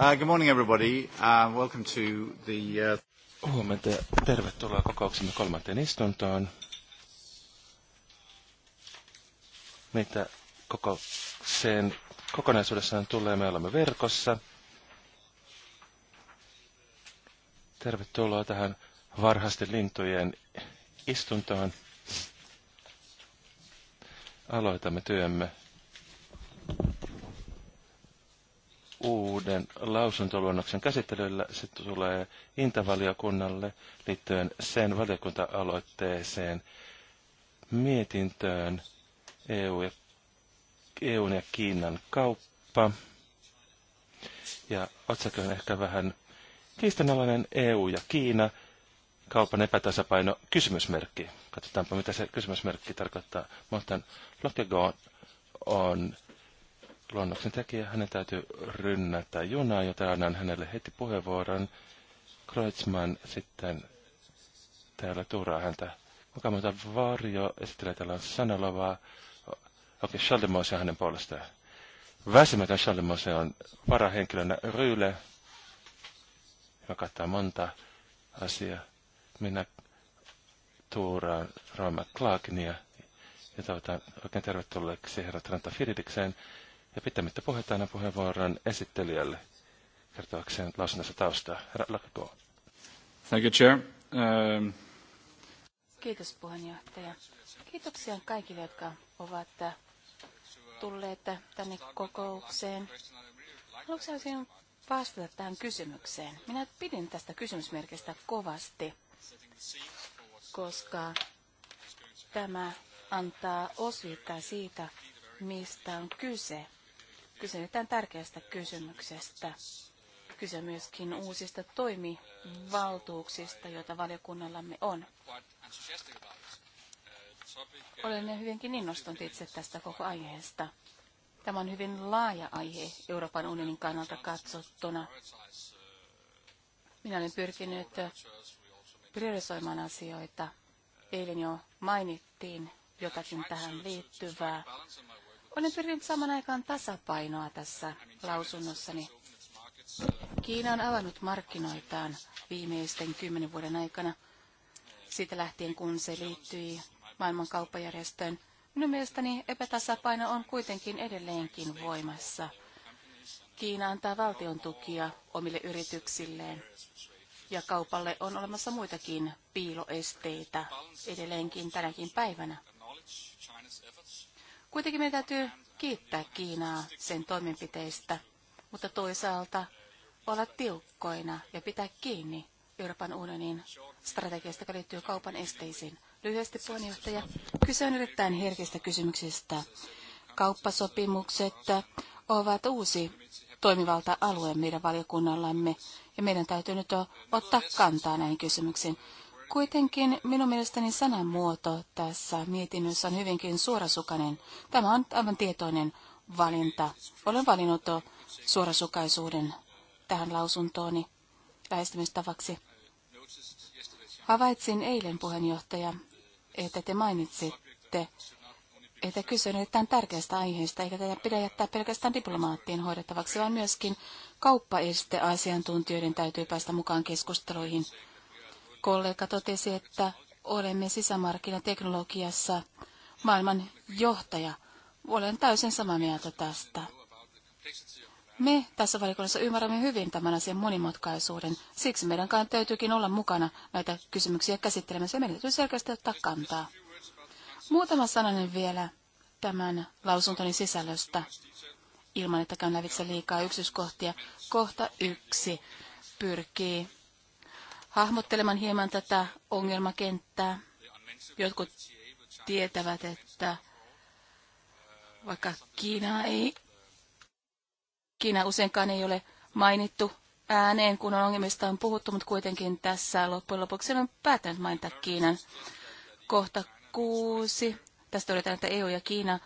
Uh, good morning everybody. Uh, welcome to the... Uh, Huomenta ja tervetuloa kokouksemme kolmanteen istuntoon. Mitä kokoukseen kokonaisuudessaan tulee, me olemme verkossa. Tervetuloa tähän varhaisten lintujen istuntoon. Aloitamme työmme uuden lausuntoluonnoksen käsittelyllä. Se tulee Intavaliokunnalle liittyen sen valiokunta-aloitteeseen mietintöön EU ja, EUn ja Kiinan kauppa. Ja otsakö on ehkä vähän kiistanalainen EU ja Kiina, kaupan epätasapaino, kysymysmerkki. Katsotaanpa, mitä se kysymysmerkki tarkoittaa. Morten Lokegoon on luonnoksen tekijä, hänen täytyy rynnätä junaa, jota annan hänelle heti puheenvuoron. Kreutzmann sitten täällä tuuraa häntä. muuta Varjo esittelee täällä Sanalovaa. Okei, Charles hänen puolestaan. Väsymätön Charles on varahenkilönä Ryyle, joka kattaa monta asiaa. Minä tuuraan Roma Clarkinia ja toivotan oikein tervetulleeksi herra Tranta Firidikseen, ja pitämättä puhetta aina puheenvuoron esittelijälle kertoakseen lausunnossa taustaa. Herra Lakko. Thank you, Chair. Um... Kiitos puheenjohtaja. Kiitoksia kaikille, jotka ovat tulleet tänne kokoukseen. Aluksi haluaisin vastata tähän kysymykseen. Minä pidin tästä kysymysmerkistä kovasti, koska tämä antaa osviittaa siitä, mistä on kyse Kyse erittäin tärkeästä kysymyksestä. Kyse myöskin uusista toimivaltuuksista, joita valiokunnallamme on. Olen hyvinkin innostunut itse tästä koko aiheesta. Tämä on hyvin laaja aihe Euroopan unionin kannalta katsottuna. Minä olen pyrkinyt priorisoimaan asioita. Eilen jo mainittiin jotakin tähän liittyvää. Olen pyrkinyt saman aikaan tasapainoa tässä lausunnossani. Kiina on avannut markkinoitaan viimeisten kymmenen vuoden aikana. Siitä lähtien, kun se liittyi maailman kauppajärjestöön, minun mielestäni epätasapaino on kuitenkin edelleenkin voimassa. Kiina antaa valtion tukia omille yrityksilleen ja kaupalle on olemassa muitakin piiloesteitä edelleenkin tänäkin päivänä. Kuitenkin meidän täytyy kiittää Kiinaa sen toimenpiteistä, mutta toisaalta olla tiukkoina ja pitää kiinni Euroopan unionin strategiasta, joka liittyy kaupan esteisiin. Lyhyesti puheenjohtaja, kyse on erittäin herkistä kysymyksistä. Kauppasopimukset ovat uusi toimivalta-alue meidän valiokunnallamme, ja meidän täytyy nyt ottaa kantaa näihin kysymyksiin. Kuitenkin minun mielestäni sanamuoto tässä mietinnössä on hyvinkin suorasukainen. Tämä on aivan tietoinen valinta. Olen valinnut suorasukaisuuden tähän lausuntooni lähestymistavaksi. Havaitsin eilen, puheenjohtaja, että te mainitsitte, että kyse on erittäin tärkeästä aiheesta, eikä tätä pidä jättää pelkästään diplomaattien hoidettavaksi, vaan myöskin kauppaesteasiantuntijoiden täytyy päästä mukaan keskusteluihin kollega totesi, että olemme sisämarkkinateknologiassa maailman johtaja. Olen täysin samaa mieltä tästä. Me tässä valikossa ymmärrämme hyvin tämän asian monimutkaisuuden. Siksi meidän kanssa täytyykin olla mukana näitä kysymyksiä käsittelemässä ja meidän täytyy selkeästi ottaa kantaa. Muutama sananen vielä tämän lausuntoni sisällöstä, ilman että käyn lävitse liikaa yksityiskohtia. Kohta yksi pyrkii hahmottelemaan hieman tätä ongelmakenttää. Jotkut tietävät, että vaikka Kiina ei, Kiina useinkaan ei ole mainittu ääneen, kun on ongelmista on puhuttu, mutta kuitenkin tässä loppujen lopuksi on päättänyt mainita Kiinan. Kohta kuusi. Tästä todetaan, että EU ja Kiina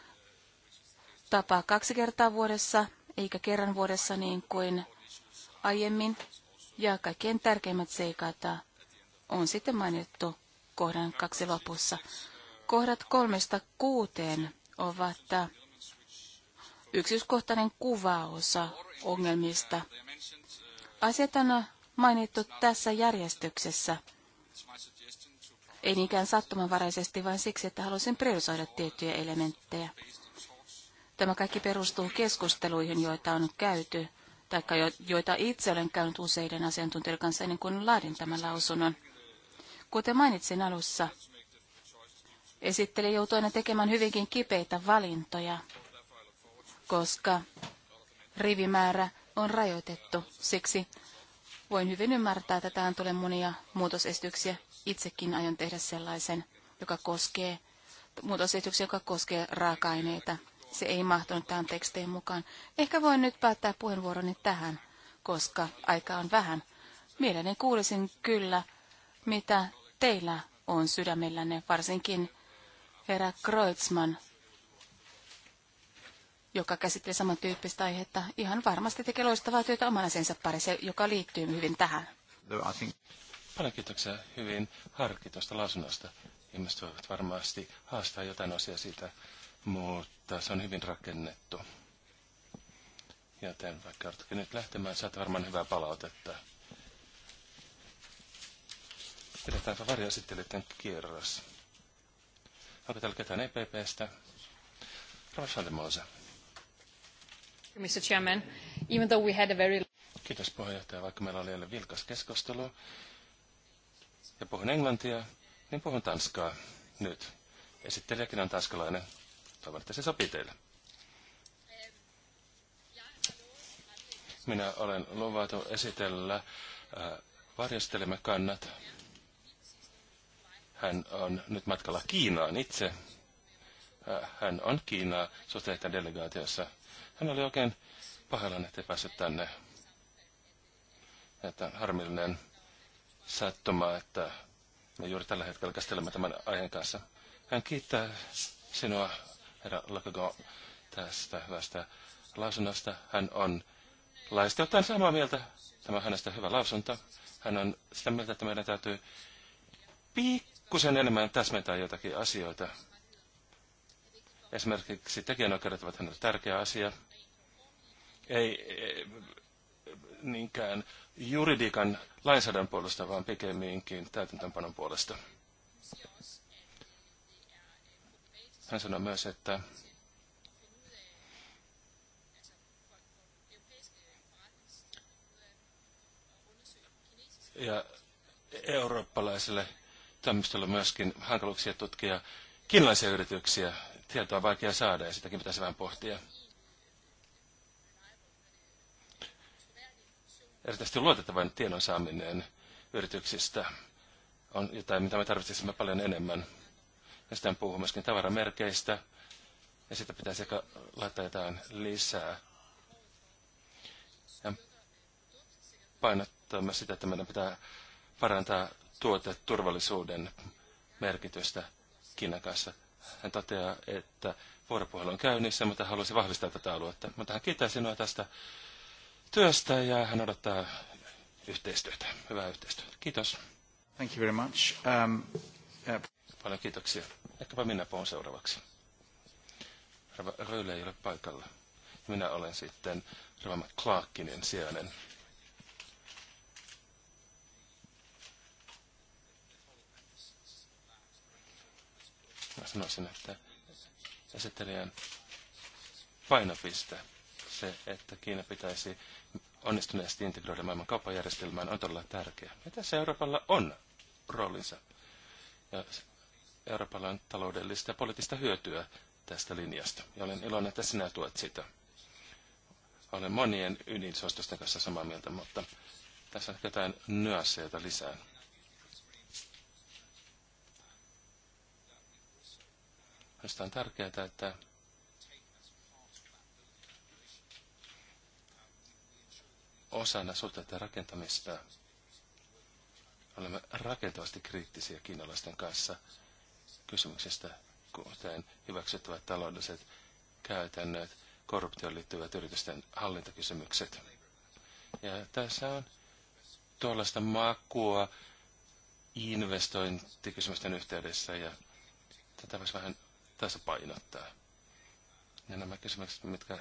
tapaa kaksi kertaa vuodessa, eikä kerran vuodessa niin kuin aiemmin. Ja kaikkein tärkeimmät seikat on sitten mainittu kohdan kaksi lopussa. Kohdat kolmesta kuuteen ovat yksityiskohtainen kuvaus ongelmista. Asiat on mainittu tässä järjestyksessä. Ei niinkään sattumanvaraisesti, vaan siksi, että halusin priorisoida tiettyjä elementtejä. Tämä kaikki perustuu keskusteluihin, joita on käyty tai joita itse olen käynyt useiden asiantuntijoiden kanssa ennen kuin laadin tämän lausunnon. Kuten mainitsin alussa, esitteli joutuu aina tekemään hyvinkin kipeitä valintoja, koska rivimäärä on rajoitettu. Siksi voin hyvin ymmärtää, että tähän tulee monia muutosesityksiä. Itsekin aion tehdä sellaisen, joka koskee muutosesityksiä, joka koskee raaka-aineita se ei mahtunut tähän tekstiin mukaan. Ehkä voin nyt päättää puheenvuoroni tähän, koska aika on vähän. Mielelläni kuulisin kyllä, mitä teillä on sydämellänne, varsinkin herra Kreutzmann, joka käsittelee samantyyppistä aihetta. Ihan varmasti tekee loistavaa työtä oman asiansa parissa, joka liittyy hyvin tähän. No, Paljon kiitoksia hyvin harkitusta lausunnosta. Ihmiset voivat varmasti haastaa jotain osia siitä, mutta se on hyvin rakennettu. Joten vaikka joudutkin nyt lähtemään, saat varmaan hyvää palautetta. Pidetäänpä varjoesittelyiden kierros. Onko täällä ketään EPPstä? Mr. Chairman, even though we had a very... Kiitos puheenjohtaja, vaikka meillä oli vielä vilkas keskustelu. Ja puhun englantia, niin puhun tanskaa nyt. Esittelijäkin on tanskalainen. Toivon, että se sopii teille. Minä olen luvattu esitellä äh, varjostelemme kannat. Hän on nyt matkalla Kiinaan itse. Äh, hän on Kiinaa suhteita delegaatiossa. Hän oli oikein että ei päässyt tänne. Että harmillinen sattuma, että me juuri tällä hetkellä käsittelemme tämän aiheen kanssa. Hän kiittää sinua, herra Lakago, tästä hyvästä lausunnosta. Hän on laista jotain samaa mieltä. Tämä on hänestä hyvä lausunto. Hän on sitä mieltä, että meidän täytyy pikkusen enemmän täsmentää jotakin asioita. Esimerkiksi tekijänoikeudet ovat hänelle tärkeä asia. Ei, ei niinkään juridiikan lainsäädännön puolesta, vaan pikemminkin täytäntöönpanon puolesta. Hän sanoi myös, että ja eurooppalaiselle tämmöistä myöskin hankaluuksia tutkia kiinalaisia yrityksiä. Tietoa on vaikea saada ja sitäkin pitäisi vähän pohtia. erityisesti luotettavan tiedon saaminen yrityksistä on jotain, mitä me tarvitsisimme paljon enemmän. Ja sitten puhuu myöskin tavaramerkeistä, ja sitä pitäisi ehkä laittaa jotain lisää. Ja painottaa myös sitä, että meidän pitää parantaa tuoteturvallisuuden merkitystä Kiinan kanssa. Hän toteaa, että vuoropuhelu on käynnissä, mutta haluaisi vahvistaa tätä aluetta. Mutta hän kiittää sinua tästä työstä ja hän odottaa yhteistyötä, hyvää yhteistyötä. Kiitos. Thank you very much. Um, uh... Paljon kiitoksia. Ehkäpä minä puhun seuraavaksi. Röyle ei ole paikalla. Minä olen sitten Rava Clarkinen sijainen. Mä sanoisin, että esittelijän painopiste, se, että Kiina pitäisi onnistuneesti integroida maailman kauppajärjestelmään on todella tärkeä. Ja tässä Euroopalla on roolinsa. Ja Euroopalla on taloudellista ja poliittista hyötyä tästä linjasta. Ja olen iloinen, että sinä tuet sitä. Olen monien ydinsuositusten kanssa samaa mieltä, mutta tässä on jotain nyansseja lisää. Minusta on tärkeää, että osana suhteiden rakentamista olemme rakentavasti kriittisiä kiinalaisten kanssa kysymyksestä, kuten hyväksyttävät taloudelliset käytännöt, korruptioon liittyvät yritysten hallintakysymykset. Ja tässä on tuollaista makua investointikysymysten yhteydessä ja tätä voisi vähän tasapainottaa. Ja nämä kysymykset, mitkä,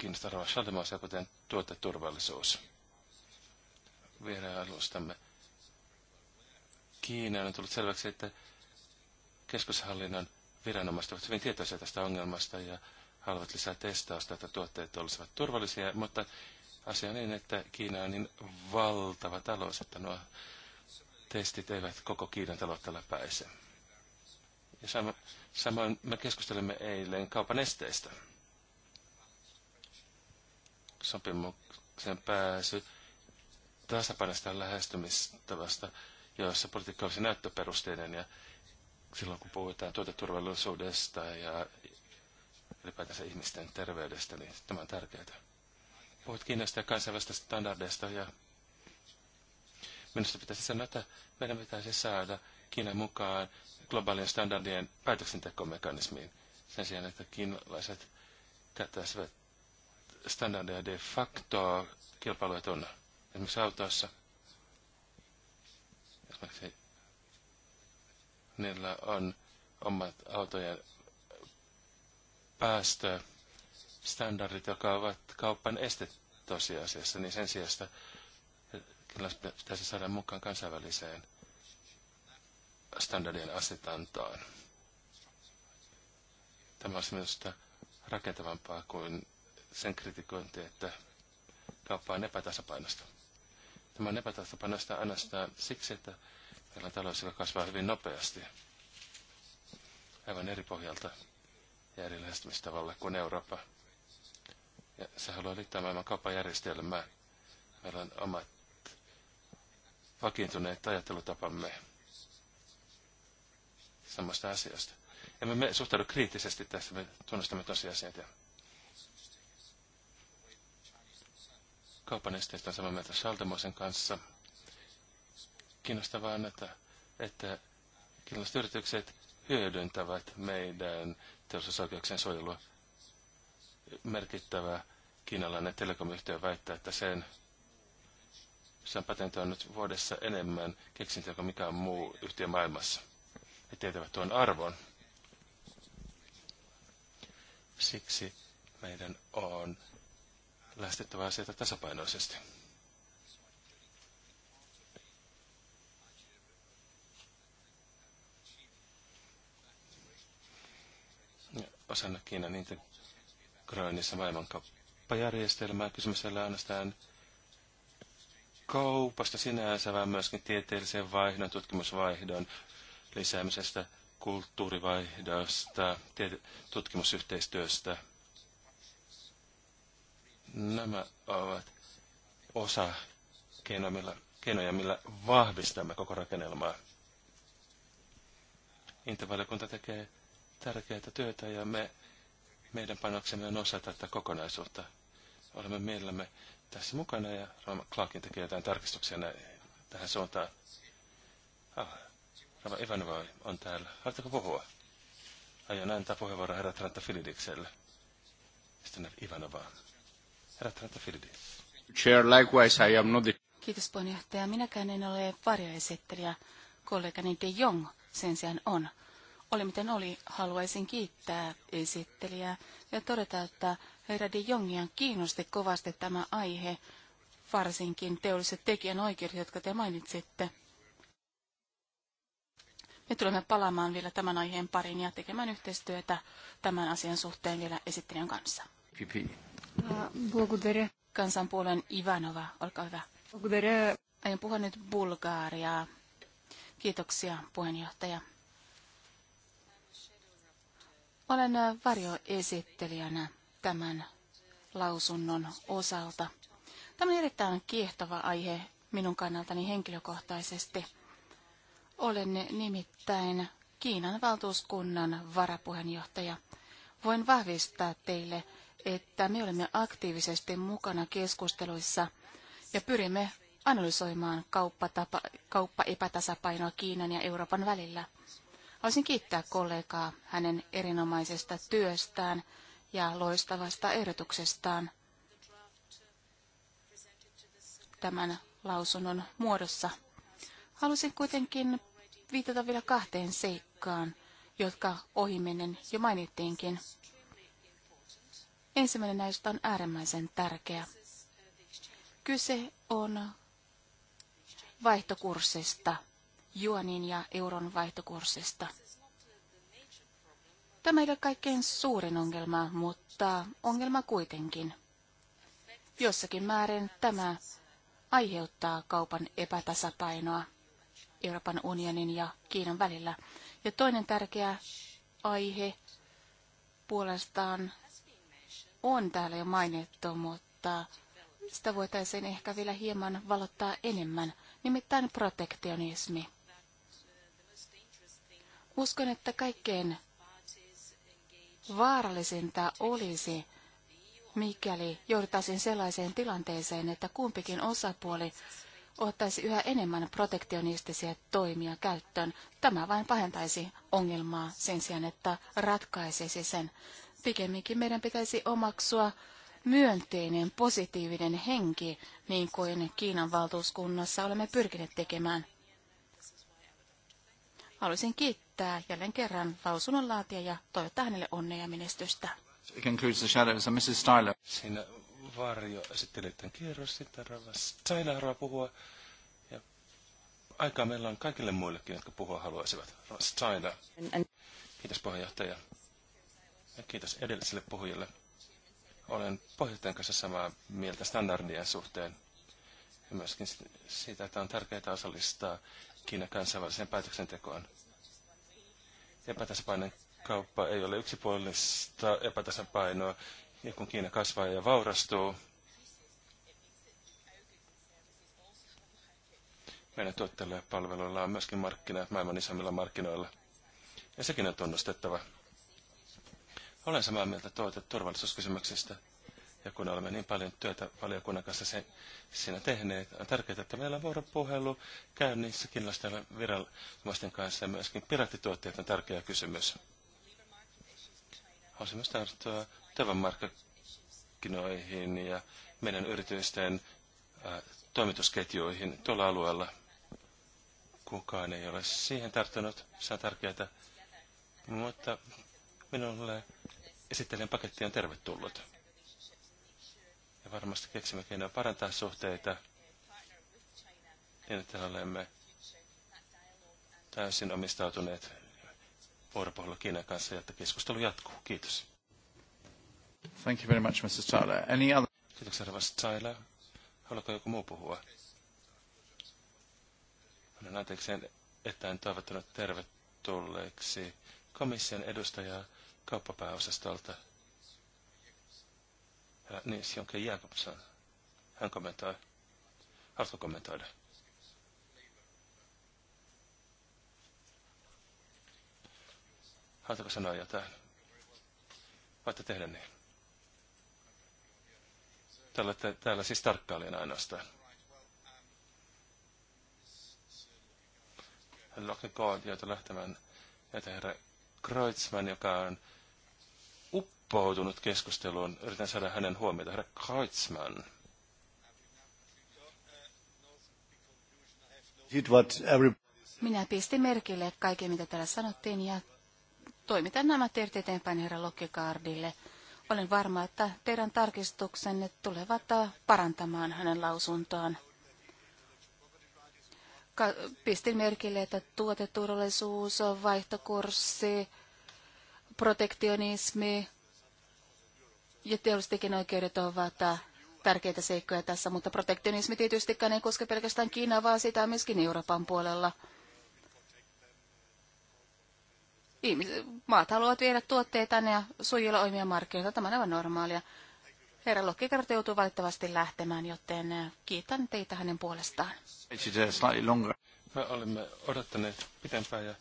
kiinnostavaa Schaldemoisia, kuten tuoteturvallisuus. Vierailustamme Kiinaan on tullut selväksi, että keskushallinnon viranomaiset ovat hyvin tietoisia tästä ongelmasta ja haluavat lisää testausta, että tuotteet olisivat turvallisia, mutta asia on niin, että Kiina on niin valtava talous, että nuo testit eivät koko Kiinan taloutta läpäise. Ja samoin me keskustelimme eilen kaupan esteistä sopimuksen pääsy tasapainosta lähestymistavasta, jossa politiikka olisi näyttöperusteinen ja silloin kun puhutaan tuoteturvallisuudesta ja ylipäätänsä ihmisten terveydestä, niin tämä on tärkeää. Puhut kiinnosta ja kansainvälistä standardeista ja minusta pitäisi sanoa, että meidän pitäisi saada Kiinan mukaan globaalien standardien päätöksentekomekanismiin sen sijaan, että kiinalaiset käyttäisivät standardeja de facto kilpailuet on. Esimerkiksi autoissa. Esimerkiksi niillä on omat autojen päästöstandardit, jotka ovat kaupan este tosiasiassa, niin sen sijasta kyllä pitäisi saada mukaan kansainväliseen standardien asetantaan. Tämä on minusta rakentavampaa kuin sen kritikointi, että kauppa on epätasapainosta. Tämä on epätasapainosta ainoastaan siksi, että meillä on talous, joka kasvaa hyvin nopeasti, aivan eri pohjalta ja eri lähestymistavalla kuin Eurooppa. Ja se haluaa liittää maailman kauppajärjestelmää. Meillä on omat vakiintuneet ajattelutapamme samasta asiasta. Emme me suhtaudu kriittisesti tässä, me tunnustamme tosiasiat ja kaupan esteistä on samaa mieltä Schaldemosen kanssa. Kiinnostavaa on, että, että kiinalaiset yritykset hyödyntävät meidän teollisuusoikeuksien suojelua. Merkittävä kiinalainen telekomyhtiö väittää, että sen, sen patentti on nyt vuodessa enemmän keksintöä kuin mikään muu yhtiö maailmassa. He tietävät tuon arvon. Siksi meidän on lähestyttävä asioita tasapainoisesti. osana Kiinan integroinnissa maailmankauppajärjestelmää. Kysymys ei ole ainoastaan kaupasta sinänsä, vaan myöskin tieteellisen vaihdon, tutkimusvaihdon lisäämisestä, kulttuurivaihdosta, tutkimusyhteistyöstä – Nämä ovat osa keinoja, millä, keinoja, millä vahvistamme koko rakennelmaa. Intervallikunta tekee tärkeää työtä ja me, meidän panoksemme on osa tätä kokonaisuutta. Olemme mielellämme tässä mukana ja Rama Clarkin tekee jotain tarkistuksia näin, tähän suuntaan. Ah, Rama Ivanova on täällä. Haluatteko puhua? Aion antaa puheenvuoron herra Tranta Filidikselle. Sitten Ivanovaan. Chair, likewise, I am not the... Kiitos puheenjohtaja. Minäkään en ole varjoesittelijä. Kollegani De Jong sen sijaan on. Oli miten oli, haluaisin kiittää esittelijää ja todeta, että herra De Jongia kiinnosti kovasti tämä aihe, varsinkin teolliset tekijänoikeudet, jotka te mainitsitte. Me tulemme palaamaan vielä tämän aiheen parin ja tekemään yhteistyötä tämän asian suhteen vielä esittelijän kanssa. Pipi. Благодаря. Kansanpuolen Ivanova, olkaa Благодаря. Kiitoksia, puheenjohtaja. Olen varjoesittelijänä tämän lausunnon osalta. Tämä on erittäin kiehtova aihe minun kannaltani henkilökohtaisesti. Olen nimittäin Kiinan valtuuskunnan varapuheenjohtaja. Voin vahvistaa teille, että me olemme aktiivisesti mukana keskusteluissa ja pyrimme analysoimaan kauppatapa, kauppaepätasapainoa Kiinan ja Euroopan välillä. Haluaisin kiittää kollegaa hänen erinomaisesta työstään ja loistavasta ehdotuksestaan tämän lausunnon muodossa. Halusin kuitenkin viitata vielä kahteen seikkaan, jotka ohimennen jo mainittiinkin. Ensimmäinen näistä on äärimmäisen tärkeä. Kyse on vaihtokurssista, juonin ja euron vaihtokurssista. Tämä ei ole kaikkein suurin ongelma, mutta ongelma kuitenkin. Jossakin määrin tämä aiheuttaa kaupan epätasapainoa Euroopan unionin ja Kiinan välillä. Ja toinen tärkeä aihe puolestaan on täällä jo mainittu, mutta sitä voitaisiin ehkä vielä hieman valottaa enemmän, nimittäin protektionismi. Uskon, että kaikkein vaarallisinta olisi, mikäli jouduttaisiin sellaiseen tilanteeseen, että kumpikin osapuoli ottaisi yhä enemmän protektionistisia toimia käyttöön. Tämä vain pahentaisi ongelmaa sen sijaan, että ratkaisisi sen. Pikemminkin meidän pitäisi omaksua myönteinen, positiivinen henki, niin kuin Kiinan valtuuskunnassa olemme pyrkineet tekemään. Haluaisin kiittää jälleen kerran lausunnonlaatia ja toivottaa hänelle onnea ja menestystä. Siinä varjo tämän kierros, sitten Rava haluaa puhua. Ja aikaa meillä on kaikille muillekin, jotka puhua haluaisivat. Rava Kiitos puheenjohtaja. Ja kiitos edelliselle puhujille. Olen pohjoittajan kanssa samaa mieltä standardien suhteen. Ja myöskin siitä, että on tärkeää osallistaa Kiinan kansainväliseen päätöksentekoon. Epätasapainen kauppa ei ole yksipuolista epätasapainoa. Ja kun Kiina kasvaa ja vaurastuu, meidän tuotteilla ja palveluilla on myöskin markkinat maailman isommilla markkinoilla. Ja sekin on tunnustettava. Olen samaa mieltä tuota turvallisuuskysymyksestä. Ja kun olemme niin paljon työtä valiokunnan kanssa sen, siinä tehneet, on tärkeää, että meillä on vuoropuhelu käynnissä kiinalaisten viranomaisten kanssa ja myöskin piraattituotteet on tärkeä kysymys. Haluaisin myös tarttua työvoimamarkkinoihin ja meidän yritysten ä, toimitusketjuihin tuolla alueella. Kukaan ei ole siihen tarttunut, se on tärkeää, mutta minulle esittelijän paketti on tervetullut. Ja varmasti keksimme keinoja parantaa suhteita niin, että olemme täysin omistautuneet vuoropuhelu Kiinan kanssa, jotta keskustelu jatkuu. Kiitos. Thank you very much, Mrs. Tyler. Any other... Kiitoksia, arvoisa Tyler. Haluatko joku muu puhua? Olen anteeksi, että en toivottanut tervetulleeksi komission edustajaa kauppapääosastolta. Ja, niin, Jonke Jakobson. Hän kommentoi. Haluatko kommentoida? Haluatko sanoa jotain? Voitte tehdä niin. Täällä, täällä siis tarkkailijana ainoastaan. Locke Gold joutui lähtemään, että herra Kreutzmann, joka on uppoutunut keskusteluun. Yritän saada hänen huomiota. Herra Kreutzmann. Minä pistin merkille kaiken, mitä täällä sanottiin, ja toimitan nämä teidät eteenpäin herra Lokkikaardille. Olen varma, että teidän tarkistuksenne tulevat äh, parantamaan hänen lausuntoaan. Ka- pistin merkille, että tuoteturvallisuus, vaihtokurssi, protektionismi, ja teollisetkin oikeudet ovat äh, tärkeitä seikkoja tässä, mutta protektionismi tietystikään ei koske pelkästään Kiinaa, vaan sitä myöskin Euroopan puolella. Ihmiset, maat haluavat viedä tuotteita ja sujilla omia markkinoita. Tämä on aivan normaalia. Herra Lokkikart joutuu valitettavasti lähtemään, joten äh, kiitän teitä hänen puolestaan. Uh, Me olemme odottaneet pitempään ja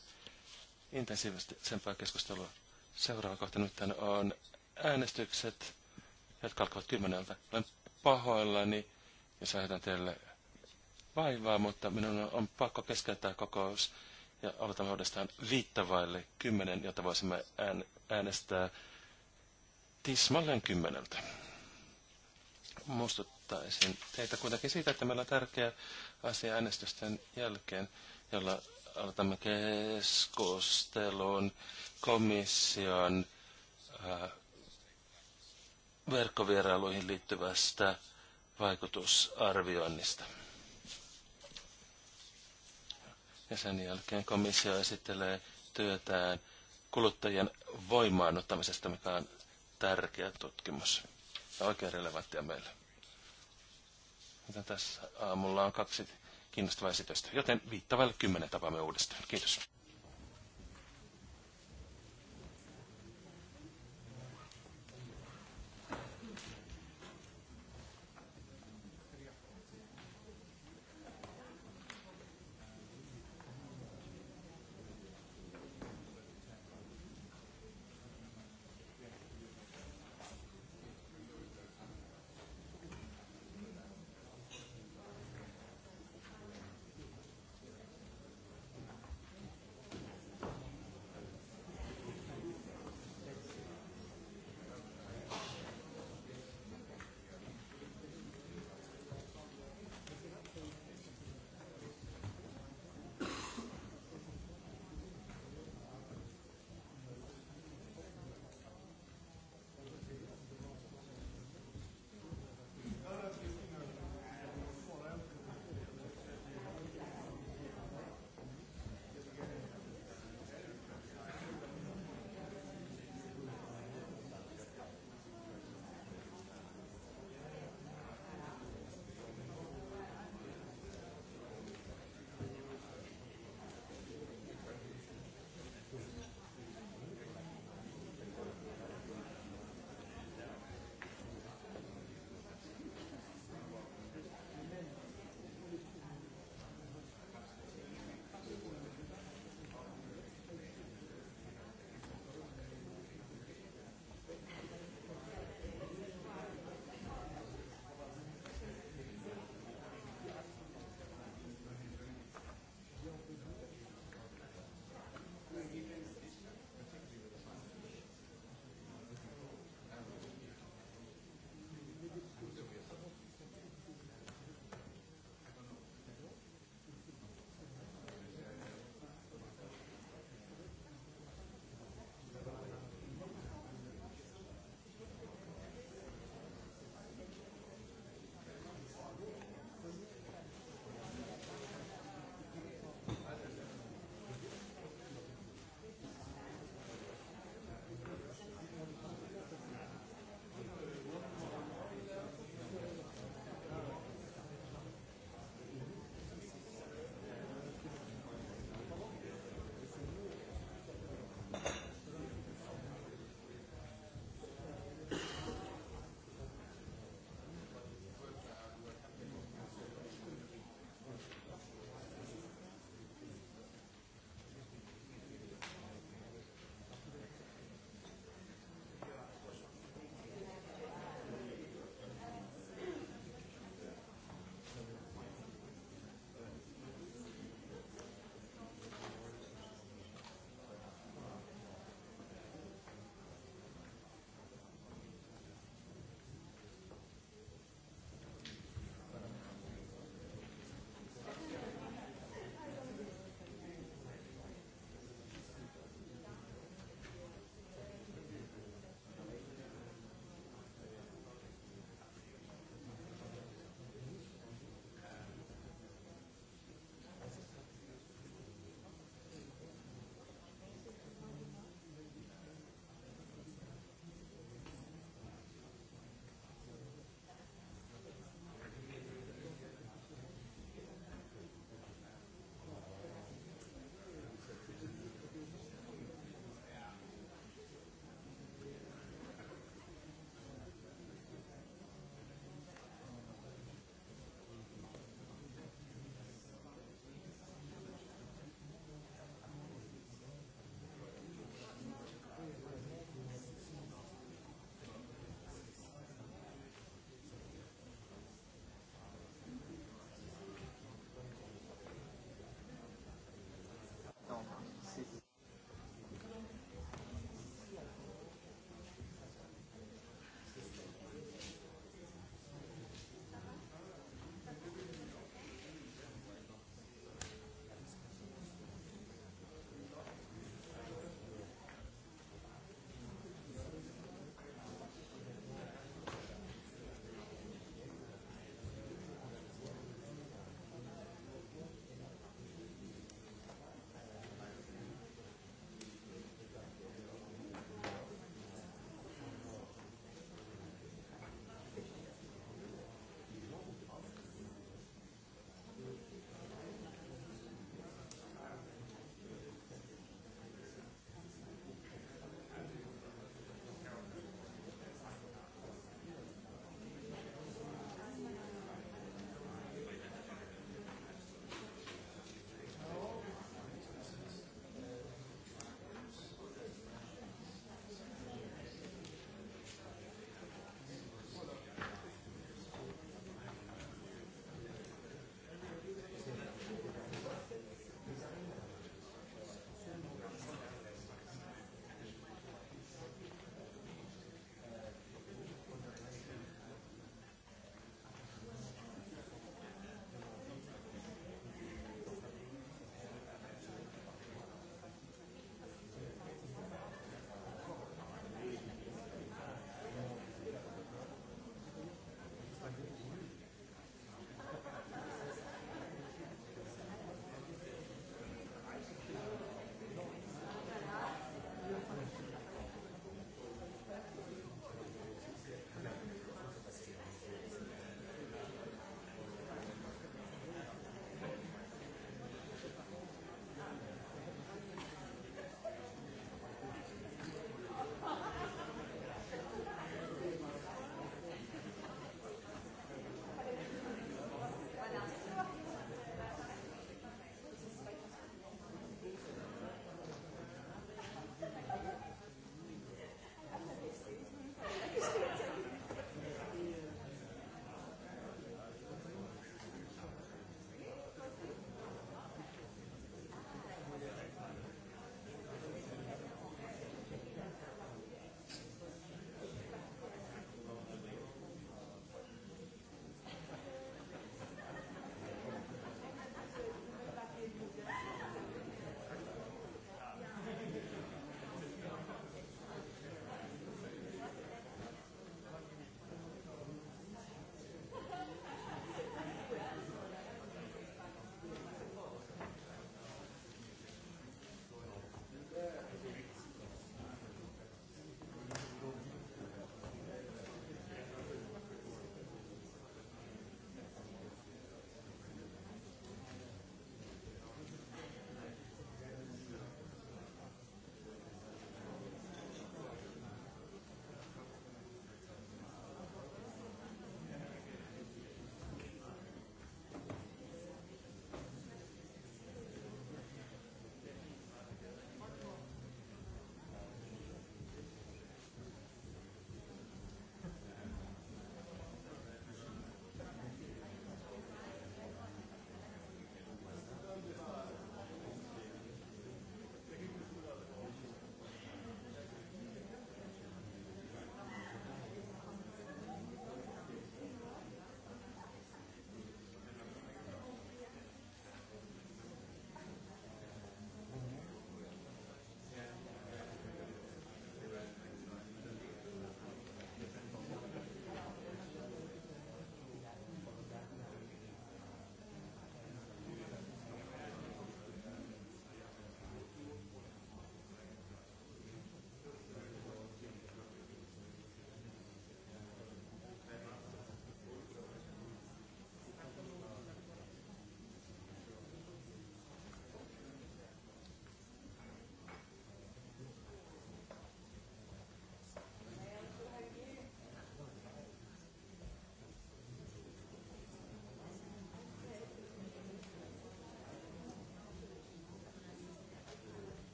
intensiivisesti keskustelua. Seuraava kohta nyt on äänestykset, jotka alkavat kymmeneltä. Olen pahoillani ja saatan teille vaivaa, mutta minun on pakko keskeyttää kokous ja aloitamme uudestaan viittavaille kymmenen, jotta voisimme äänestää tismalleen kymmeneltä. Muistuttaisin teitä kuitenkin siitä, että meillä on tärkeä asia äänestysten jälkeen, jolla aloitamme keskustelun komission äh, verkkovierailuihin liittyvästä vaikutusarvioinnista. Ja sen jälkeen komissio esittelee työtään kuluttajien voimaanottamisesta, mikä on tärkeä tutkimus ja oikein relevanttia meille. Joten tässä aamulla on kaksi kiinnostavaa esitystä, joten viittavalle kymmenen tapaamme uudestaan. Kiitos.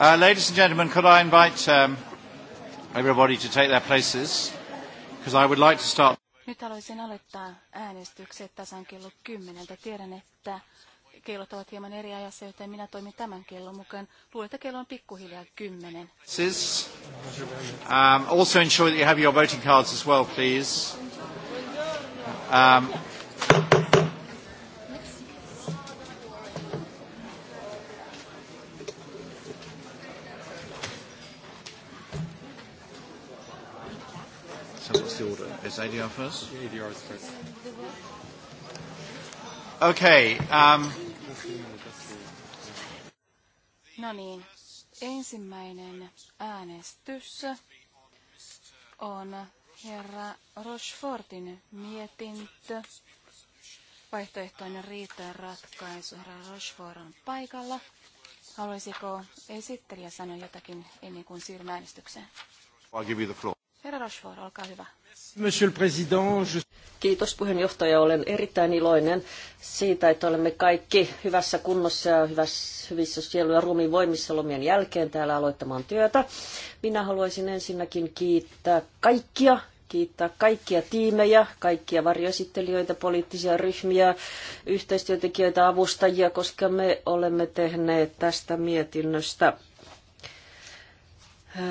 Uh, ladies and gentlemen, could I invite um, everybody to take their places? Because I would like to start. Nyt haluaisin aloittaa äänestykset tasan kello kymmeneltä. Tiedän, että kellot ovat hieman eri ajassa, joten minä toimin tämän kellon mukaan. Luulen, että kello on pikkuhiljaa kymmenen. Siis, um, also ensure that you have your voting cards as well, please. Um, ADR first? Yeah, ADR is first. Okay. Um, no niin, ensimmäinen äänestys on herra Rochefortin mietintö. Vaihtoehtoinen riittää ratkaisu. Herra Rochefort on paikalla. Haluaisiko esittelijä sanoa jotakin ennen kuin siirrymme äänestykseen? Herra Rochefort, olkaa hyvä. Monsieur le Kiitos puheenjohtaja. Olen erittäin iloinen siitä, että olemme kaikki hyvässä kunnossa ja hyvässä, hyvissä sielu- ja voimissa lomien jälkeen täällä aloittamaan työtä. Minä haluaisin ensinnäkin kiittää kaikkia kiittää kaikkia tiimejä, kaikkia varjoesittelijöitä, poliittisia ryhmiä, yhteistyötekijöitä, avustajia, koska me olemme tehneet tästä mietinnöstä Äh,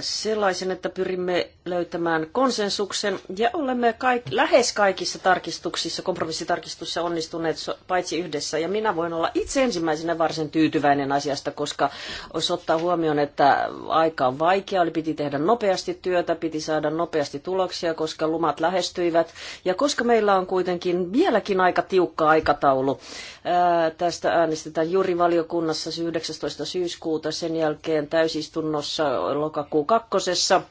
sellaisen, että pyrimme löytämään konsensuksen ja olemme kaik, lähes kaikissa tarkistuksissa, kompromissitarkistuksissa onnistuneet paitsi yhdessä. Ja minä voin olla itse ensimmäisenä varsin tyytyväinen asiasta, koska olisi ottaa huomioon, että aika on vaikea, oli piti tehdä nopeasti työtä, piti saada nopeasti tuloksia, koska lumat lähestyivät ja koska meillä on kuitenkin vieläkin aika tiukka aikataulu Tästä äänestetään valiokunnassa 19. syyskuuta, sen jälkeen täysistunnossa lokakuun kakkosessa.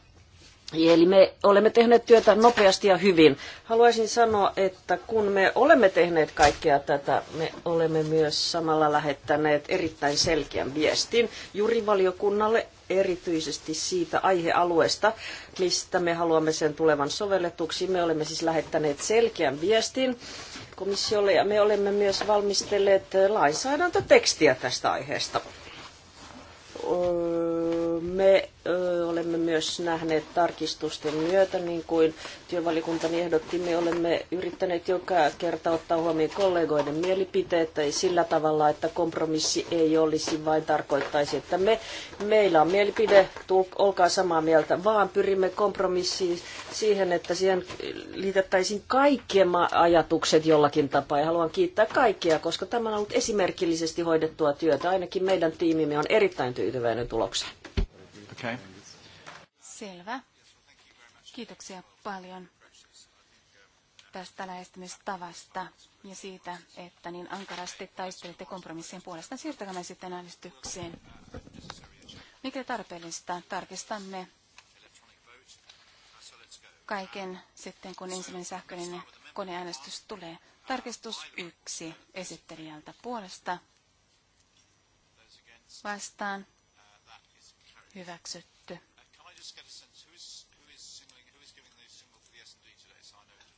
Eli me olemme tehneet työtä nopeasti ja hyvin. Haluaisin sanoa, että kun me olemme tehneet kaikkea tätä, me olemme myös samalla lähettäneet erittäin selkeän viestin jurivaliokunnalle erityisesti siitä aihealueesta, mistä me haluamme sen tulevan sovelletuksi. Me olemme siis lähettäneet selkeän viestin komissiolle ja me olemme myös valmistelleet lainsäädäntötekstiä tästä aiheesta. Öö, me olemme myös nähneet tarkistusten myötä, niin kuin työvalikunta ehdotti, me olemme yrittäneet joka kerta ottaa huomioon kollegoiden mielipiteet, ei sillä tavalla, että kompromissi ei olisi vain tarkoittaisi, että me, meillä on mielipide, tul, olkaa samaa mieltä, vaan pyrimme kompromissiin siihen, että siihen liitettäisiin kaikkien ajatukset jollakin tapaa. Ja haluan kiittää kaikkia, koska tämä on ollut esimerkillisesti hoidettua työtä. Ainakin meidän tiimimme on erittäin tyytyväinen tulokseen. Okay. Selvä. Kiitoksia paljon tästä lähestymistavasta ja siitä, että niin ankarasti taistelitte kompromissien puolesta. Siirtäkää sitten äänestykseen. Mikä tarpeellista? Tarkistamme kaiken sitten, kun ensimmäinen sähköinen koneäänestys tulee. Tarkistus yksi esittelijältä puolesta. Vastaan hyväksytty. Uh,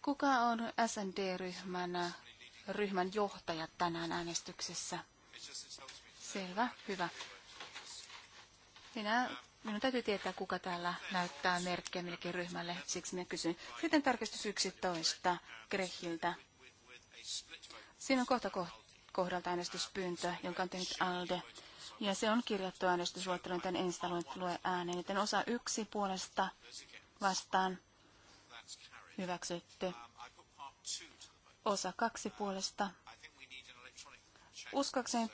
kuka on SND-ryhmän uh, ryhmän johtaja tänään äänestyksessä? Selvä, hyvä. Minä, minun täytyy tietää, kuka täällä näyttää merkkejä millekin ryhmälle, siksi minä kysyn. Sitten tarkistus 11 Grehiltä. Siinä on kohta kohdalta äänestyspyyntö, jonka on tehnyt ALDE ja se on kirjattu äänestysluetteloon, joten en sitä lue ääneen. Joten osa yksi puolesta vastaan hyväksytty. Osa kaksi puolesta. Uskakseni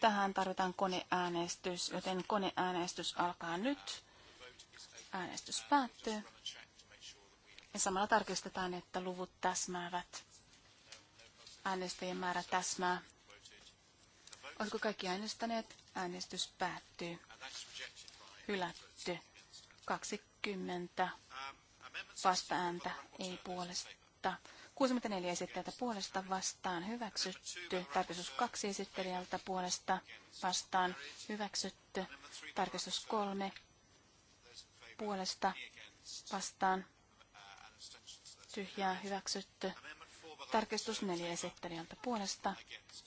tähän tarvitaan koneäänestys, joten koneäänestys alkaa nyt. Äänestys päättyy. Ja samalla tarkistetaan, että luvut täsmäävät. Äänestäjien määrä täsmää. Oletko kaikki äänestäneet? Äänestys päättyy. Hylätty. 20 vastaääntä ei puolesta. 64 esittäjältä puolesta vastaan hyväksytty. Tarkistus 2 esittelijältä puolesta vastaan hyväksytty. Tarkistus 3 puolesta vastaan tyhjää hyväksytty. Tarkistus 4 esittelijältä puolesta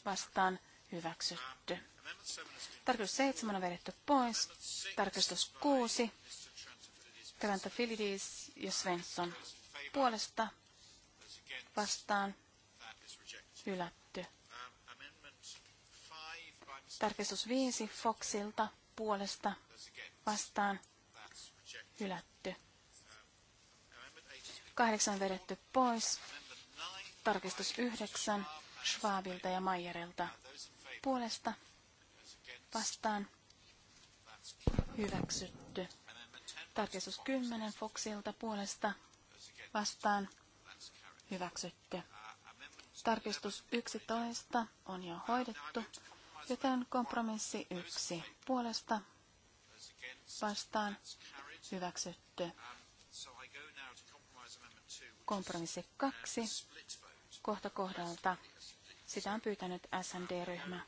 vastaan hyväksytty. Tarkistus 7 on vedetty pois. Tarkistus 6. Taranta Filidis ja Svensson puolesta vastaan hylätty. Tarkistus 5 Foxilta puolesta vastaan hylätty. Kahdeksan vedetty pois. Tarkistus yhdeksän Schwabilta ja Mayerilta puolesta vastaan hyväksytty. Tarkistus 10 Foxilta puolesta vastaan hyväksytty. Tarkistus 11 on jo hoidettu, joten kompromissi 1 puolesta vastaan hyväksytty. Kompromissi 2 kohta kohdalta sitä on pyytänyt smd ryhmä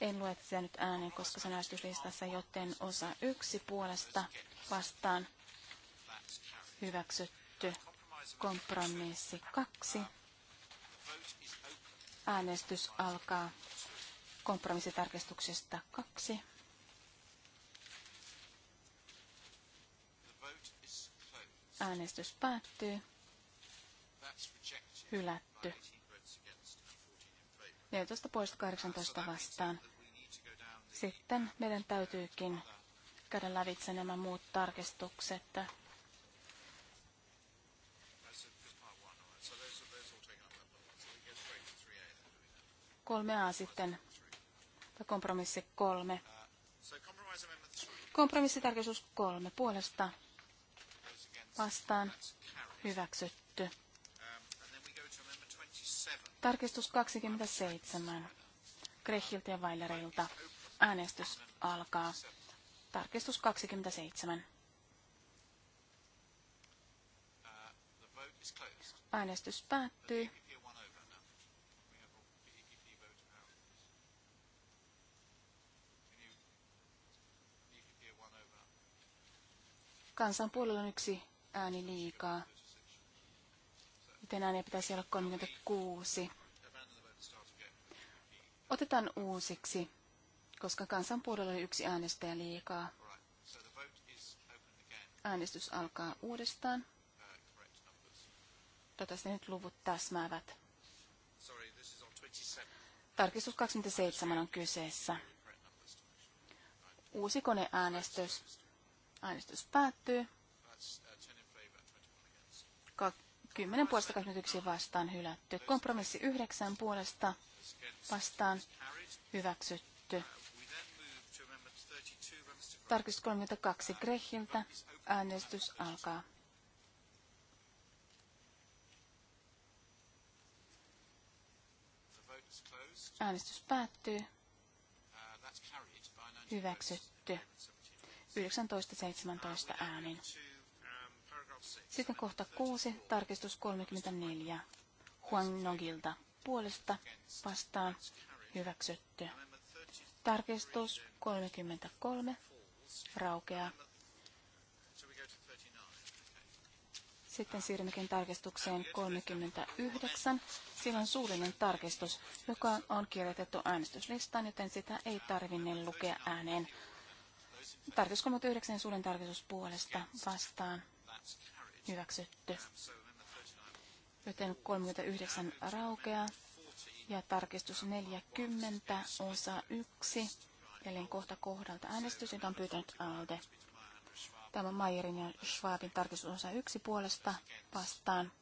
En lue sitä nyt ääneen, koska se on listassa, joten osa yksi puolesta vastaan hyväksytty. Kompromissi kaksi. Äänestys alkaa kompromissitarkistuksesta kaksi. Äänestys päättyy hylätty. 14 poista 18 vastaan. Sitten meidän täytyykin käydä lävitse nämä muut tarkistukset. Kolme A sitten, tai kompromissi kolme. Kompromissitarkistus kolme puolesta vastaan hyväksytty. Tarkistus 27. Krehiltä ja Weilerilta. Äänestys alkaa. Tarkistus 27. Äänestys päättyy. Kansan puolella on yksi ääni liikaa miten ääniä pitäisi olla 36. Otetaan uusiksi, koska puolella oli yksi äänestäjä liikaa. Äänestys alkaa uudestaan. Toivottavasti nyt luvut täsmäävät. Tarkistus 27 on kyseessä. Uusi koneäänestys. Äänestys päättyy. 10 puolesta 21 vastaan hylätty. Kompromissi 9 puolesta vastaan hyväksytty. Tarkistus 32 Grehiltä. Äänestys alkaa. Äänestys päättyy. Hyväksytty. 19.17 äänin. Sitten kohta kuusi, tarkistus 34. Huang Nogilta puolesta vastaan hyväksytty. Tarkistus 33 raukeaa. Sitten siirrymmekin tarkistukseen 39. Siinä on suullinen tarkistus, joka on kirjoitettu äänestyslistaan, joten sitä ei tarvinne lukea ääneen. Tarkistus 39 suullinen tarkistus puolesta vastaan hyväksytty. Joten 39 raukea ja tarkistus 40 osa 1. Eli kohta kohdalta äänestys, jota on pyytänyt Aalde. Tämä on Mayerin ja Schwabin tarkistus osa 1 puolesta vastaan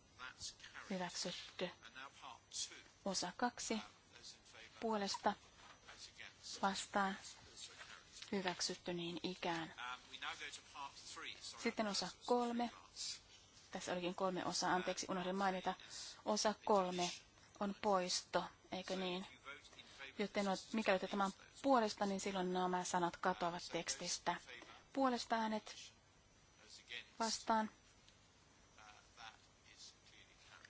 hyväksytty. Osa 2 puolesta vastaan hyväksytty niin ikään. Sitten osa kolme. Tässä olikin kolme osaa. Anteeksi, unohdin mainita. Osa kolme on poisto, eikö niin? Joten mikäli olette tämän puolesta, niin silloin nämä sanat katoavat tekstistä. Puolesta äänet vastaan.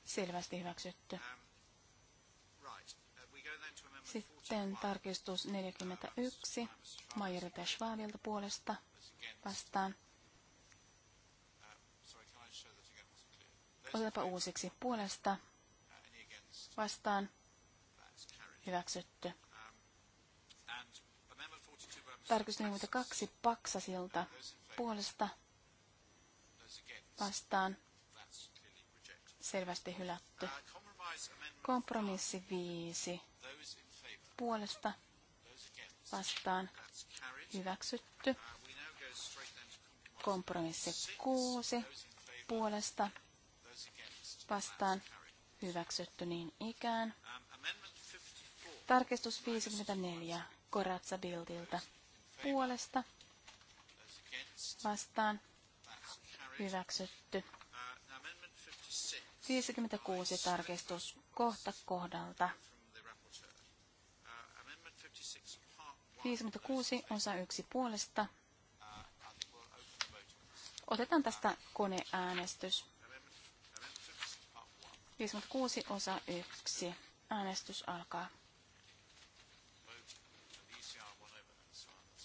Selvästi hyväksytty. Sitten tarkistus 41 Majerita Schwabilta puolesta vastaan. Otetaanpa uusiksi puolesta vastaan. Hyväksytty. Tarkistus 42 paksasilta puolesta vastaan. Selvästi hylätty. Kompromissi 5 puolesta vastaan. Hyväksytty. Kompromissi 6 puolesta vastaan hyväksytty niin ikään. Tarkistus 54 Koratsa Bildiltä puolesta vastaan hyväksytty. 56 tarkistus kohta kohdalta. 56 osa yksi puolesta Otetaan tästä koneäänestys. 56 osa 1. Äänestys alkaa.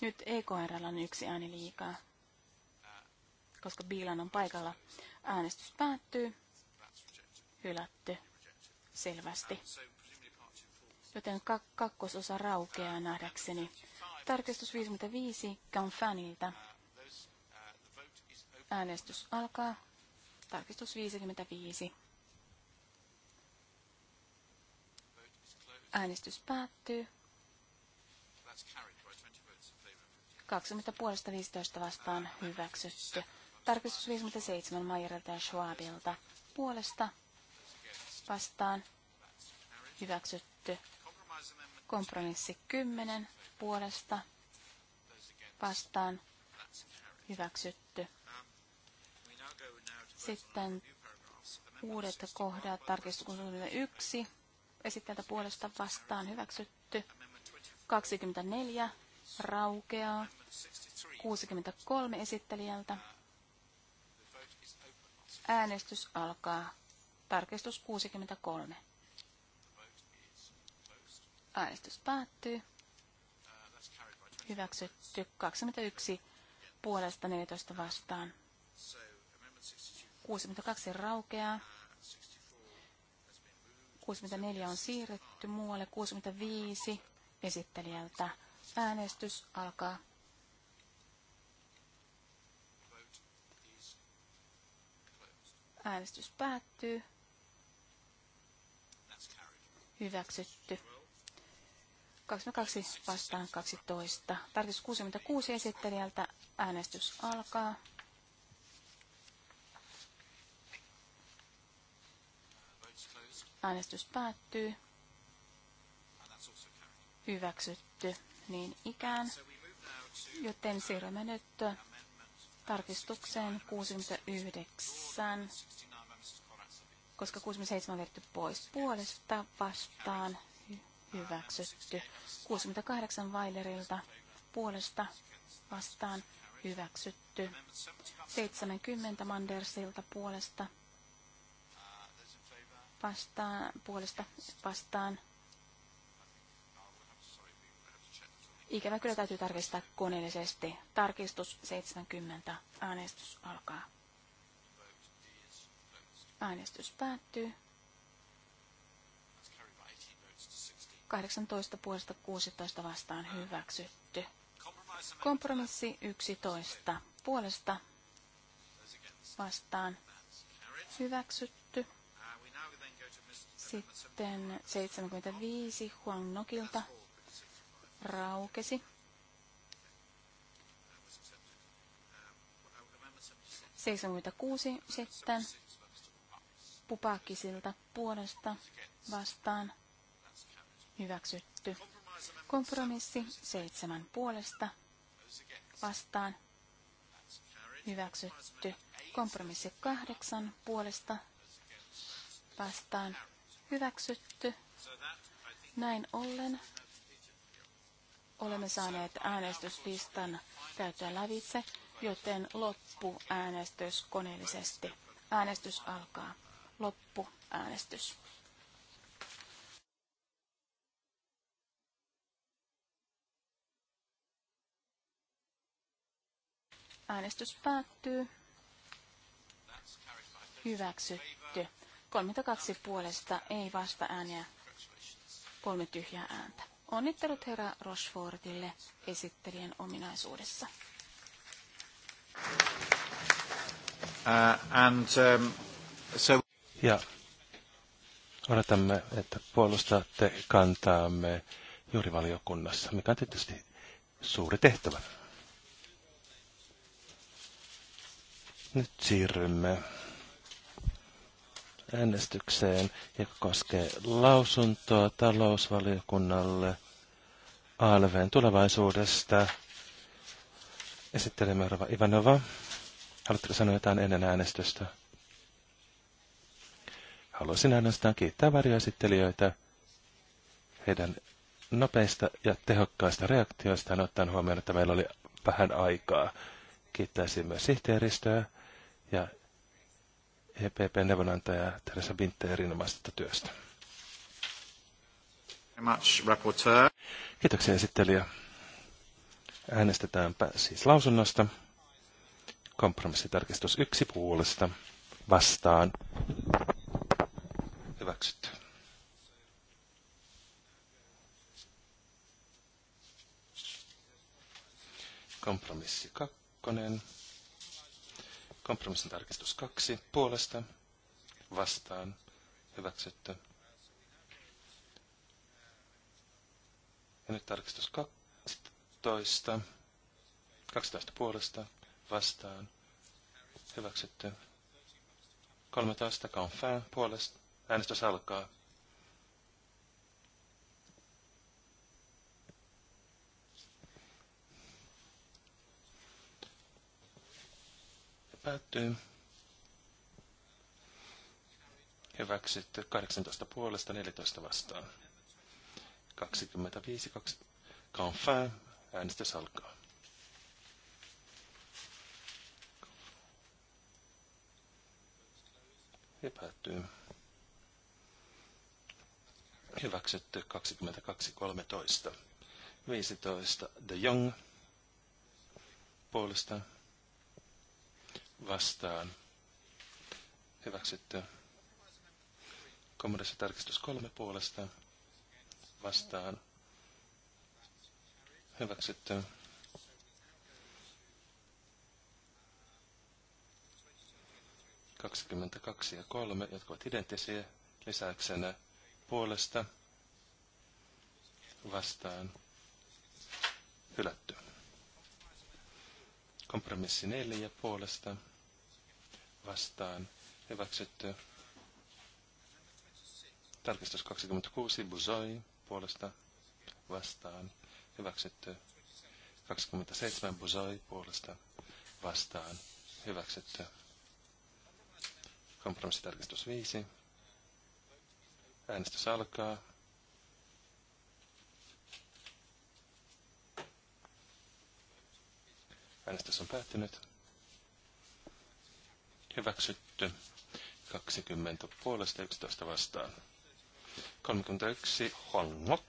Nyt EKR on yksi ääni liikaa, koska Biilan on paikalla. Äänestys päättyy. Hylätty. Selvästi. Joten kakkososa raukeaa nähdäkseni. Tarkistus 55 Ganfanilta Äänestys alkaa. Tarkistus 55. Äänestys päättyy. 20 puolesta 15 vastaan hyväksytty. Tarkistus 57 Maijerilta ja Schwabilta. Puolesta vastaan hyväksytty. Kompromissi 10 puolesta vastaan hyväksytty. Sitten uudet kohdat tarkistuskunnille yksi. Esittäjältä puolesta vastaan hyväksytty. 24 raukeaa. 63 esittelijältä. Äänestys alkaa. Tarkistus 63. Äänestys päättyy. Hyväksytty 21 puolesta 14 vastaan. 62 raukeaa. 64 on siirretty muualle. 65 esittelijältä. Äänestys alkaa. Äänestys päättyy. Hyväksytty. 22 vastaan 12. Tarkistus 66 esittelijältä. Äänestys alkaa. Äänestys päättyy. Hyväksytty niin ikään. Joten siirrymme nyt tarkistukseen 69, koska 67 on vedetty pois puolesta vastaan hyväksytty. 68 Weilerilta puolesta vastaan hyväksytty. 70 Mandersilta puolesta vastaan, puolesta vastaan. Ikävä kyllä täytyy tarkistaa koneellisesti. Tarkistus 70. Äänestys alkaa. Äänestys päättyy. 18 puolesta 16 vastaan hyväksytty. Kompromissi 11 puolesta vastaan hyväksytty sitten 75 Huang Nokilta raukesi. kuusi sitten Pupakisilta puolesta vastaan hyväksytty. Kompromissi seitsemän puolesta vastaan hyväksytty. Kompromissi kahdeksan puolesta vastaan Hyväksytty. Näin ollen olemme saaneet äänestyslistan käytyä lävitse, joten loppu äänestys koneellisesti. Äänestys alkaa. Loppu äänestys. Äänestys päättyy. Hyväksytty. 32 puolesta ei vasta ääniä, kolme tyhjää ääntä. Onnittelut herra Rochefortille esittelijän ominaisuudessa. Uh, and, um, so... Ja odotamme, että puolustatte kantaamme valiokunnassa, mikä on tietysti suuri tehtävä. Nyt siirrymme äänestykseen, joka koskee lausuntoa talousvaliokunnalle ALVn tulevaisuudesta. Esittelemme Rova Ivanova. Haluatteko sanoa jotain ennen äänestystä? Haluaisin ainoastaan kiittää varjoesittelijöitä heidän nopeista ja tehokkaista reaktioistaan ottaen huomioon, että meillä oli vähän aikaa. Kiittäisin myös sihteeristöä ja EPP-neuvonantaja Teresa Bintte erinomaisesta työstä. Kiitoksia esittelijä. Äänestetäänpä siis lausunnosta. Kompromissitarkistus yksi puolesta vastaan. Hyväksytty. Kompromissi kakkonen. Kompromissin tarkistus 2 puolesta vastaan hyväksytty. Ja nyt tarkistus 12. 12 puolesta vastaan hyväksytty. 13 kanfään puolesta äänestys alkaa. päättyy. Hyväksytty 18 puolesta 14 vastaan. 25, 2, confirm, äänestys alkaa. Ja päättyy. Hyväksytty 22, 13. 15, De Jong puolesta vastaan hyväksytty. Komodessa tarkistus kolme puolesta vastaan hyväksytty. Kaksikymmentäkaksi ja kolme, jotka ovat identtisiä, lisäksenä puolesta vastaan hylätty. Kompromissi neljä puolesta vastaan hyväksytty. Tarkistus 26 Buzoi puolesta vastaan hyväksytty. 27 Buzoi puolesta vastaan hyväksytty. Kompromissitarkistus 5. Äänestys alkaa. Äänestys on päättynyt. Hyväksytty. 20 puolesta 11 vastaan. 31 Hongok.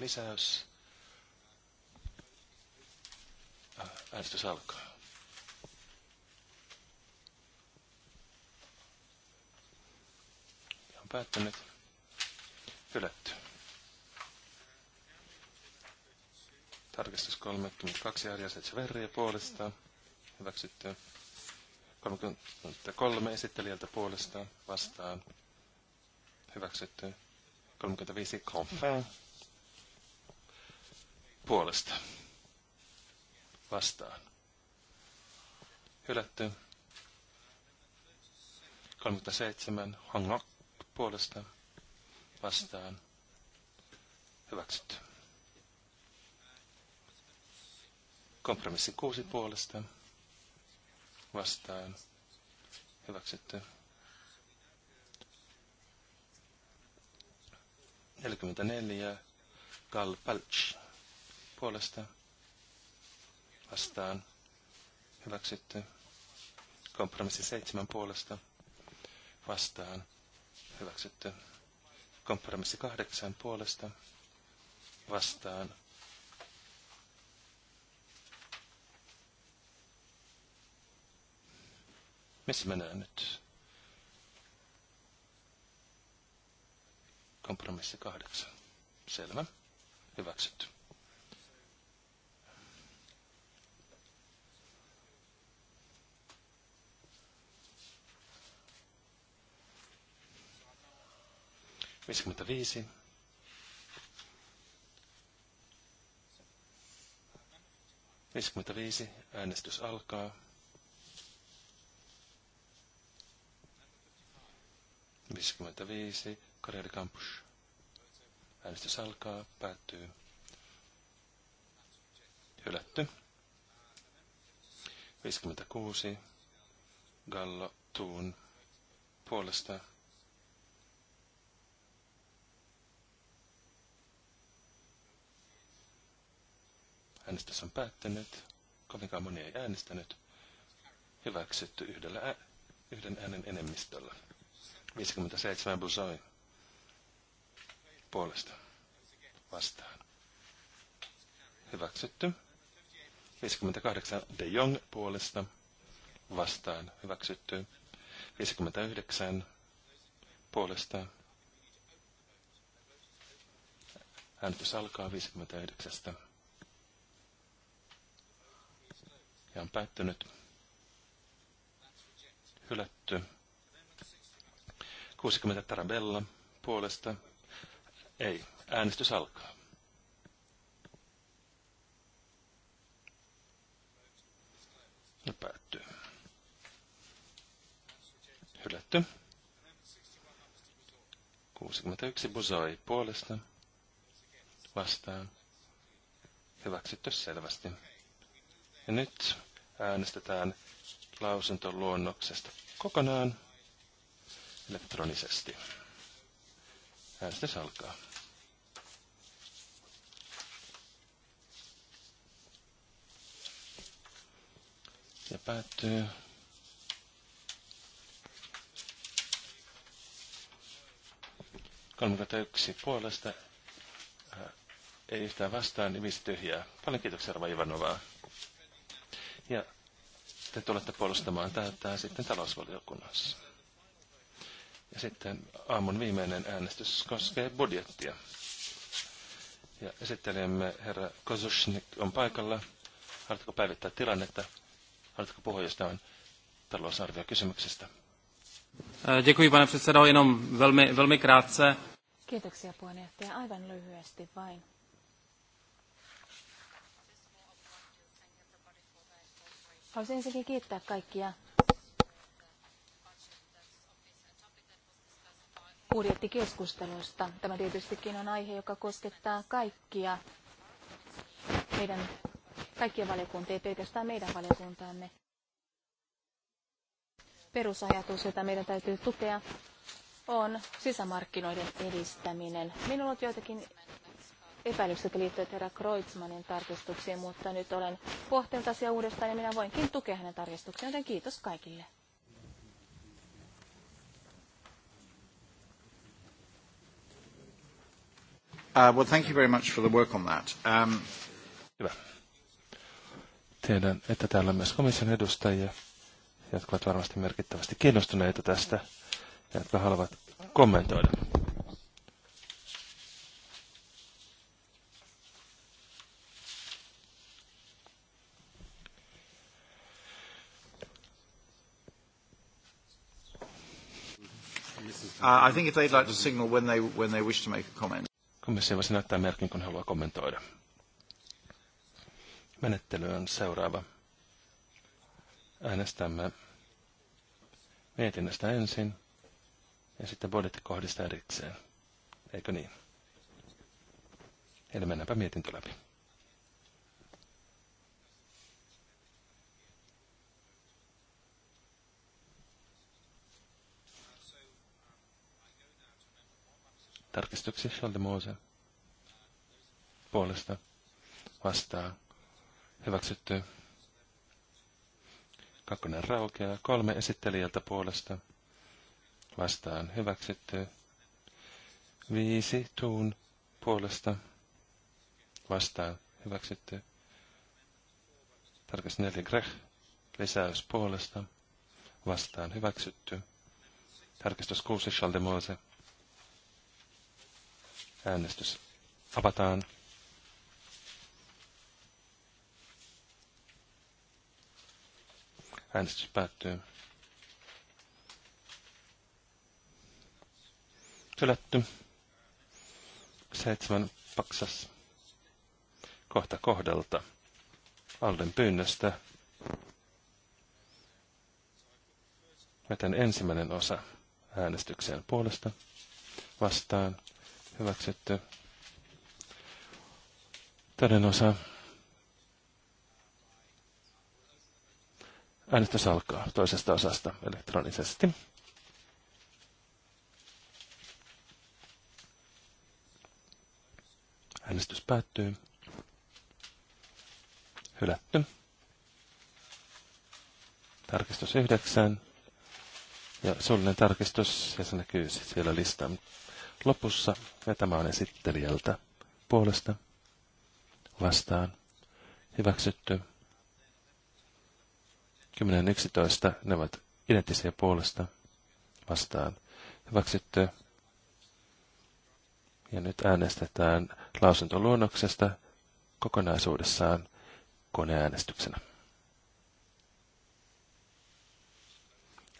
Lisäys. Äänestys alkaa. Ja on päättynyt. Hylätty. Tarkistus 32 Arja Verriä puolesta. Hyväksytty. 33 esittelijältä puolesta vastaan hyväksytty. 35 Confin puolesta vastaan. Hylätty. 37 Hangok puolesta vastaan. Hyväksytty. Kompromissi 6 puolesta vastaan hyväksytty. 44 Gal Palch puolesta vastaan hyväksytty. Kompromissi 7 puolesta vastaan hyväksytty. Kompromissi 8 puolesta vastaan missä menee nyt? Kompromissi kahdeksan. Selvä. Hyväksytty. Viisikymmentäviisi. Viisikymmentäviisi. Äänestys alkaa. 55, Kareli Kampus. Äänestys alkaa, päättyy. Hylätty. 56, Gallo Tuun puolesta. Äänestys on päättynyt. Kovinkaan moni ei äänestänyt. Hyväksytty yhdellä ä- yhden äänen enemmistöllä. 57 Busoi puolesta vastaan. Hyväksytty. 58 De Jong puolesta vastaan. Hyväksytty. 59 puolesta. Äänestys alkaa 59. Ja on päättynyt. Hylätty. 60 Tarabella puolesta. Ei. Äänestys alkaa. Ja päättyy. Hylätty. 61 Buzoi puolesta. Vastaan. Hyväksytty selvästi. Ja nyt äänestetään lausuntoluonnoksesta kokonaan elektronisesti. Äänestys alkaa. Ja päättyy. yksi puolesta. ei yhtään vastaan, niin viisi tyhjää. Paljon kiitoksia, Rova Ivanovaa. Ja te tulette puolustamaan tätä sitten talousvaliokunnassa. Sitten aamun viimeinen äänestys koskee budjettia. Ja esittelemme herra Kozushnik on paikalla. Haluatko päivittää tilannetta? Haluatko puhua jostain talousarviokysymyksestä? Äh, děkuji, pane předsedo, jenom velmi, velmi krátce. Kiitoksia, puheenjohtaja. Aivan lyhyesti vain. Haluaisin ensinnäkin kiittää kaikkia budjettikeskusteluista. Tämä tietystikin on aihe, joka koskettaa kaikkia meidän kaikkia valiokuntia, ei pelkästään meidän valiokuntaamme. Perusajatus, jota meidän täytyy tukea, on sisämarkkinoiden edistäminen. Minulla on joitakin epäilykset liittyen herra Kreutzmannin tarkistuksiin, mutta nyt olen pohtinut asiaa uudestaan ja minä voinkin tukea hänen tarkistuksiaan, joten kiitos kaikille. Uh, well, thank you very much for the work on that. Um... Hyvä. Tiedän, että täällä on myös komission edustajia, jotka ovat varmasti merkittävästi kiinnostuneita tästä ja jotka haluavat kommentoida. Uh, I think if they'd like to signal when they, when they wish to make a comment. Komissio voisi näyttää merkin, kun haluaa kommentoida. Menettely on seuraava. Äänestämme mietinnöstä ensin ja sitten budjettikohdista erikseen. Eikö niin? Eli mennäänpä mietintö läpi. tarkistuksi Schaldemose puolesta vastaa hyväksytty. Kakkonen raukeaa. Kolme esittelijältä puolesta vastaan hyväksytty. Viisi tuun puolesta vastaan hyväksytty. Tarkas neljä greh. Lisäys puolesta vastaan hyväksytty. Tarkistus kuusi Schaldemose Äänestys avataan. Äänestys päättyy. Tylätty. Seitsemän paksas. Kohta kohdalta. Alden pyynnöstä. Mä ensimmäinen osa äänestykseen puolesta. Vastaan. Hyväksytty. Toinen osa. Äänestys alkaa toisesta osasta elektronisesti. Äänestys päättyy. Hylätty. Tarkistus yhdeksän. Ja suullinen tarkistus, ja se näkyy siellä listan lopussa, vetämään esittelijältä puolesta vastaan. Hyväksytty. 10 11, ne ovat identtisiä puolesta vastaan. Hyväksytty. Ja nyt äänestetään lausuntoluonnoksesta kokonaisuudessaan koneäänestyksenä.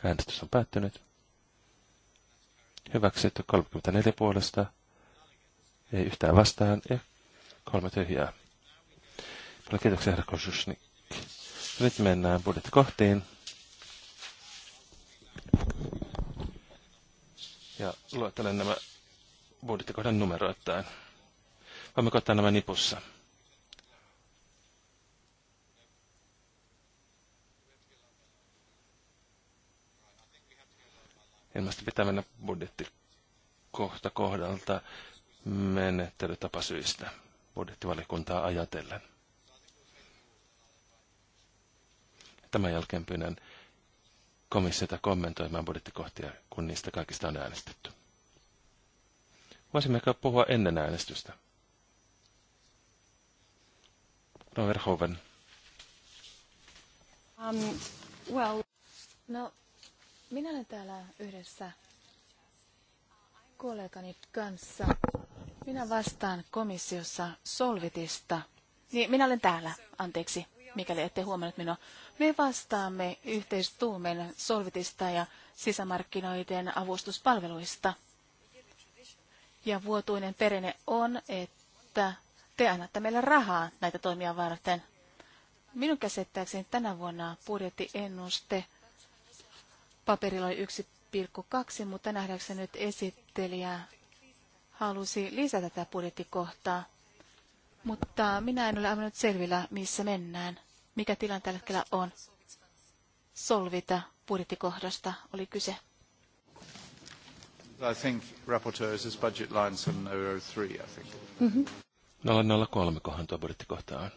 Äänestys on päättynyt. Hyväksytty 34 puolesta. Ei yhtään vastaan ja kolme tyhjää. Paljon kiitoksia, herra Kosusnik. Nyt mennään budjettikohtiin. Ja luettelen nämä budjettikohdan numeroittain. Voimmeko ottaa nämä nipussa? Ilmeisesti pitää mennä budjetti kohta kohdalta menettelytapasyistä budjettivalikuntaa ajatellen. Tämän jälkeen pyydän komissiota kommentoimaan budjettikohtia, kun niistä kaikista on äänestetty. Voisimmeko puhua ennen äänestystä? Um, well, no, minä olen täällä yhdessä kollegani kanssa. Minä vastaan komissiossa Solvitista. Niin, minä olen täällä, anteeksi, mikäli ette huomannut minua. Me vastaamme yhteistuumen Solvitista ja sisämarkkinoiden avustuspalveluista. Ja vuotuinen perinne on, että te annatte meille rahaa näitä toimia varten. Minun käsittääkseni tänä vuonna budjettiennuste ennuste paperilla oli 1,2, mutta nähdäkseni nyt esittelijä halusi lisätä tätä budjettikohtaa. Mutta minä en ole aivan nyt selvillä, missä mennään. Mikä tilanne tällä hetkellä on? Solvita budjettikohdasta oli kyse. I think rapporteur is budget line 703, I think. Mm-hmm. 003 no, kohan tuo budjettikohta on.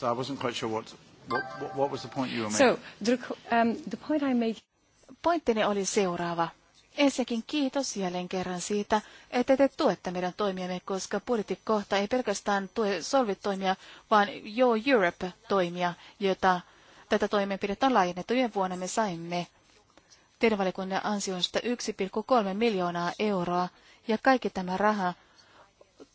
So I wasn't quite sure what, what, what was the point you were making. So, um, the point I made... Pointtini oli seuraava. Ensinnäkin kiitos jälleen kerran siitä, että te tuette meidän toimiamme, koska budjettikohta ei pelkästään tue Solvit-toimia, vaan Yo Europe-toimia, jota tätä toimenpidettä on laajennettu. Yhden vuonna me saimme teidän valikunnan ansioista 1,3 miljoonaa euroa, ja kaikki tämä raha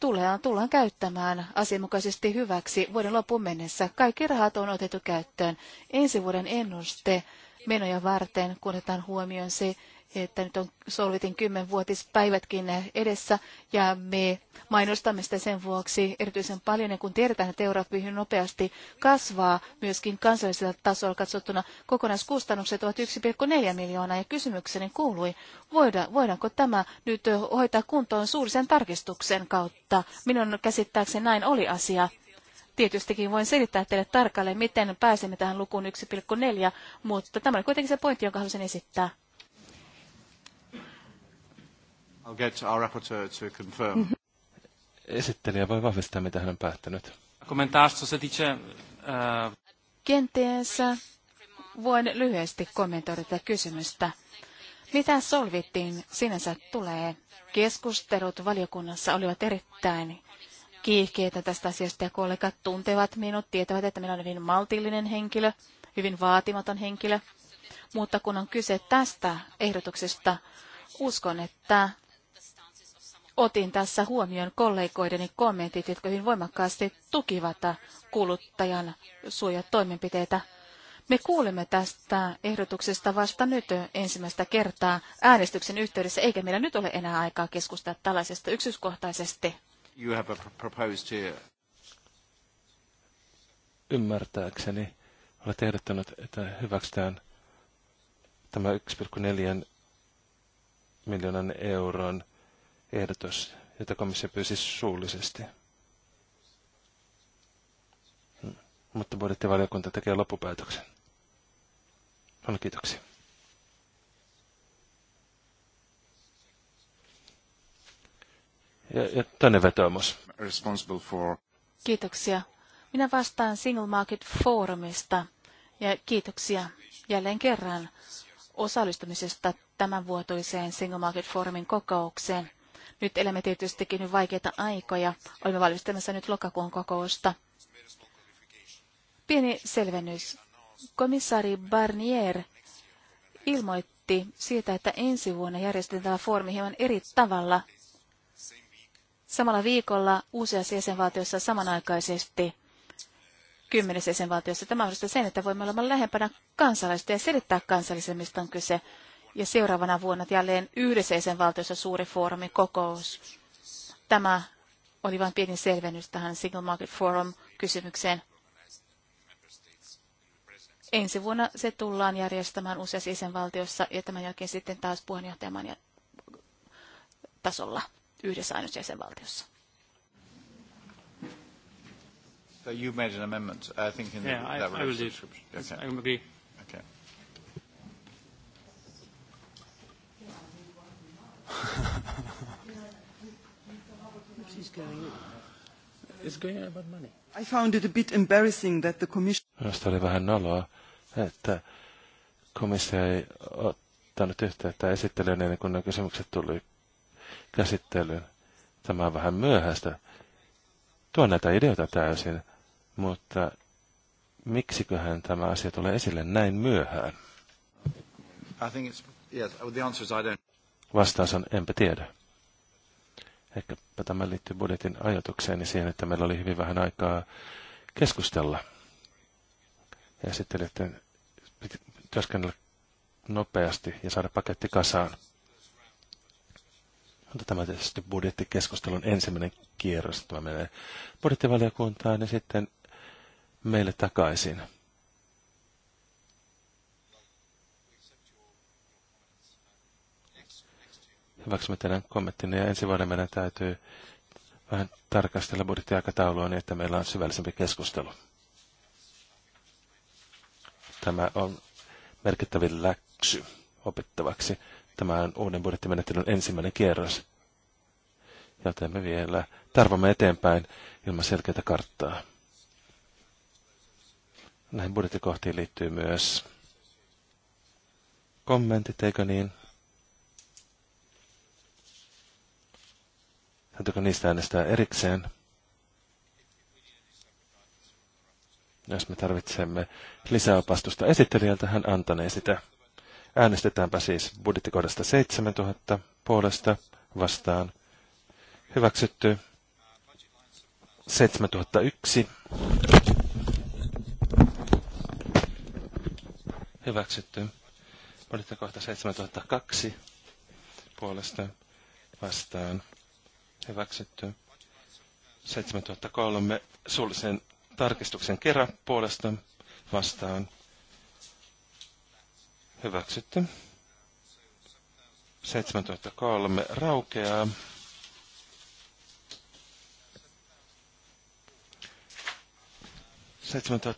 tullaan, tullaan käyttämään asianmukaisesti hyväksi vuoden lopun mennessä. Kaikki rahat on otettu käyttöön. Ensi vuoden ennuste menoja varten, kun otetaan huomioon se, että nyt on Solvitin kymmenvuotispäivätkin edessä ja me mainostamme sitä sen vuoksi erityisen paljon. Ja kun tiedetään, että Eurooppa hyvin nopeasti kasvaa myöskin kansallisella tasolla katsottuna, kokonaiskustannukset ovat 1,4 miljoonaa ja kysymykseni kuului, voida, voidaanko tämä nyt hoitaa kuntoon suurisen tarkistuksen kautta? Minun käsittääkseni näin oli asia. Tietystikin voin selittää teille tarkalleen, miten pääsemme tähän lukuun 1,4, mutta tämä oli kuitenkin se pointti, jonka halusin esittää. I'll get our rapporteur to confirm. Mhm. Esittelijä voi vahvistaa, mitä hän on päättänyt. se Kenties voin lyhyesti kommentoida tätä kysymystä. Mitä solvittiin sinänsä tulee? Keskustelut valiokunnassa olivat erittäin kiihkeitä tästä asiasta ja kollegat tuntevat minut, tietävät, että minä olen hyvin maltillinen henkilö, hyvin vaatimaton henkilö. Mutta kun on kyse tästä ehdotuksesta, uskon, että otin tässä huomioon kollegoideni kommentit, jotka hyvin voimakkaasti tukivat kuluttajan suojatoimenpiteitä. Me kuulemme tästä ehdotuksesta vasta nyt ensimmäistä kertaa äänestyksen yhteydessä, eikä meillä nyt ole enää aikaa keskustella tällaisesta yksityiskohtaisesti. Ymmärtääkseni olet ehdottanut, että hyväksytään tämä 1,4 miljoonan euron ehdotus, jota komissio pyysi suullisesti. Hmm. Mutta budjettivaliokunta tekee loppupäätöksen. On kiitoksia. Ja, ja toinen vetoomus. Kiitoksia. Minä vastaan Single Market Forumista ja kiitoksia jälleen kerran osallistumisesta tämän vuotoiseen Single Market Forumin kokoukseen. Nyt elämme tietystikin nyt vaikeita aikoja. Olemme valmistamassa nyt lokakuun kokousta. Pieni selvennys. Komissaari Barnier ilmoitti siitä, että ensi vuonna järjestetään foorumi hieman eri tavalla. Samalla viikolla useassa jäsenvaltiossa samanaikaisesti kymmenessä jäsenvaltiossa. Tämä mahdollistaa sen, että voimme olla lähempänä kansalaista ja selittää kansallisemmista on kyse ja seuraavana vuonna jälleen yhdessä jäsenvaltiossa suuri foorumi kokous. Tämä oli vain pieni selvennys tähän Single Market Forum-kysymykseen. Ensi vuonna se tullaan järjestämään useassa jäsenvaltiossa ja tämän jälkeen sitten taas puheenjohtajamaan ja tasolla yhdessä ainoassa jäsenvaltiossa. So you made an amendment, I think, in yeah, the, that I will Okay. I agree. I found it a bit embarrassing that the commission... Minusta oli vähän noloa, että komissio ei ottanut yhteyttä esittelyyn ennen kuin ne kysymykset tuli käsittelyyn. Tämä on vähän myöhäistä. Tuo näitä ideoita täysin, mutta miksiköhän tämä asia tulee esille näin myöhään? I think it's, yes, the answer is I don't. Vastaus on, enpä tiedä. Ehkäpä tämä liittyy budjetin ajatukseen ja siihen, että meillä oli hyvin vähän aikaa keskustella. Ja että piti työskennellä nopeasti ja saada paketti kasaan. Mutta tämä tietysti budjettikeskustelun ensimmäinen kierros. Tämä menee budjettivaliokuntaan ja sitten meille takaisin. hyväksymme teidän kommenttinne ja ensi vuoden meidän täytyy vähän tarkastella budjettiaikataulua niin, että meillä on syvällisempi keskustelu. Tämä on merkittävin läksy opittavaksi. Tämä on uuden budjettimenettelyn ensimmäinen kierros. Joten me vielä tarvomme eteenpäin ilman selkeää karttaa. Näihin budjettikohtiin liittyy myös kommentit, eikö niin? Täytyykö niistä äänestää erikseen? Jos me tarvitsemme lisäopastusta esittelijältä, hän antanee sitä. Äänestetäänpä siis budjettikohdasta 7000 puolesta vastaan. Hyväksytty. 7001. Hyväksytty. Budjettikohta 7002 puolesta vastaan. Hyväksytty. 7003 suullisen tarkistuksen kerran puolesta vastaan. Hyväksytty. 7003 raukeaa.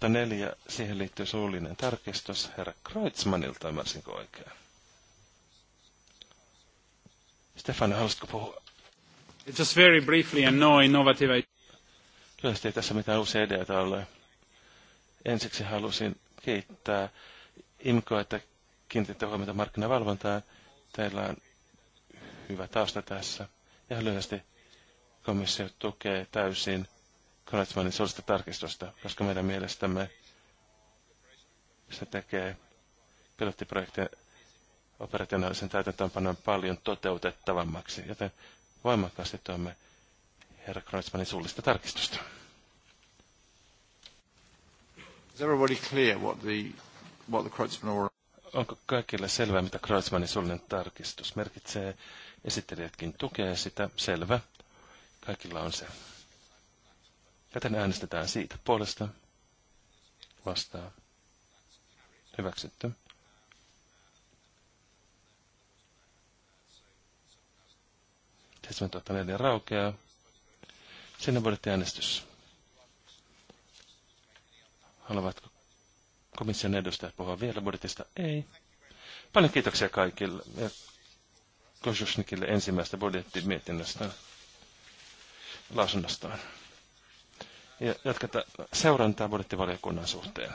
neljä siihen liittyy suullinen tarkistus herra Kreutzmannilta, ymmärsinkö oikein? Stefan, haluaisitko puhua Just very briefly and no innovative Lyhyesti ei tässä mitään uusia ideoita ole. Ensiksi halusin kiittää Imkoa, että kiinnititte huomiota markkinavalvontaan. Teillä on hyvä tausta tässä. Ja lyhyesti komissio tukee täysin Kronetsmanin suosista tarkistusta, koska meidän mielestämme se tekee pilottiprojektien operationaalisen täytäntöönpanon paljon toteutettavammaksi, joten voimakkaasti toimme herra Kreutzmannin suullista tarkistusta. Is everybody clear what the, what the Kreutzmann Onko kaikille selvää, mitä Kreutzmannin suullinen tarkistus merkitsee? Esittelijätkin tukee sitä. Selvä. Kaikilla on se. Joten äänestetään siitä puolesta. vastaa, Hyväksytty. 7004 raukeaa. Sinne äänestys. Haluatko komission edustajat puhua vielä budjetista? Ei. Paljon kiitoksia kaikille ja Kosjusnikille ensimmäistä budjettimietinnöstä lausunnostaan. Ja jatketaan seurantaa budjettivaliokunnan suhteen.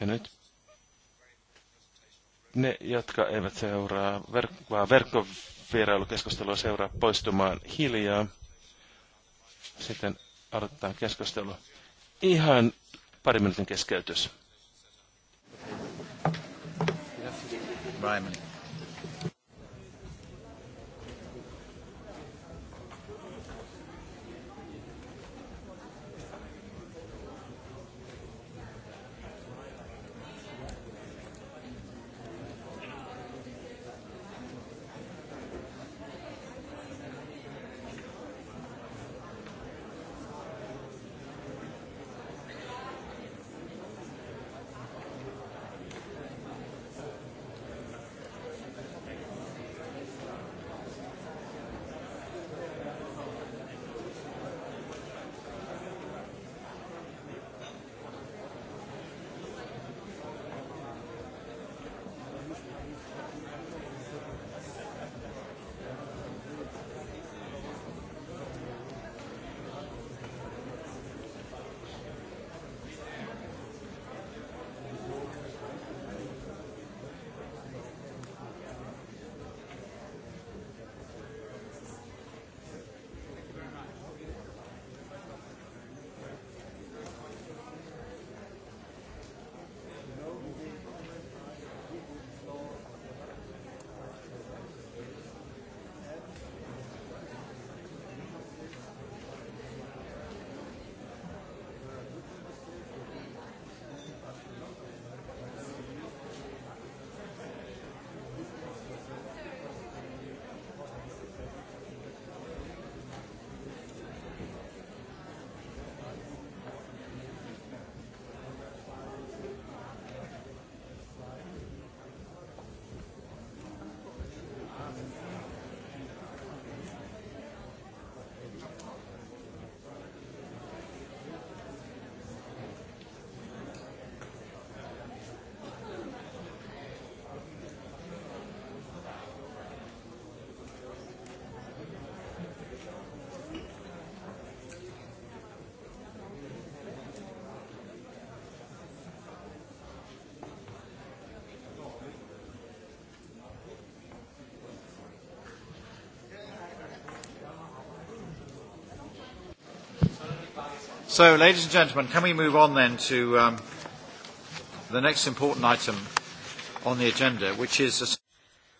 Ja nyt ne, jotka eivät seuraa verk- vaan verkko vierailukeskustelua seuraa poistumaan hiljaa. Sitten aloitetaan keskustelu. Ihan pari minuutin keskeytys. Brian. So, ladies and gentlemen, can we move on then to um, the next important item on the agenda, which is... A...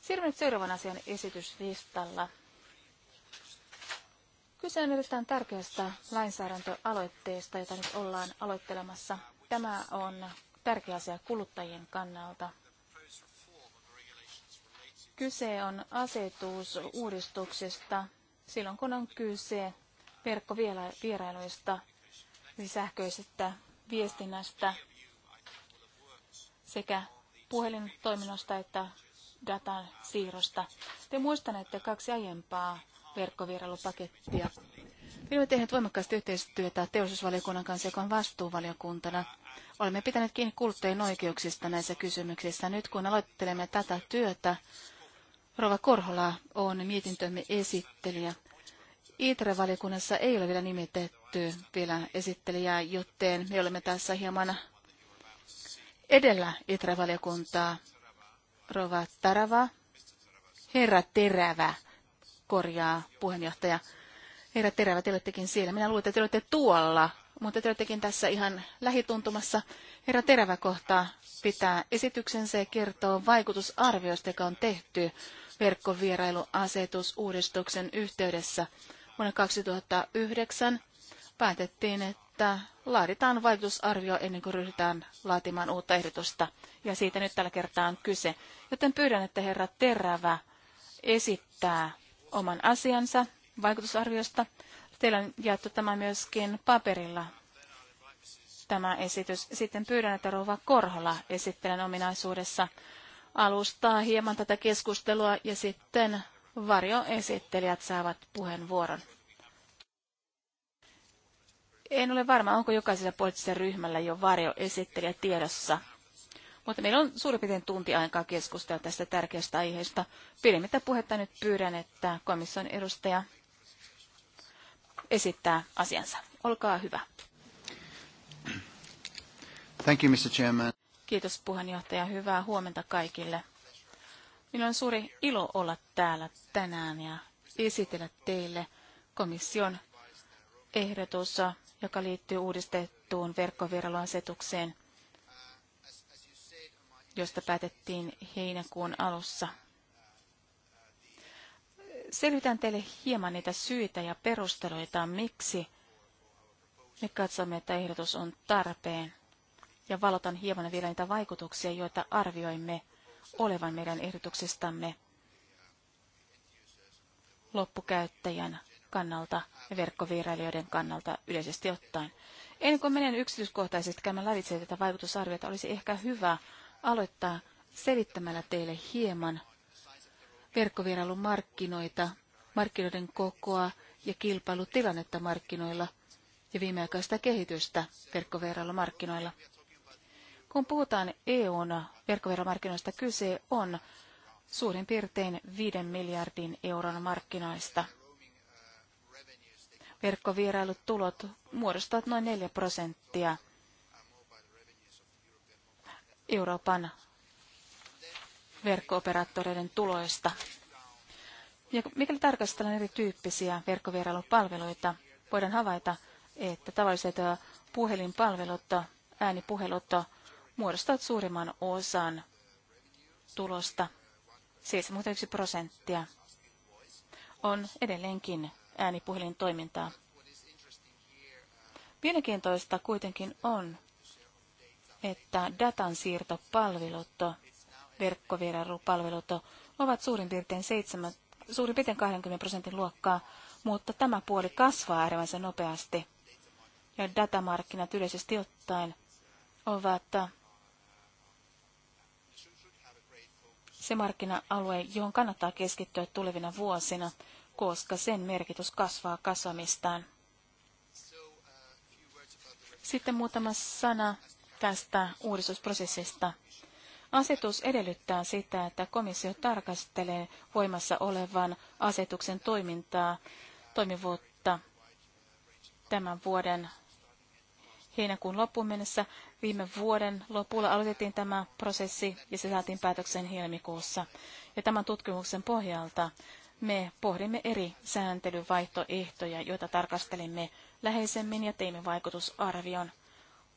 Siirrymme nyt seuraavan asian esityslistalla. Kyse on erittäin tärkeästä lainsäädäntöaloitteesta, jota nyt ollaan aloittelemassa. Tämä on tärkeä asia kuluttajien kannalta. Kyse on asetusuudistuksesta silloin, kun on kyse verkkovierailuista – sähköisestä viestinnästä sekä puhelintoiminnosta että datan siirrosta. Te muistanette kaksi aiempaa verkkovierailupakettia. Me olemme tehneet voimakkaasti yhteistyötä teollisuusvaliokunnan kanssa, joka on vastuuvaliokuntana. Olemme pitäneet kiinni kuluttajien oikeuksista näissä kysymyksissä. Nyt kun aloittelemme tätä työtä, Rova Korhola on mietintömme esittelijä. ITRE-valiokunnassa ei ole vielä nimitetty liittyy vielä esittelijää, joten me olemme tässä hieman edellä Itravaliokuntaa. Rova Tarava, herra Terävä, korjaa puheenjohtaja. Herra Terävä, te olettekin siellä. Minä luulen, että te olette tuolla, mutta te olettekin tässä ihan lähituntumassa. Herra Terävä kohtaa pitää esityksensä ja kertoo vaikutusarviosta, joka on tehty verkkovierailuasetusuudistuksen yhteydessä vuonna 2009 päätettiin, että laaditaan vaikutusarvio ennen kuin ryhdytään laatimaan uutta ehdotusta. Ja siitä nyt tällä kertaa on kyse. Joten pyydän, että herra Terävä esittää oman asiansa vaikutusarviosta. Teillä on jaettu tämä myöskin paperilla, tämä esitys. Sitten pyydän, että Rouva Korhola esittelen ominaisuudessa alustaa hieman tätä keskustelua ja sitten varjoesittelijät saavat puheenvuoron. En ole varma, onko jokaisella poliittisella ryhmällä jo varjoesittelijä tiedossa, mutta meillä on suurin piirtein tunti aikaa keskustella tästä tärkeästä aiheesta. Pidemmittä puhetta nyt pyydän, että komission edustaja esittää asiansa. Olkaa hyvä. Thank you, Mr. Chairman. Kiitos puheenjohtaja. Hyvää huomenta kaikille. Minulla on suuri ilo olla täällä tänään ja esitellä teille komission ehdotus joka liittyy uudistettuun verkkovierailuasetukseen, josta päätettiin heinäkuun alussa. Selvitän teille hieman niitä syitä ja perusteluita, miksi me katsomme, että ehdotus on tarpeen, ja valotan hieman vielä niitä vaikutuksia, joita arvioimme olevan meidän ehdotuksestamme loppukäyttäjänä kannalta ja verkkovierailijoiden kannalta yleisesti ottaen. Ennen kuin menen yksityiskohtaisesti käymään lävitse tätä vaikutusarviota, olisi ehkä hyvä aloittaa selittämällä teille hieman verkkovierailun markkinoita, markkinoiden kokoa ja kilpailutilannetta markkinoilla ja viimeaikaista kehitystä verkkovierailumarkkinoilla. Kun puhutaan EUn verkkovierailumarkkinoista, kyse on suurin piirtein 5 miljardin euron markkinoista – verkkovierailut tulot muodostavat noin 4 prosenttia Euroopan verkkooperaattoreiden tuloista. Ja mikäli tarkastellaan erityyppisiä verkkovierailupalveluita, voidaan havaita, että tavalliset puhelinpalvelut, äänipuhelut muodostavat suurimman osan tulosta, 71 prosenttia. On edelleenkin toimintaa. Mielenkiintoista kuitenkin on, että datan siirtopalvelut, verkkovierailupalvelut, ovat suurin piirtein, 7, suurin piirtein 20 prosentin luokkaa, mutta tämä puoli kasvaa äärimmäisen nopeasti. Ja datamarkkinat yleisesti ottaen ovat se markkina-alue, johon kannattaa keskittyä tulevina vuosina koska sen merkitys kasvaa kasvamistaan. Sitten muutama sana tästä uudistusprosessista. Asetus edellyttää sitä, että komissio tarkastelee voimassa olevan asetuksen toimintaa, toimivuutta tämän vuoden heinäkuun loppuun mennessä. Viime vuoden lopulla aloitettiin tämä prosessi ja se saatiin päätöksen helmikuussa. Ja tämän tutkimuksen pohjalta me pohdimme eri sääntelyvaihtoehtoja, joita tarkastelimme läheisemmin ja teimme vaikutusarvion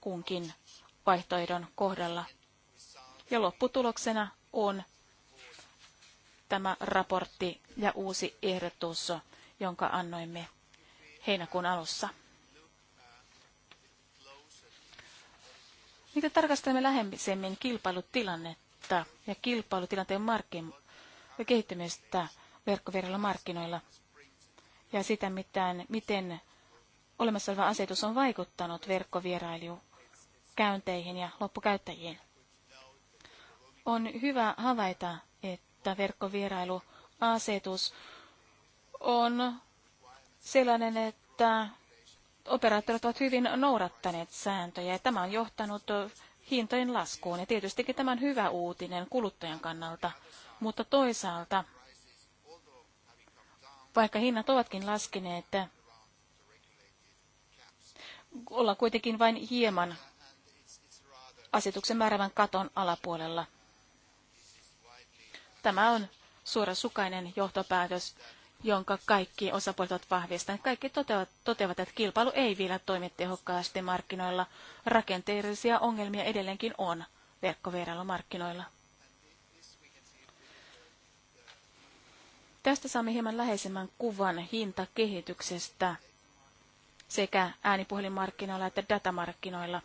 kunkin vaihtoehdon kohdalla. Ja lopputuloksena on tämä raportti ja uusi ehdotus, jonka annoimme heinäkuun alussa. Mitä tarkastelemme lähemmin kilpailutilannetta ja kilpailutilanteen markkin kehittymistä verkkovirjalla markkinoilla ja sitä, mitään, miten olemassa oleva asetus on vaikuttanut verkkovierailukäynteihin ja loppukäyttäjiin. On hyvä havaita, että verkkovierailuasetus on sellainen, että operaattorit ovat hyvin noudattaneet sääntöjä ja tämä on johtanut hintojen laskuun. Ja tietystikin tämä on hyvä uutinen kuluttajan kannalta, mutta toisaalta vaikka hinnat ovatkin laskeneet, ollaan kuitenkin vain hieman asetuksen määrävän katon alapuolella. Tämä on suorasukainen johtopäätös, jonka kaikki osapuolet ovat vahvistaneet. Kaikki toteavat, toteavat, että kilpailu ei vielä toimi tehokkaasti markkinoilla. Rakenteellisia ongelmia edelleenkin on verkkovierailumarkkinoilla. markkinoilla. Tästä saamme hieman läheisemmän kuvan hintakehityksestä sekä äänipuhelinmarkkinoilla että datamarkkinoilla.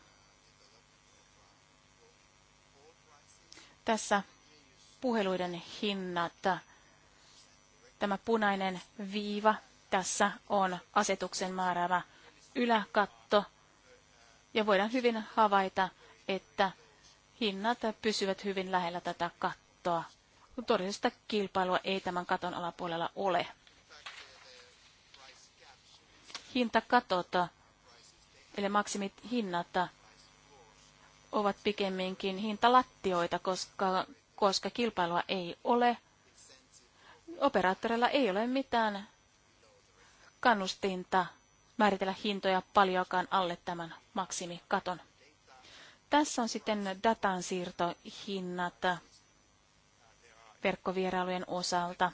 Tässä puheluiden hinnat. Tämä punainen viiva tässä on asetuksen määräävä yläkatto. Ja voidaan hyvin havaita, että hinnat pysyvät hyvin lähellä tätä kattoa kun todellista kilpailua ei tämän katon alapuolella ole. Hintakatota, eli maksimit hinnat, ovat pikemminkin hintalattioita, koska, koska kilpailua ei ole. Operaattorilla ei ole mitään kannustinta määritellä hintoja paljonkaan alle tämän maksimikaton. Tässä on sitten datansiirtohinnat verkkovierailujen osalta.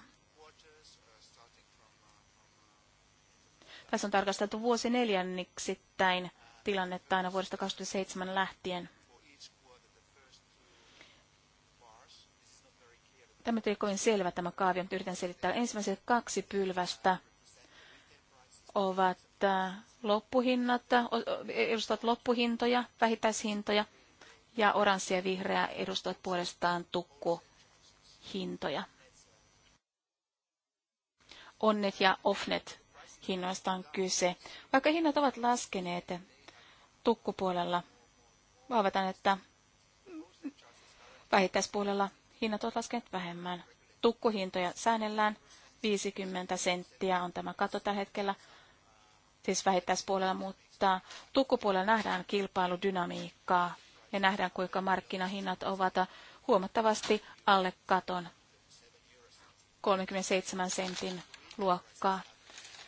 Tässä on tarkasteltu vuosi neljänniksittäin tilannetta aina vuodesta 2007 lähtien. Tämä ei kovin selvä tämä kaavio, mutta yritän selittää. Ensimmäiset kaksi pylvästä ovat äh, loppuhinnat, äh, edustavat loppuhintoja, vähittäishintoja, ja oranssi ja vihreä edustavat puolestaan tukku hintoja. Onnet ja offnet hinnoista on kyse. Vaikka hinnat ovat laskeneet tukkupuolella, vaavataan, että vähittäispuolella hinnat ovat laskeneet vähemmän. Tukkuhintoja säännellään. 50 senttiä on tämä katto tällä hetkellä, siis vähittäispuolella, mutta tukkupuolella nähdään kilpailudynamiikkaa ja nähdään, kuinka markkinahinnat ovat huomattavasti alle katon 37 sentin luokkaa.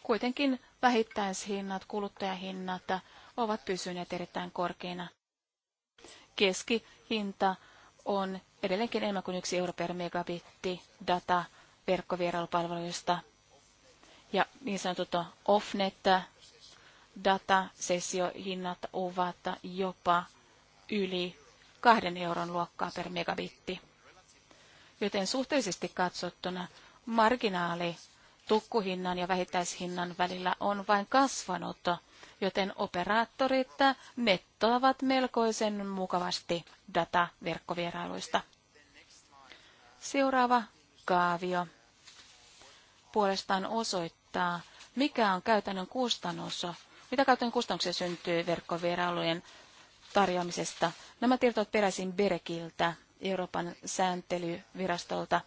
Kuitenkin vähittäishinnat, kuluttajahinnat ovat pysyneet erittäin korkeina. Keskihinta on edelleenkin enemmän kuin yksi euro per megabitti data verkkovierailupalveluista. Ja niin sanotut offnet datasessiohinnat ovat jopa yli kahden euron luokkaa per megabitti. Joten suhteellisesti katsottuna marginaali tukkuhinnan ja vähittäishinnan välillä on vain kasvanut, joten operaattorit nettoavat melkoisen mukavasti dataverkkovierailuista. Seuraava kaavio puolestaan osoittaa, mikä on käytännön kustannus, mitä käytännön kustannuksia syntyy verkkovierailujen tarjoamisesta Nämä tiedot ovat peräisin Berekiltä, Euroopan sääntelyvirastolta.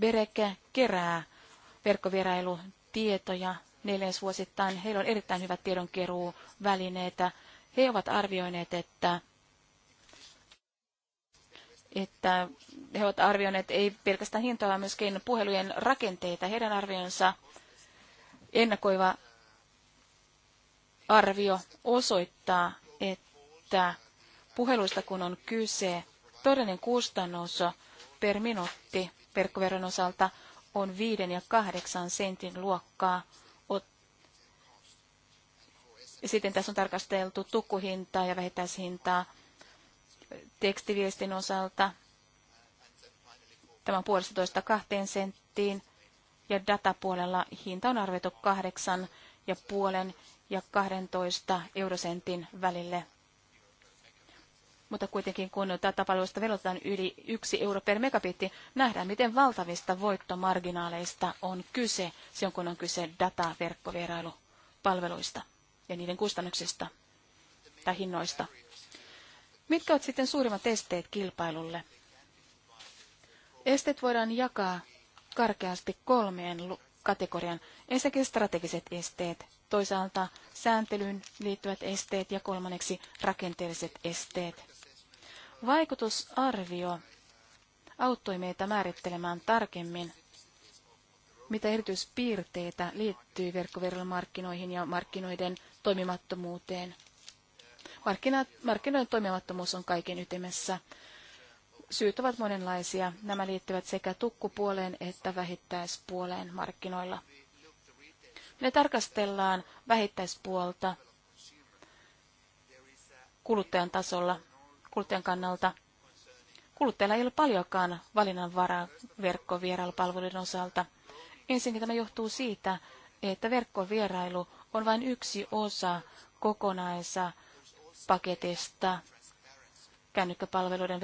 Berek kerää neljäs vuosittain. Heillä on erittäin hyvät tiedonkeruuvälineitä. He ovat arvioineet, että että he ovat arvioineet ei pelkästään hintoa, vaan myöskin puhelujen rakenteita. Heidän arvionsa ennakoiva arvio osoittaa, että puheluista kun on kyse, todellinen kustannus per minuutti verkkoveron osalta on 5 ja 8 sentin luokkaa. Sitten tässä on tarkasteltu tukkuhintaa ja vähittäishintaa tekstiviestin osalta. Tämä on puolestatoista kahteen senttiin ja datapuolella hinta on arvioitu kahdeksan ja puolen ja 12 eurosentin välille mutta kuitenkin kun datapalveluista palvelusta velotetaan yli yksi euro per megabitti, nähdään, miten valtavista voittomarginaaleista on kyse, silloin kun on kyse dataverkkovierailupalveluista ja niiden kustannuksista tai hinnoista. Mitkä ovat sitten suurimmat esteet kilpailulle? Esteet voidaan jakaa karkeasti kolmeen kategorian. Ensinnäkin strategiset esteet, toisaalta sääntelyyn liittyvät esteet ja kolmanneksi rakenteelliset esteet. Vaikutusarvio auttoi meitä määrittelemään tarkemmin, mitä erityispiirteitä liittyy verkkoverkkomarkkinoihin ja markkinoiden toimimattomuuteen. Markkina, markkinoiden toimimattomuus on kaiken ytimessä. Syyt ovat monenlaisia. Nämä liittyvät sekä tukkupuoleen että vähittäispuoleen markkinoilla. Me tarkastellaan vähittäispuolta kuluttajan tasolla kuluttajan kannalta. Kuluttajalla ei ole paljonkaan valinnanvaraa verkkovierailupalveluiden osalta. Ensinnäkin tämä johtuu siitä, että verkkovierailu on vain yksi osa kokonaisa paketista kännykkäpalveluiden,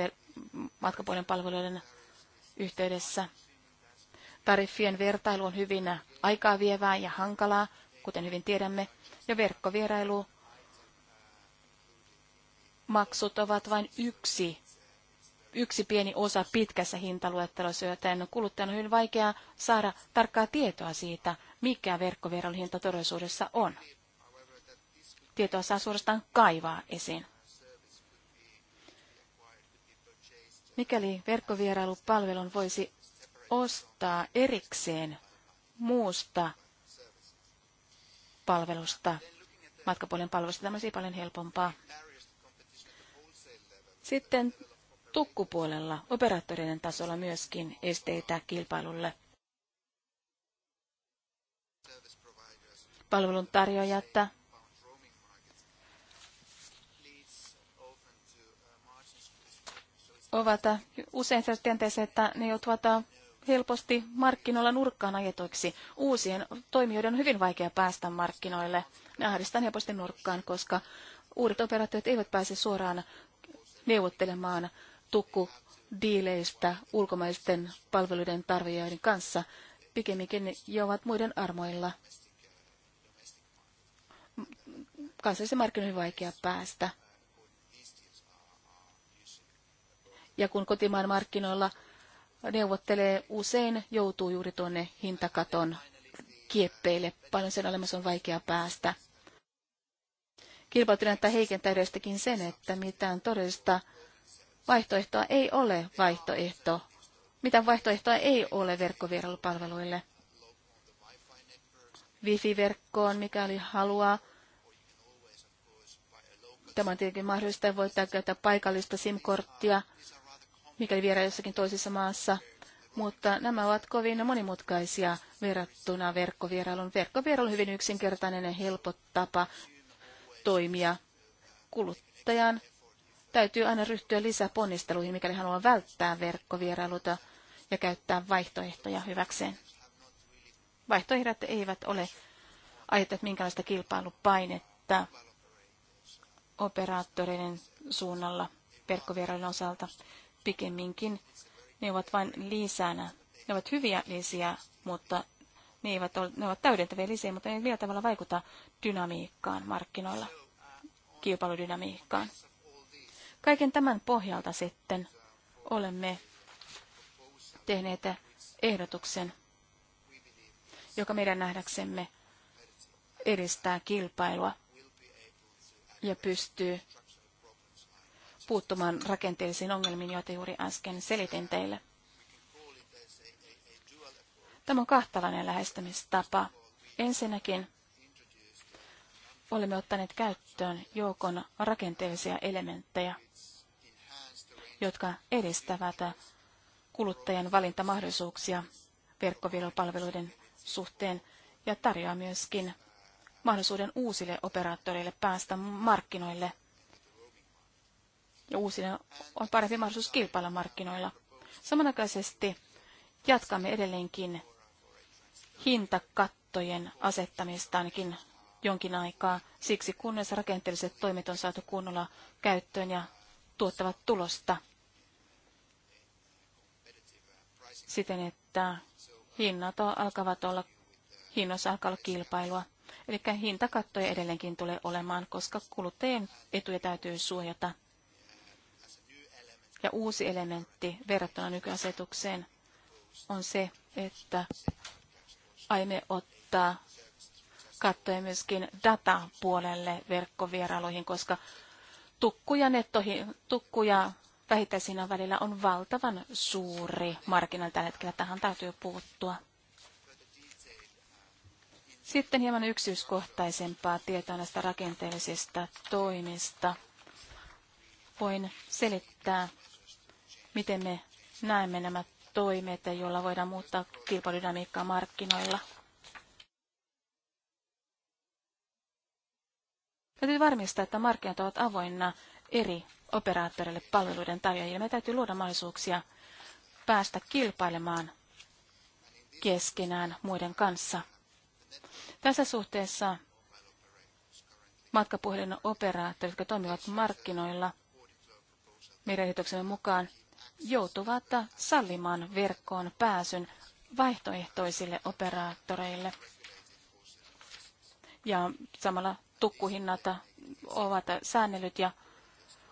matkapuolen palveluiden yhteydessä. Tariffien vertailu on hyvin aikaa vievää ja hankalaa, kuten hyvin tiedämme, ja verkkovierailu maksut ovat vain yksi, yksi pieni osa pitkässä hintaluettelossa, joten kuluttajan on hyvin vaikea saada tarkkaa tietoa siitä, mikä verkkoveron hinta todellisuudessa on. Tietoa saa suorastaan kaivaa esiin. Mikäli verkkovierailupalvelun voisi ostaa erikseen muusta palvelusta, matkapuolen palvelusta, tämä olisi paljon helpompaa. Sitten tukkupuolella, operaattoreiden tasolla myöskin esteitä kilpailulle. Palvelun tarjoajat ovat usein sellaisessa tilanteessa, että ne joutuvat helposti markkinoilla nurkkaan ajetoiksi. Uusien toimijoiden on hyvin vaikea päästä markkinoille. Ne ahdistaan helposti nurkkaan, koska uudet operaattorit eivät pääse suoraan neuvottelemaan diileistä ulkomaisten palveluiden tarvijoiden kanssa. Pikemminkin ne ovat muiden armoilla. Kansallisen markkinoihin vaikea päästä. Ja kun kotimaan markkinoilla neuvottelee, usein joutuu juuri tuonne hintakaton kieppeille. Paljon sen olemassa on vaikea päästä. Kilpailutilannetta heikentää edestäkin sen, että mitään todellista vaihtoehtoa ei ole vaihtoehto. Mitään vaihtoehtoa ei ole verkkovierailupalveluille. Wifi-verkkoon, mikäli haluaa. Tämä on tietenkin mahdollista, voi käyttää paikallista SIM-korttia, mikäli vielä jossakin toisessa maassa. Mutta nämä ovat kovin monimutkaisia verrattuna verkkovierailun. Verkkovierailu on hyvin yksinkertainen ja helppo tapa toimia. Kuluttajan täytyy aina ryhtyä lisäponnisteluihin, mikäli haluaa välttää verkkovierailuta ja käyttää vaihtoehtoja hyväkseen. Vaihtoehdot eivät ole aiheuttaneet minkälaista kilpailupainetta operaattoreiden suunnalla verkkovierailun osalta. Pikemminkin ne ovat vain lisänä. Ne ovat hyviä lisiä, mutta ne, eivät ole, ne ovat täydentäviä lisää, mutta ne eivät vielä tavalla vaikuta dynamiikkaan markkinoilla, kilpailudynamiikkaan. Kaiken tämän pohjalta sitten olemme tehneet ehdotuksen, joka meidän nähdäksemme edistää kilpailua ja pystyy puuttumaan rakenteellisiin ongelmiin, joita juuri äsken selitin teille. Tämä on kahtalainen lähestymistapa. Ensinnäkin olemme ottaneet käyttöön joukon rakenteellisia elementtejä, jotka edistävät kuluttajan valintamahdollisuuksia verkkovielopalveluiden suhteen ja tarjoaa myöskin mahdollisuuden uusille operaattoreille päästä markkinoille. Ja uusille on parempi mahdollisuus kilpailla markkinoilla. Samanaikaisesti jatkamme edelleenkin hintakattojen asettamista ainakin jonkin aikaa, siksi kunnes rakenteelliset toimet on saatu kunnolla käyttöön ja tuottavat tulosta siten, että hinnat alkavat olla, hinnoissa alkaa olla kilpailua. Eli hintakattoja edelleenkin tulee olemaan, koska kuluttajien etuja täytyy suojata. Ja uusi elementti verrattuna nykyasetukseen on se, että aiemme ottaa kattoja myöskin datapuolelle verkkovierailuihin, koska tukku ja, nettohin, tukku ja vähittäishinnan välillä on valtavan suuri markkina tällä hetkellä. Tähän täytyy puuttua. Sitten hieman yksityiskohtaisempaa tietoa näistä rakenteellisista toimista. Voin selittää, miten me näemme nämä toimet, joilla voidaan muuttaa kilpailudynamiikkaa markkinoilla. Täytyy varmistaa, että markkinat ovat avoinna eri operaattoreille palveluiden tarjoajille. Meidän täytyy luoda mahdollisuuksia päästä kilpailemaan keskenään muiden kanssa. Tässä suhteessa matkapuhelinoperaattorit, operaattorit, jotka toimivat markkinoilla, meidän ehdotuksemme mukaan joutuvat sallimaan verkkoon pääsyn vaihtoehtoisille operaattoreille. Ja samalla tukkuhinnat ovat säännellyt ja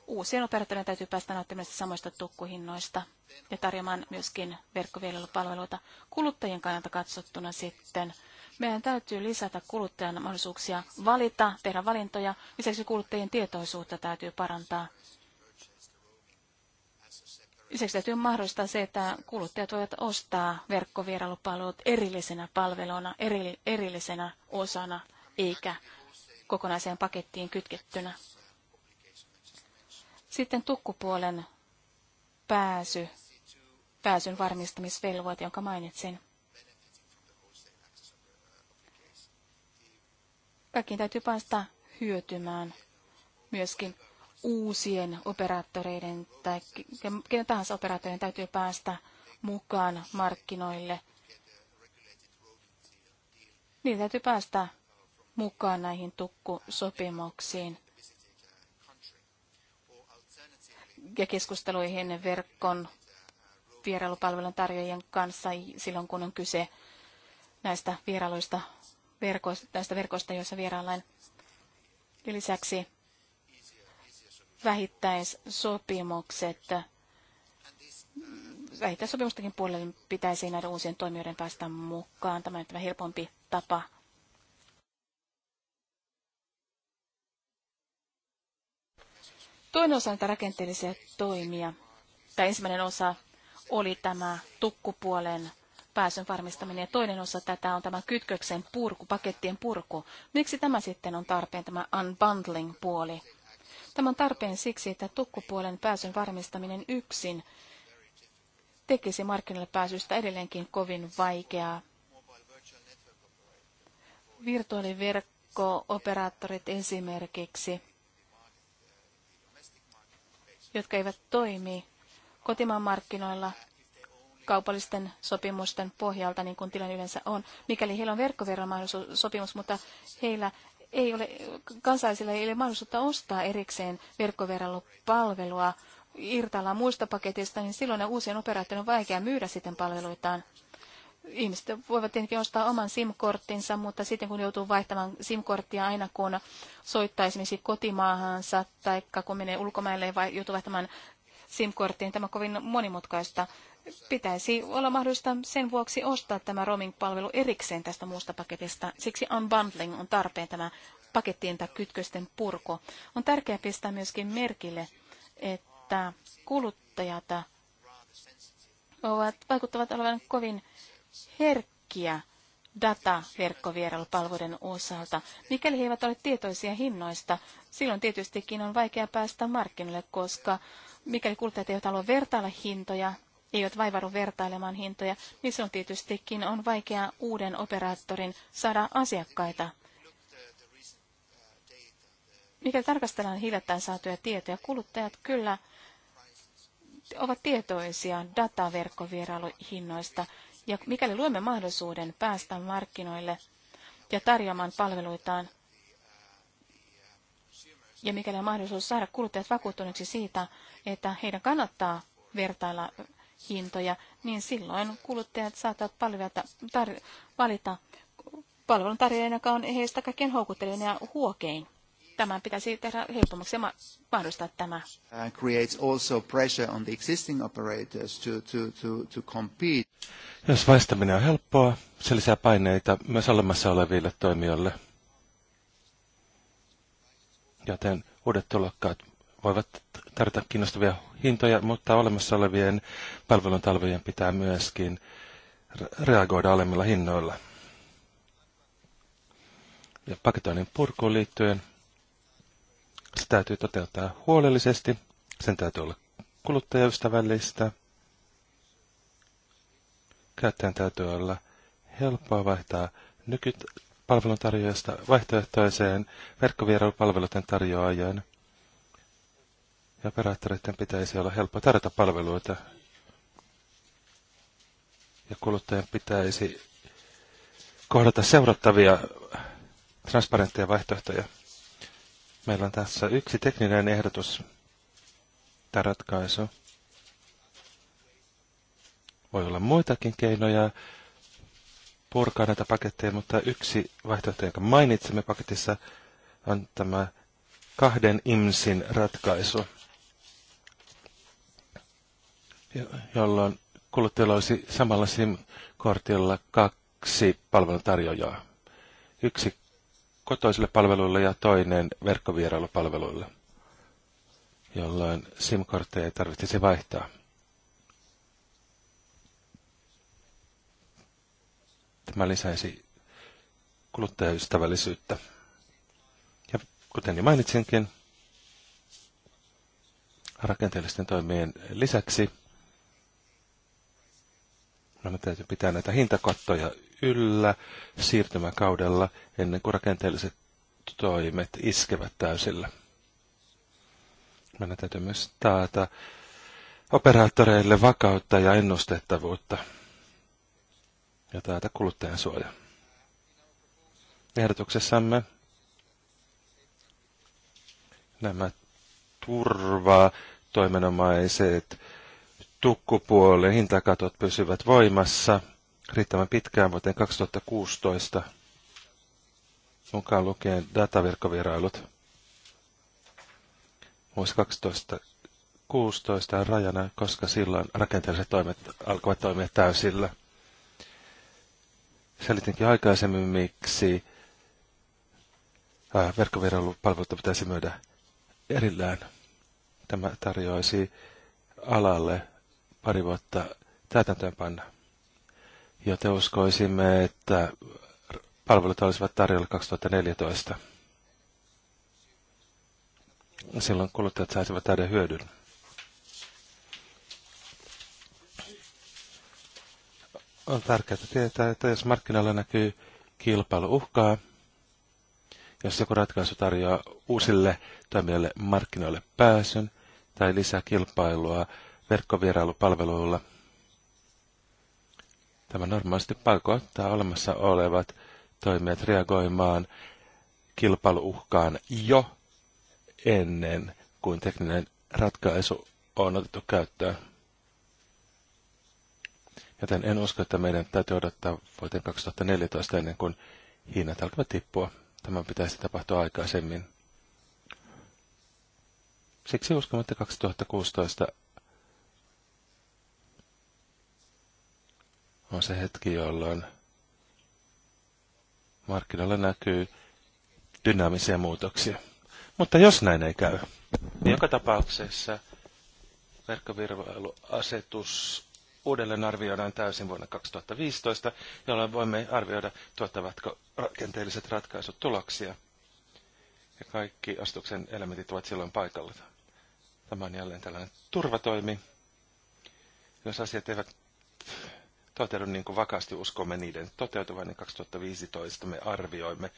uusien operaattorien täytyy päästä näyttämään samoista tukkuhinnoista ja tarjoamaan myöskin verkkovielilupalveluita kuluttajien kannalta katsottuna sitten. Meidän täytyy lisätä kuluttajan mahdollisuuksia valita, tehdä valintoja. Lisäksi kuluttajien tietoisuutta täytyy parantaa Lisäksi täytyy mahdollistaa se, että kuluttajat voivat ostaa verkkovierailupalvelut erillisenä palveluna, eri, erillisenä osana, eikä kokonaiseen pakettiin kytkettynä. Sitten tukkupuolen pääsy, pääsyn varmistamisvelvoite, jonka mainitsin. Kaikkiin täytyy päästä hyötymään myöskin uusien operaattoreiden tai kenen tahansa operaattoreiden täytyy päästä mukaan markkinoille. Niin täytyy päästä mukaan näihin tukkusopimuksiin ja keskusteluihin verkon vierailupalvelun tarjoajien kanssa silloin, kun on kyse näistä vierailuista, verkoista, näistä verkoista, joissa vieraillaan. lisäksi vähittäissopimukset, vähittäissopimustakin puolelle pitäisi näiden uusien toimijoiden päästä mukaan. Tämä on tämä helpompi tapa Toinen osa näitä rakenteellisia toimia, tämä ensimmäinen osa oli tämä tukkupuolen pääsyn varmistaminen, ja toinen osa tätä on tämä kytköksen purku, pakettien purku. Miksi tämä sitten on tarpeen, tämä unbundling-puoli? Tämä on tarpeen siksi, että tukkupuolen pääsyn varmistaminen yksin tekisi markkinoille pääsystä edelleenkin kovin vaikeaa. Virtuaaliverkko-operaattorit esimerkiksi, jotka eivät toimi kotimaan markkinoilla kaupallisten sopimusten pohjalta, niin kuin tilanne yleensä on. Mikäli heillä on verkkoveromahdollisuus sopimus, mutta heillä ei ole, kansalaisilla ei ole mahdollisuutta ostaa erikseen verkkoverkopalvelua irtaillaan muista paketista, niin silloin uusien operaattorien on vaikea myydä sitten palveluitaan. Ihmiset voivat tietenkin ostaa oman SIM-korttinsa, mutta sitten kun joutuu vaihtamaan SIM-korttia aina kun soittaa esimerkiksi kotimaahansa tai kun menee ulkomaille ja joutuu vaihtamaan SIM-korttiin, tämä on kovin monimutkaista pitäisi olla mahdollista sen vuoksi ostaa tämä roaming-palvelu erikseen tästä muusta paketista. Siksi unbundling on tarpeen tämä pakettien tai kytkösten purko. On tärkeää pistää myöskin merkille, että kuluttajat ovat, vaikuttavat olevan kovin herkkiä dataverkkovierailupalveluiden osalta. Mikäli he eivät ole tietoisia hinnoista, silloin tietystikin on vaikea päästä markkinoille, koska mikäli kuluttajat eivät halua vertailla hintoja eivät vaivaudu vertailemaan hintoja, niin se on tietystikin on vaikea uuden operaattorin saada asiakkaita. Mikä tarkastellaan hiljattain saatuja tietoja, kuluttajat kyllä ovat tietoisia dataverkkovierailuhinnoista, ja mikäli luemme mahdollisuuden päästä markkinoille ja tarjoamaan palveluitaan, ja mikäli on mahdollisuus saada kuluttajat vakuuttuneeksi siitä, että heidän kannattaa vertailla hintoja, niin silloin kuluttajat saattavat palvelta, tar- valita palvelun tarjoajan, joka on heistä kaikkein houkuttelevin ja huokein. Tämän pitäisi tehdä helpommaksi ja mahdollistaa tämä. Jos vaistaminen on helppoa, se lisää paineita myös olemassa oleville toimijoille. Joten uudet tulokkaat voivat tarjota kiinnostavia hintoja, mutta olemassa olevien palveluntalvojen pitää myöskin reagoida alemmilla hinnoilla. Ja paketoinnin purkuun liittyen se täytyy toteuttaa huolellisesti, sen täytyy olla kuluttajaystävällistä, käyttäjän täytyy olla helppoa vaihtaa nykypalveluntarjoajasta vaihtoehtoiseen verkkovierailupalveluiden tarjoajan ja operaattoreiden pitäisi olla helppo tarjota palveluita. Ja kuluttajan pitäisi kohdata seurattavia transparentteja vaihtoehtoja. Meillä on tässä yksi tekninen ehdotus tai ratkaisu. Voi olla muitakin keinoja purkaa näitä paketteja, mutta yksi vaihtoehto, jonka mainitsimme paketissa, on tämä kahden IMSin ratkaisu jolloin kuluttajalla olisi samalla SIM-kortilla kaksi palveluntarjoajaa. Yksi kotoisille palveluille ja toinen verkkovierailupalveluille, jolloin SIM-kortteja ei tarvitsisi vaihtaa. Tämä lisäisi kuluttajaystävällisyyttä. Ja kuten jo mainitsinkin, rakenteellisten toimien lisäksi meidän täytyy pitää näitä hintakattoja yllä siirtymäkaudella ennen kuin rakenteelliset toimet iskevät täysillä. Meidän täytyy myös taata operaattoreille vakautta ja ennustettavuutta ja taata kuluttajan suoja. Ehdotuksessamme nämä turvaa toimenomaiset Tukkupuolelle hintakatot pysyvät voimassa riittävän pitkään vuoteen 2016, mukaan lukien dataverkkovierailut. Vuosi 2016 on rajana, koska silloin rakenteelliset toimet alkavat toimia täysillä. Selitinkin aikaisemmin, miksi verkkovierailupalveluita pitäisi myydä erillään. Tämä tarjoaisi alalle pari vuotta ja Joten uskoisimme, että palvelut olisivat tarjolla 2014. Silloin kuluttajat saisivat täyden hyödyn. On tärkeää tietää, että jos markkinoilla näkyy kilpailu uhkaa, jos joku ratkaisu tarjoaa uusille toimijoille markkinoille pääsyn tai lisää kilpailua verkkovierailupalveluilla. Tämä normaalisti pakottaa olemassa olevat toimijat reagoimaan kilpailuuhkaan jo ennen kuin tekninen ratkaisu on otettu käyttöön. Joten en usko, että meidän täytyy odottaa vuoteen 2014 ennen kuin hinnat alkavat tippua. Tämän pitäisi tapahtua aikaisemmin. Siksi uskon, että 2016 on se hetki, jolloin markkinoilla näkyy dynaamisia muutoksia. Mutta jos näin ei käy, niin joka tapauksessa verkkovirvailuasetus uudelleen arvioidaan täysin vuonna 2015, jolloin voimme arvioida, tuottavatko rakenteelliset ratkaisut tuloksia. Ja kaikki astuksen elementit ovat silloin paikalla. Tämä on jälleen tällainen turvatoimi. Jos asiat eivät toteudu niin kuin vakaasti uskomme niiden toteutuvan, niin 2015 me arvioimme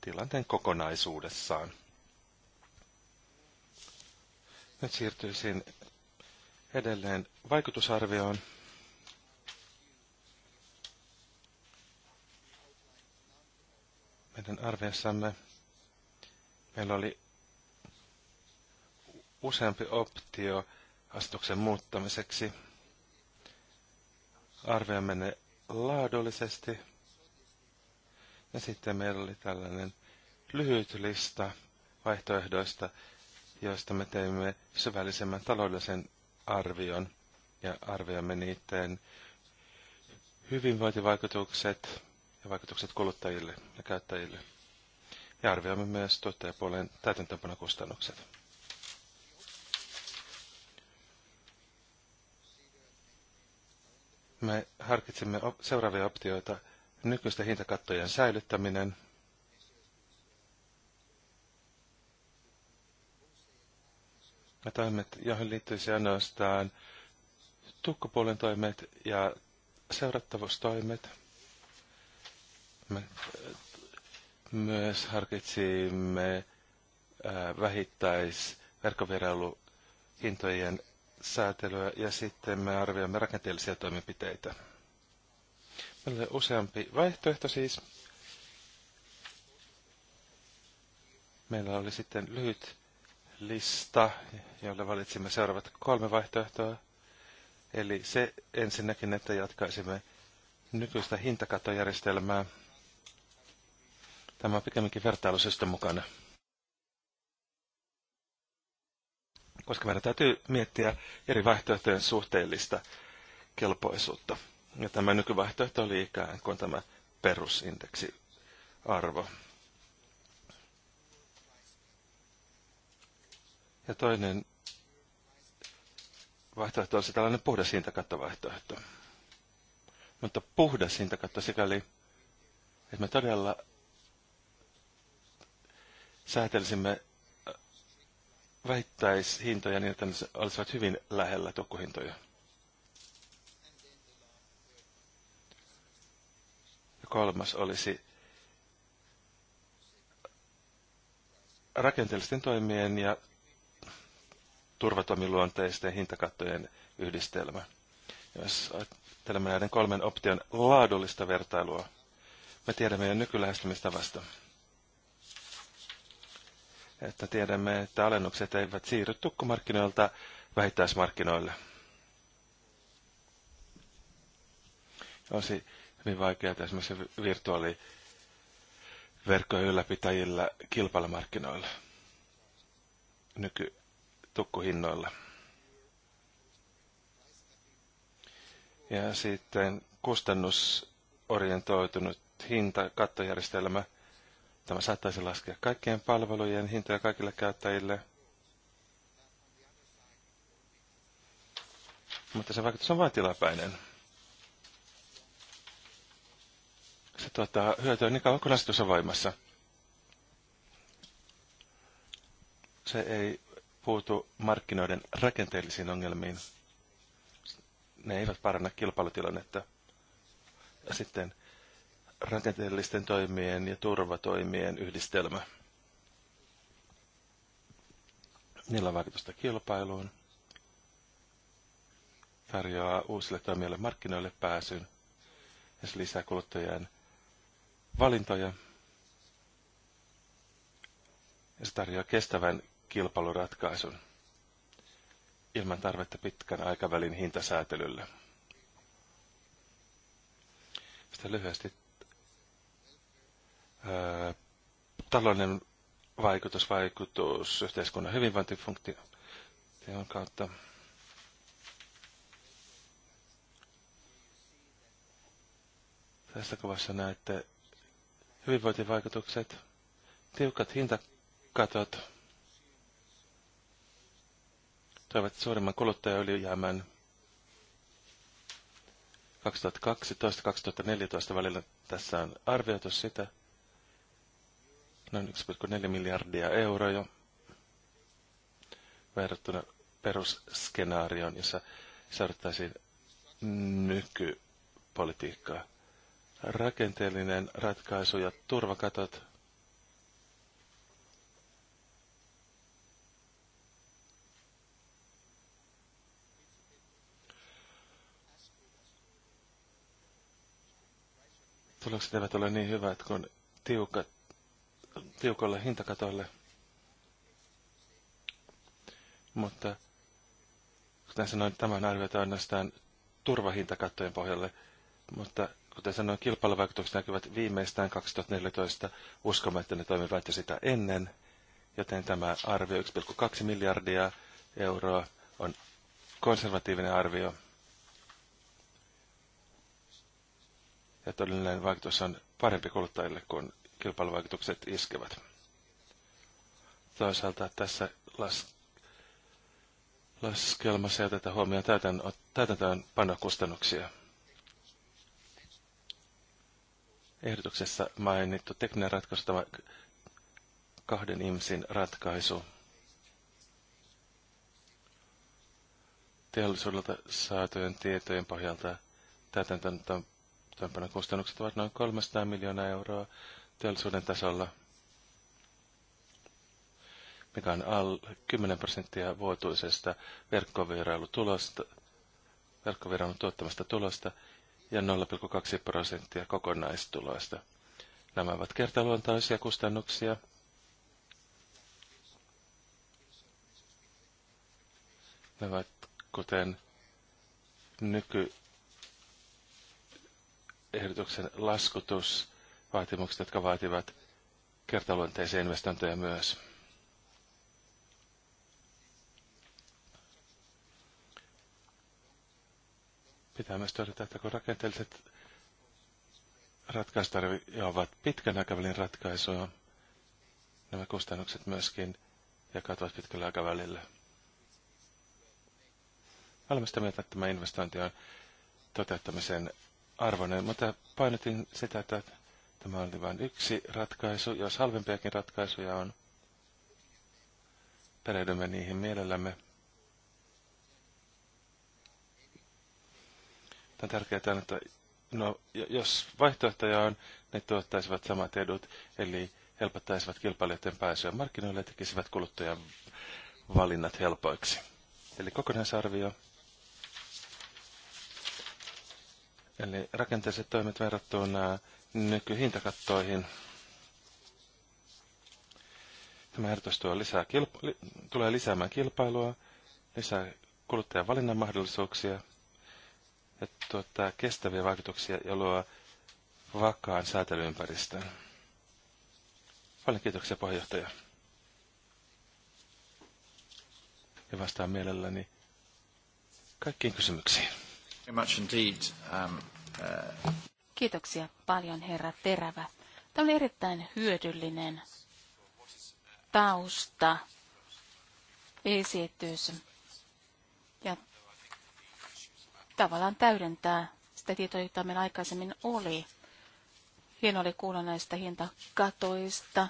tilanteen kokonaisuudessaan. Nyt siirtyisin edelleen vaikutusarvioon. Meidän arviossamme meillä oli useampi optio asetuksen muuttamiseksi arvioimme ne laadullisesti. Ja sitten meillä oli tällainen lyhyt lista vaihtoehdoista, joista me teimme syvällisemmän taloudellisen arvion ja arvioimme niiden hyvinvointivaikutukset ja vaikutukset kuluttajille ja käyttäjille. Ja arvioimme myös tuottajapuolen täytäntöönpanokustannukset. Me harkitsemme op- seuraavia optioita. Nykyisten hintakattojen säilyttäminen. Ja toimet, joihin liittyisi ainoastaan tukkupuolen toimet ja seurattavuustoimet. Me myös harkitsimme äh, vähittäis verkkovierailuhintojen säätelyä ja sitten me arvioimme rakenteellisia toimenpiteitä. Meillä on useampi vaihtoehto siis. Meillä oli sitten lyhyt lista, jolla valitsimme seuraavat kolme vaihtoehtoa. Eli se ensinnäkin, että jatkaisimme nykyistä hintakattojärjestelmää. Tämä on pikemminkin vertailusystä mukana. koska meidän täytyy miettiä eri vaihtoehtojen suhteellista kelpoisuutta. Ja tämä nykyvaihtoehto oli ikään kuin tämä perusindeksiarvo. Ja toinen vaihtoehto on se tällainen puhdas hintakattovaihtoehto. Mutta puhdas hintakatto sikäli, että me todella säätelisimme väittäisi hintoja niin, että ne olisivat hyvin lähellä tukkuhintoja. Ja kolmas olisi rakenteellisten toimien ja turvatomiluonteisten hintakattojen yhdistelmä. Jos ajattelemme näiden kolmen option laadullista vertailua, me tiedämme jo nykylähestymistä vasta että tiedämme, että alennukset eivät siirry tukkumarkkinoilta vähittäismarkkinoille. Olisi hyvin vaikeaa esimerkiksi virtuaaliverkkojen ylläpitäjillä kilpailumarkkinoilla nykytukkuhinnoilla. Ja sitten kustannusorientoitunut hinta, kattojärjestelmä Tämä saattaisi laskea kaikkien palvelujen hintoja kaikille käyttäjille. Mutta se vaikutus on vain tilapäinen. Se tuottaa hyötyä niin kauan kuin asetus on voimassa. Se ei puutu markkinoiden rakenteellisiin ongelmiin. Ne eivät paranna kilpailutilannetta. Ja sitten rakenteellisten toimien ja turvatoimien yhdistelmä. Niillä on vaikutusta kilpailuun, tarjoaa uusille toimijoille markkinoille pääsyn ja se lisää kuluttajien valintoja. Ja se tarjoaa kestävän kilpailuratkaisun ilman tarvetta pitkän aikavälin hintasäätelylle. Sitä lyhyesti taloudellinen vaikutus, vaikutus yhteiskunnan hyvinvointifunktion kautta. Tässä kuvassa näette hyvinvointivaikutukset, tiukat hintakatot, toivat suurimman kuluttajaylijäämän 2012-2014 välillä. Tässä on arvioitu sitä, noin 1,4 miljardia euroa verrattuna perusskenaarioon, jossa seurattaisiin nykypolitiikkaa. Rakenteellinen ratkaisu ja turvakatot tulokset eivät ole niin hyvät kuin tiukat tiukoille hintakatoille. Mutta kuten sanoin, tämän arvioita ainoastaan turvahintakattojen pohjalle. Mutta kuten sanoin, kilpailuvaikutukset näkyvät viimeistään 2014. Uskomme, että ne toimivat jo sitä ennen. Joten tämä arvio 1,2 miljardia euroa on konservatiivinen arvio. Ja todellinen vaikutus on parempi kuluttajille kuin kilpailuvaikutukset iskevät. Toisaalta tässä las, laskelmassa ei oteta huomioon täytäntöön panokustannuksia. Ehdotuksessa mainittu tekninen ratkaisu, tämä kahden ihmisen ratkaisu, teollisuudelta saatujen tietojen pohjalta täytäntöön kustannukset ovat noin 300 miljoonaa euroa teollisuuden tasolla, mikä on alle 10 prosenttia vuotuisesta verkkovirailun tuottamasta tulosta ja 0,2 prosenttia kokonaistuloista. Nämä ovat kertaluontoisia kustannuksia. Ne ovat kuten nykyehdotuksen laskutus vaatimukset, jotka vaativat kertaluonteisia investointeja myös. Pitää myös todeta, että kun rakenteelliset ratkaisut ovat pitkän aikavälin ratkaisuja, nämä kustannukset myöskin jakautuvat pitkällä aikavälillä. Olemme sitä mieltä, että tämä investointi on toteuttamisen arvoinen, mutta painotin sitä, että Tämä oli vain yksi ratkaisu. Jos halvempiakin ratkaisuja on, perehdymme niihin mielellämme. Tämä on tärkeää, että no, jos vaihtoehtoja on, ne tuottaisivat samat edut, eli helpottaisivat kilpailijoiden pääsyä markkinoille ja tekisivät kuluttajan valinnat helpoiksi. Eli kokonaisarvio. Eli rakenteelliset toimet verrattuna nykyhintakattoihin. Tämä ehdotus tuo lisää kilpa- tulee lisäämään kilpailua, lisää kuluttajan valinnan mahdollisuuksia ja tuottaa kestäviä vaikutuksia ja luo vakaan säätelyympäristön. Paljon kiitoksia puheenjohtaja. Ja vastaan mielelläni kaikkiin kysymyksiin. Very much indeed. Um, uh... Kiitoksia paljon, herra Terävä. Tämä oli erittäin hyödyllinen tausta esitys ja tavallaan täydentää sitä tietoa, jota meillä aikaisemmin oli. Hieno oli kuulla näistä hintakatoista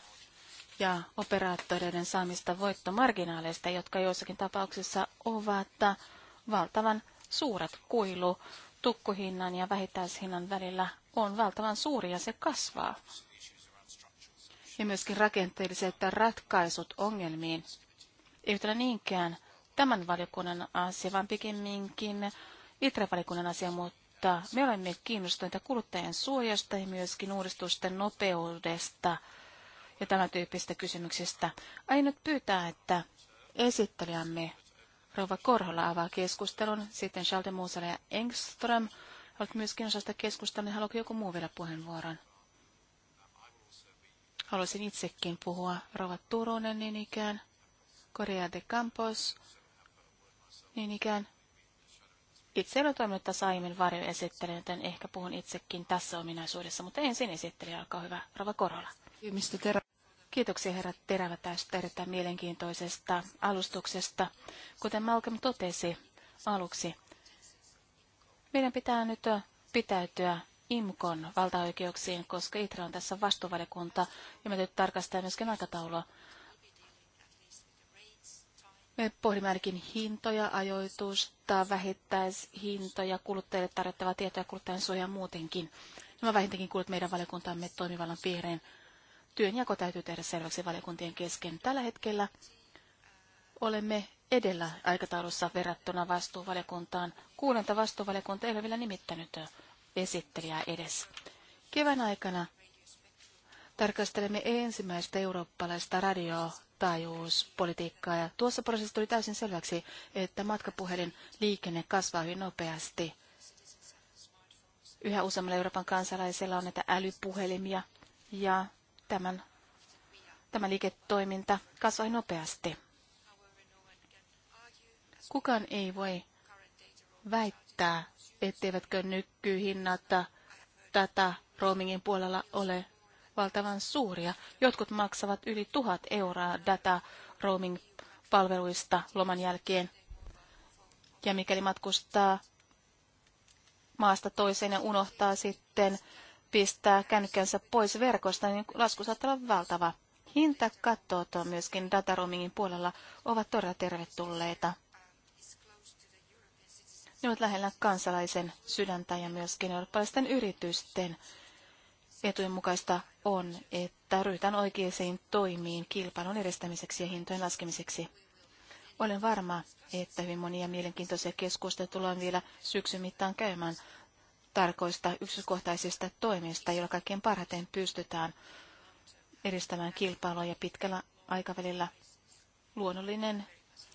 ja operaattoreiden saamista voittomarginaaleista, jotka joissakin tapauksissa ovat valtavan suuret kuilu tukkuhinnan ja vähittäishinnan välillä on valtavan suuri ja se kasvaa. Ja myöskin rakenteelliset ratkaisut ongelmiin ei ole niinkään tämän valiokunnan asia, vaan pikemminkin ITRE-valiokunnan asia, mutta me olemme kiinnostuneita kuluttajien suojasta ja myöskin uudistusten nopeudesta ja tämän tyyppisistä kysymyksistä. Aion nyt pyytää, että esittelijämme Rova Korhola avaa keskustelun, sitten Schalde Muusala ja Engström. Olet myöskin osasta keskustelua, niin haluatko joku muu vielä puheenvuoron? Haluaisin itsekin puhua Rova Turunen niin ikään, Korea de Campos niin ikään. Itse ole toiminut tässä aiemmin varjoesittelijä, joten ehkä puhun itsekin tässä ominaisuudessa, mutta ensin esittelijä, olkaa hyvä, Rova Korola. Kiitoksia herrat Terävä tästä erittäin mielenkiintoisesta alustuksesta. Kuten Malcolm totesi aluksi, meidän pitää nyt pitäytyä IMKON valtaoikeuksiin, koska ITRA on tässä vastuuvalikunta ja me nyt tarkastaa myöskin aikataulua. Me pohdimme ainakin hintoja, ajoitusta, vähittäishintoja, kuluttajille tarjottavaa tietoa ja kuluttajan suojaa muutenkin. Nämä vähintäänkin kuulut meidän valiokuntamme toimivallan piireen työnjako täytyy tehdä selväksi valiokuntien kesken. Tällä hetkellä olemme edellä aikataulussa verrattuna vastuuvaliokuntaan. Kuulenta vastuuvaliokunta ei ole vielä nimittänyt esittelijää edes. Kevään aikana tarkastelemme ensimmäistä eurooppalaista radiotaajuuspolitiikkaa ja tuossa prosessissa tuli täysin selväksi, että matkapuhelin liikenne kasvaa hyvin nopeasti. Yhä useammalla Euroopan kansalaisella on näitä älypuhelimia ja tämän, tämä liiketoiminta kasvoi nopeasti. Kukaan ei voi väittää, etteivätkö nykyhinnat tätä roamingin puolella ole valtavan suuria. Jotkut maksavat yli tuhat euroa data roaming palveluista loman jälkeen. Ja mikäli matkustaa maasta toiseen ja unohtaa sitten pistää kännykkänsä pois verkosta, niin lasku saattaa olla valtava. kattoa myöskin roamingin puolella ovat todella tervetulleita. Ne ovat lähellä kansalaisen sydäntä ja myöskin eurooppalaisten yritysten etujen mukaista on, että ryhdytään oikeisiin toimiin kilpailun edistämiseksi ja hintojen laskemiseksi. Olen varma, että hyvin monia mielenkiintoisia keskusteluja tullaan vielä syksyn mittaan käymään tarkoista yksityiskohtaisista toimista, joilla kaikkein parhaiten pystytään edistämään kilpailua ja pitkällä aikavälillä luonnollinen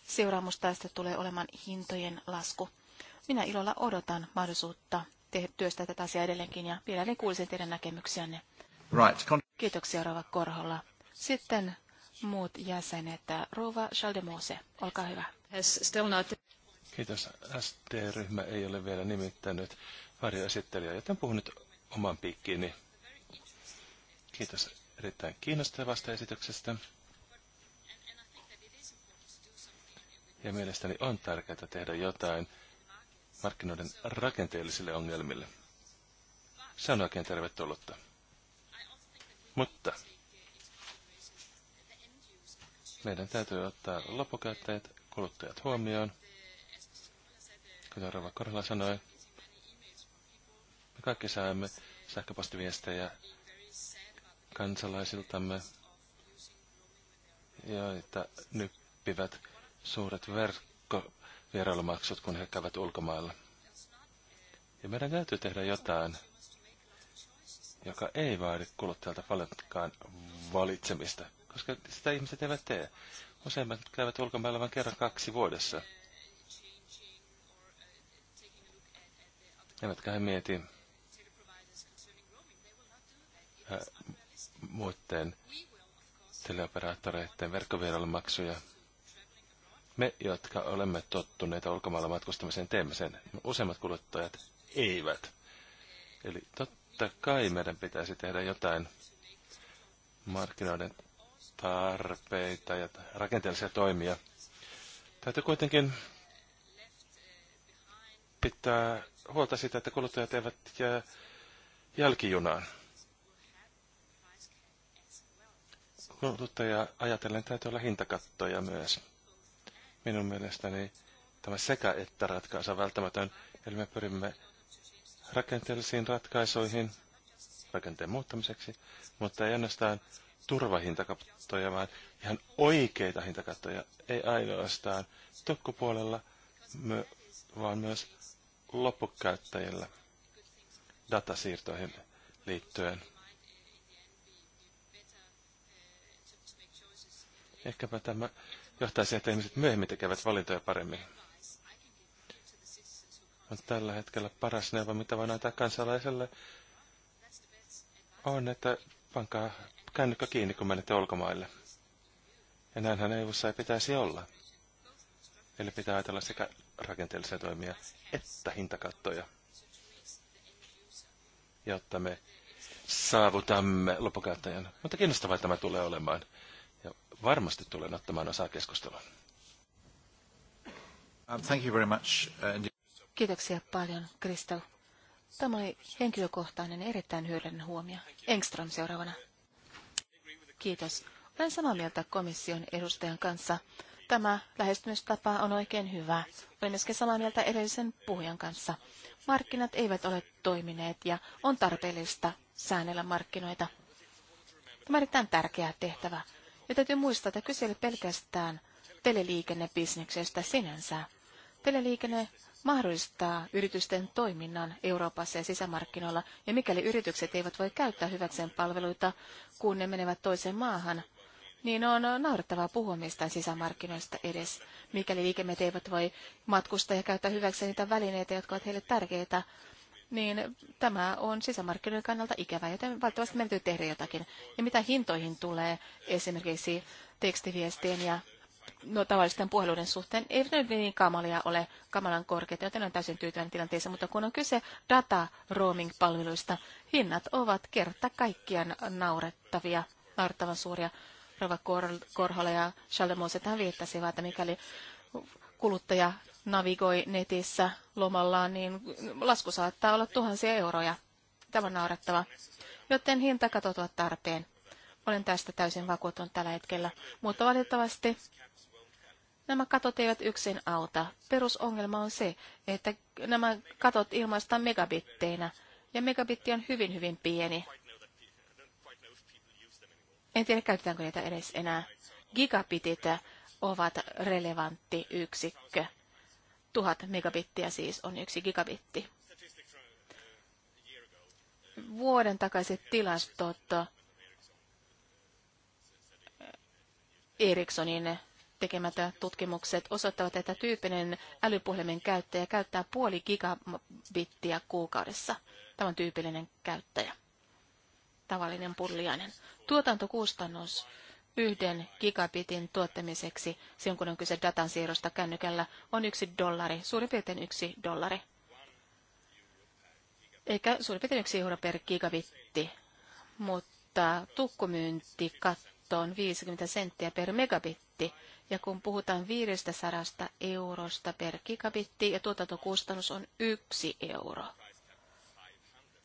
seuraamus tästä tulee olemaan hintojen lasku. Minä ilolla odotan mahdollisuutta tehdä työstää tätä asiaa edelleenkin ja vielä kuulisin teidän näkemyksiänne. Right. Kiitoksia Rova Korholla. Sitten muut jäsenet. Rova Chaldemose, olkaa hyvä. Kiitos. ST-ryhmä ei ole vielä nimittänyt esittelijä, joten puhun nyt oman piikkiini. Kiitos erittäin kiinnostavasta esityksestä. Ja mielestäni on tärkeää tehdä jotain markkinoiden rakenteellisille ongelmille. Se on oikein tervetullutta. Mutta meidän täytyy ottaa loppukäyttäjät, kuluttajat huomioon. Kuten Rova Korhola sanoi, kaikki saamme sähköpostiviestejä kansalaisiltamme, joita nyppivät suuret verkkovierailumaksut, kun he käyvät ulkomailla. Ja meidän täytyy tehdä jotain, joka ei vaadi kuluttajalta paljonkaan valitsemista, koska sitä ihmiset eivät tee. Useimmat käyvät ulkomailla vain kerran kaksi vuodessa. Eivätkä he mieti Äh, muiden teleoperaattoreiden verkkovierailumaksuja. Me, jotka olemme tottuneita ulkomailla matkustamiseen, teemme sen. Useimmat kuluttajat eivät. Eli totta kai meidän pitäisi tehdä jotain markkinoiden tarpeita ja rakenteellisia toimia. Täytyy kuitenkin pitää huolta siitä, että kuluttajat eivät jää jälkijunaan. Kuluttajaa ajatellen täytyy olla hintakattoja myös. Minun mielestäni tämä sekä että ratkaisu on välttämätön, eli me pyrimme rakenteellisiin ratkaisuihin rakenteen muuttamiseksi, mutta ei ainoastaan turvahintakattoja, vaan ihan oikeita hintakattoja, ei ainoastaan tukkupuolella, vaan myös loppukäyttäjillä datasiirtoihin liittyen. Ehkäpä tämä johtaa siihen, että ihmiset myöhemmin tekevät valintoja paremmin. On tällä hetkellä paras neuvo, mitä voin antaa kansalaiselle, on, että pankaa kännykkä kiinni, kun menette ulkomaille. Ja näinhän EU-ssa ei pitäisi olla. Eli pitää ajatella sekä rakenteellisia toimia että hintakattoja, jotta me saavutamme loppukäyttäjän. Mutta kiinnostavaa tämä tulee olemaan varmasti tulen ottamaan osaa keskusteluun. Um, thank you very much. Uh, Kiitoksia paljon, Kristel. Tämä oli henkilökohtainen erittäin hyödyllinen huomio. Engström seuraavana. Kiitos. Olen samaa mieltä komission edustajan kanssa. Tämä lähestymistapa on oikein hyvä. Olen myöskin samaa mieltä edellisen puhujan kanssa. Markkinat eivät ole toimineet ja on tarpeellista säännellä markkinoita. Tämä on erittäin tärkeä tehtävä. Ja täytyy muistaa, että kyse ei ole pelkästään teleliikennebisneksestä sinänsä. Teleliikenne mahdollistaa yritysten toiminnan Euroopassa ja sisämarkkinoilla, ja mikäli yritykset eivät voi käyttää hyväkseen palveluita, kun ne menevät toiseen maahan, niin on naurettavaa puhua mistään sisämarkkinoista edes. Mikäli liikemet eivät voi matkustaa ja käyttää hyväkseen niitä välineitä, jotka ovat heille tärkeitä, niin tämä on sisämarkkinoiden kannalta ikävä, joten valtavasti meidän tehdä jotakin. Ja mitä hintoihin tulee esimerkiksi tekstiviestien ja no, tavallisten puheluiden suhteen, ei ne niin kamalia ole kamalan korkeita, joten on täysin tyytyväinen tilanteeseen, mutta kun on kyse data roaming palveluista, hinnat ovat kerta kaikkiaan naurettavia, naurettavan suuria. Rova Korhola ja Charles Mose viittasivat, että mikäli kuluttaja navigoi netissä lomallaan, niin lasku saattaa olla tuhansia euroja. Tämä on naurettava. Joten hinta ovat tarpeen. Olen tästä täysin vakuutunut tällä hetkellä, mutta valitettavasti nämä katot eivät yksin auta. Perusongelma on se, että nämä katot ilmaistaan megabitteinä, ja megabitti on hyvin, hyvin pieni. En tiedä, käytetäänkö niitä edes enää. Gigabitit ovat relevantti yksikkö. Tuhat megabittiä siis on yksi gigabitti. Vuoden takaiset tilastot Ericssonin tekemät tutkimukset osoittavat, että tyypillinen älypuhelimen käyttäjä käyttää puoli gigabittiä kuukaudessa. Tämä on tyypillinen käyttäjä, tavallinen pulliainen. Tuotantokustannus yhden gigabitin tuottamiseksi, silloin kun on kyse datan siirrosta kännykällä, on yksi dollari, suurin piirtein yksi dollari. Eikä suurin piirtein yksi euro per gigabitti, mutta tukkumyyntikatto on 50 senttiä per megabitti. Ja kun puhutaan 500 eurosta per gigabitti ja tuotantokustannus on yksi euro.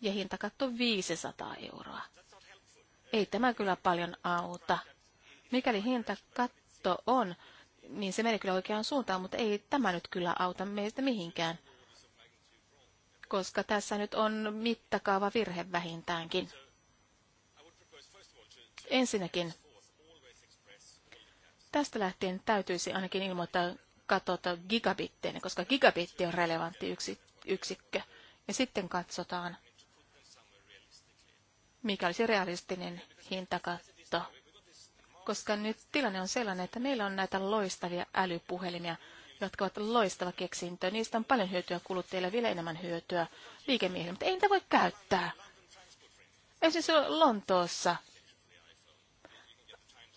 Ja hintakatto 500 euroa. Ei tämä kyllä paljon auta Mikäli hintakatto on, niin se menee kyllä oikeaan suuntaan, mutta ei tämä nyt kyllä auta meistä mihinkään, koska tässä nyt on mittakaava virhe vähintäänkin. Ensinnäkin, tästä lähtien täytyisi ainakin ilmoittaa katsota gigabitteinä, koska gigabitti on relevantti yksikkö. Ja sitten katsotaan, mikä olisi realistinen hintakatto koska nyt tilanne on sellainen, että meillä on näitä loistavia älypuhelimia, jotka ovat loistava keksintö. Niistä on paljon hyötyä kuluttajille, vielä enemmän hyötyä liikemiehille, mutta ei niitä voi käyttää. Esimerkiksi Lontoossa.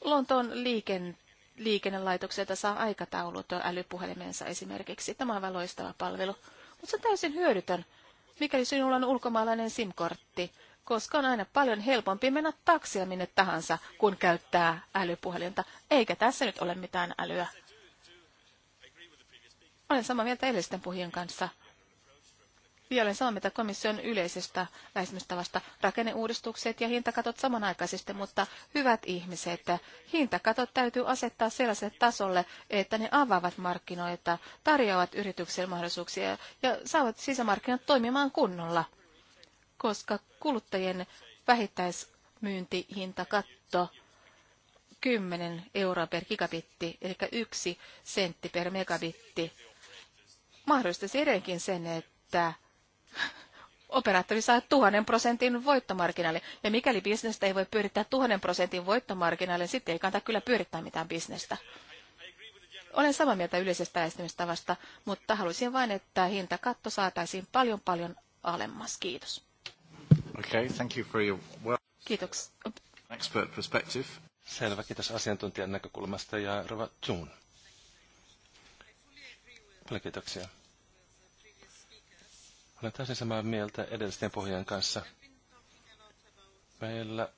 Lontoon liiken, liikennelaitokselta saa aikataulut älypuhelimensa esimerkiksi. Tämä on aivan loistava palvelu, mutta se on täysin hyödytön, mikäli sinulla on ulkomaalainen SIM-kortti koska on aina paljon helpompi mennä taksia minne tahansa, kun käyttää älypuhelinta. Eikä tässä nyt ole mitään älyä. Olen samaa mieltä edellisten puhujien kanssa. Ja olen samaa mieltä komission yleisestä lähestymistavasta. Rakenneuudistukset ja hintakatot samanaikaisesti, mutta hyvät ihmiset, hintakatot täytyy asettaa sellaiselle tasolle, että ne avaavat markkinoita, tarjoavat yrityksille mahdollisuuksia ja saavat sisämarkkinat toimimaan kunnolla koska kuluttajien vähittäismyyntihintakatto 10 euroa per gigabitti, eli yksi sentti per megabitti, mahdollistaisi edelleenkin sen, että operaattori saa tuhannen prosentin voittomarginaali. Ja mikäli bisnestä ei voi pyörittää tuhannen prosentin voittomarginaalia, sitten ei kannata kyllä pyörittää mitään bisnestä. Olen samaa mieltä yleisestä lähestymistavasta, mutta haluaisin vain, että hintakatto saataisiin paljon paljon alemmas. Kiitos. Okay, thank you for your work. Kiitoksia. Expert perspective. Selvä, kiitos asiantuntijan näkökulmasta ja Rova Tsun. Paljon kiitoksia. Olen täysin samaa mieltä edellisten pohjien kanssa. Meillä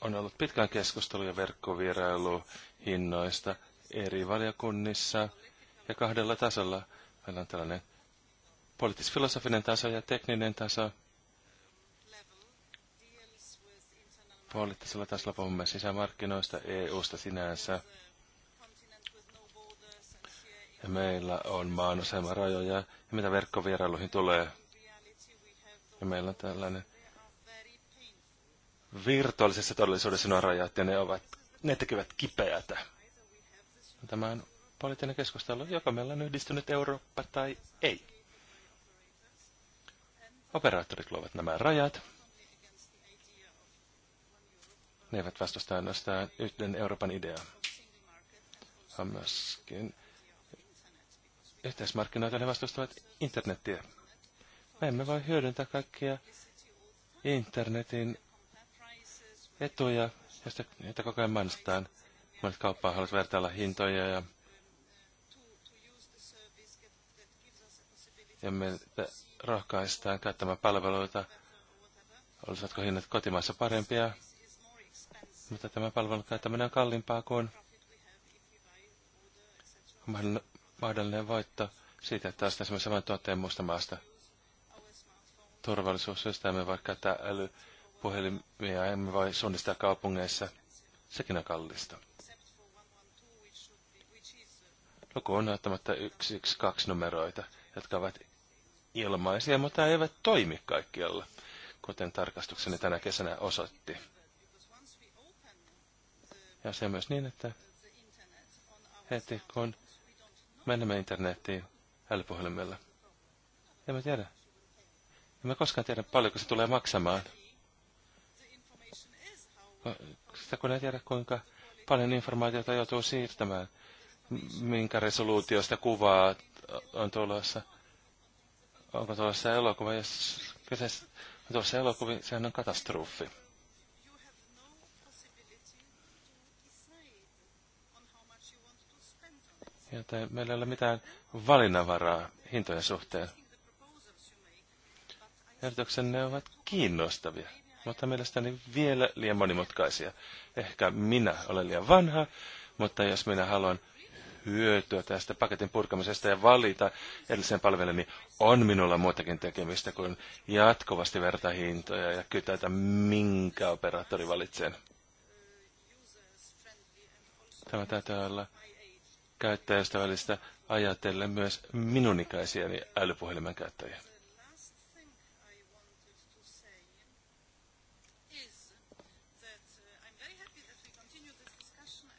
on ollut pitkään keskusteluja verkkovierailuhinnoista eri valiokunnissa ja kahdella tasolla. Meillä on tällainen filosofinen taso ja tekninen taso. Poliittisella tasolla puhumme sisämarkkinoista, EU-sta sinänsä. Ja meillä on maan rajoja ja mitä verkkovierailuihin tulee. Ja meillä on tällainen virtuaalisessa todellisuudessa nuo rajat ja ne, ovat, ne tekevät kipeätä. Tämä on poliittinen keskustelu, joka meillä on yhdistynyt Eurooppa tai ei. Operaattorit luovat nämä rajat. Ne eivät vastusta ainoastaan yhden Euroopan ideaa. On myöskin yhteismarkkinoita, ne vastustavat internettiä. Me emme voi hyödyntää kaikkia internetin etuja, joista niitä koko ajan mainostetaan. Monet kauppaa haluavat vertailla hintoja ja, ja me rahkaistaan käyttämään palveluita. Olisivatko hinnat kotimaassa parempia? Mutta tämä palvelun käyttäminen on kalliimpaa kuin mahdollinen voitto siitä, että ostaisimme saman tuotteen muusta maasta. Turvallisuussyistä emme voi käyttää älypuhelimia, emme voi suunnistaa kaupungeissa. Sekin on kallista. Luku on ottamatta 112 numeroita, jotka ovat ilmaisia, mutta eivät toimi kaikkialla, kuten tarkastukseni tänä kesänä osoitti. Ja se on myös niin, että heti kun menemme internettiin älypuhelimella, emme tiedä. Emme koskaan tiedä paljonko se tulee maksamaan. Sitä kun ei tiedä kuinka paljon informaatiota joutuu siirtämään, minkä resoluutiosta kuvaa on tulossa – onko tuossa elokuva, jos kyseessä on tuossa elokuva, sehän on katastrofi. Joten meillä ei ole mitään valinnanvaraa hintojen suhteen. Ehdotuksenne ovat kiinnostavia, mutta mielestäni vielä liian monimutkaisia. Ehkä minä olen liian vanha, mutta jos minä haluan hyötyä tästä paketin purkamisesta ja valita edellisen niin on minulla muutakin tekemistä kuin jatkuvasti verta hintoja ja kytätä, minkä operaattori valitsee. Tämä täytyy olla käyttäjästä välistä ajatellen myös minun ikäisiäni älypuhelimen käyttäjiä.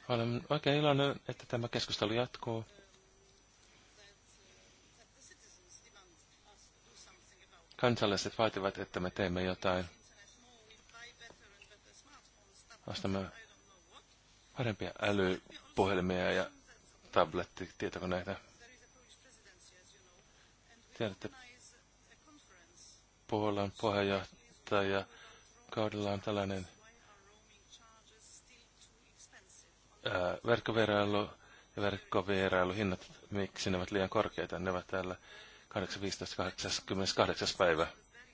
Olen oikein iloinen, että tämä keskustelu jatkuu. Kansalaiset vaativat, että me teemme jotain. Ostamme parempia älypuhelimia ja tablettitietokoneita. Tiedätte, Puolan puheenjohtaja kaudella on tällainen verkkovierailu ja verkkovierailuhinnat, miksi ne ovat liian korkeita, ne ovat täällä 8.15.88. päivä.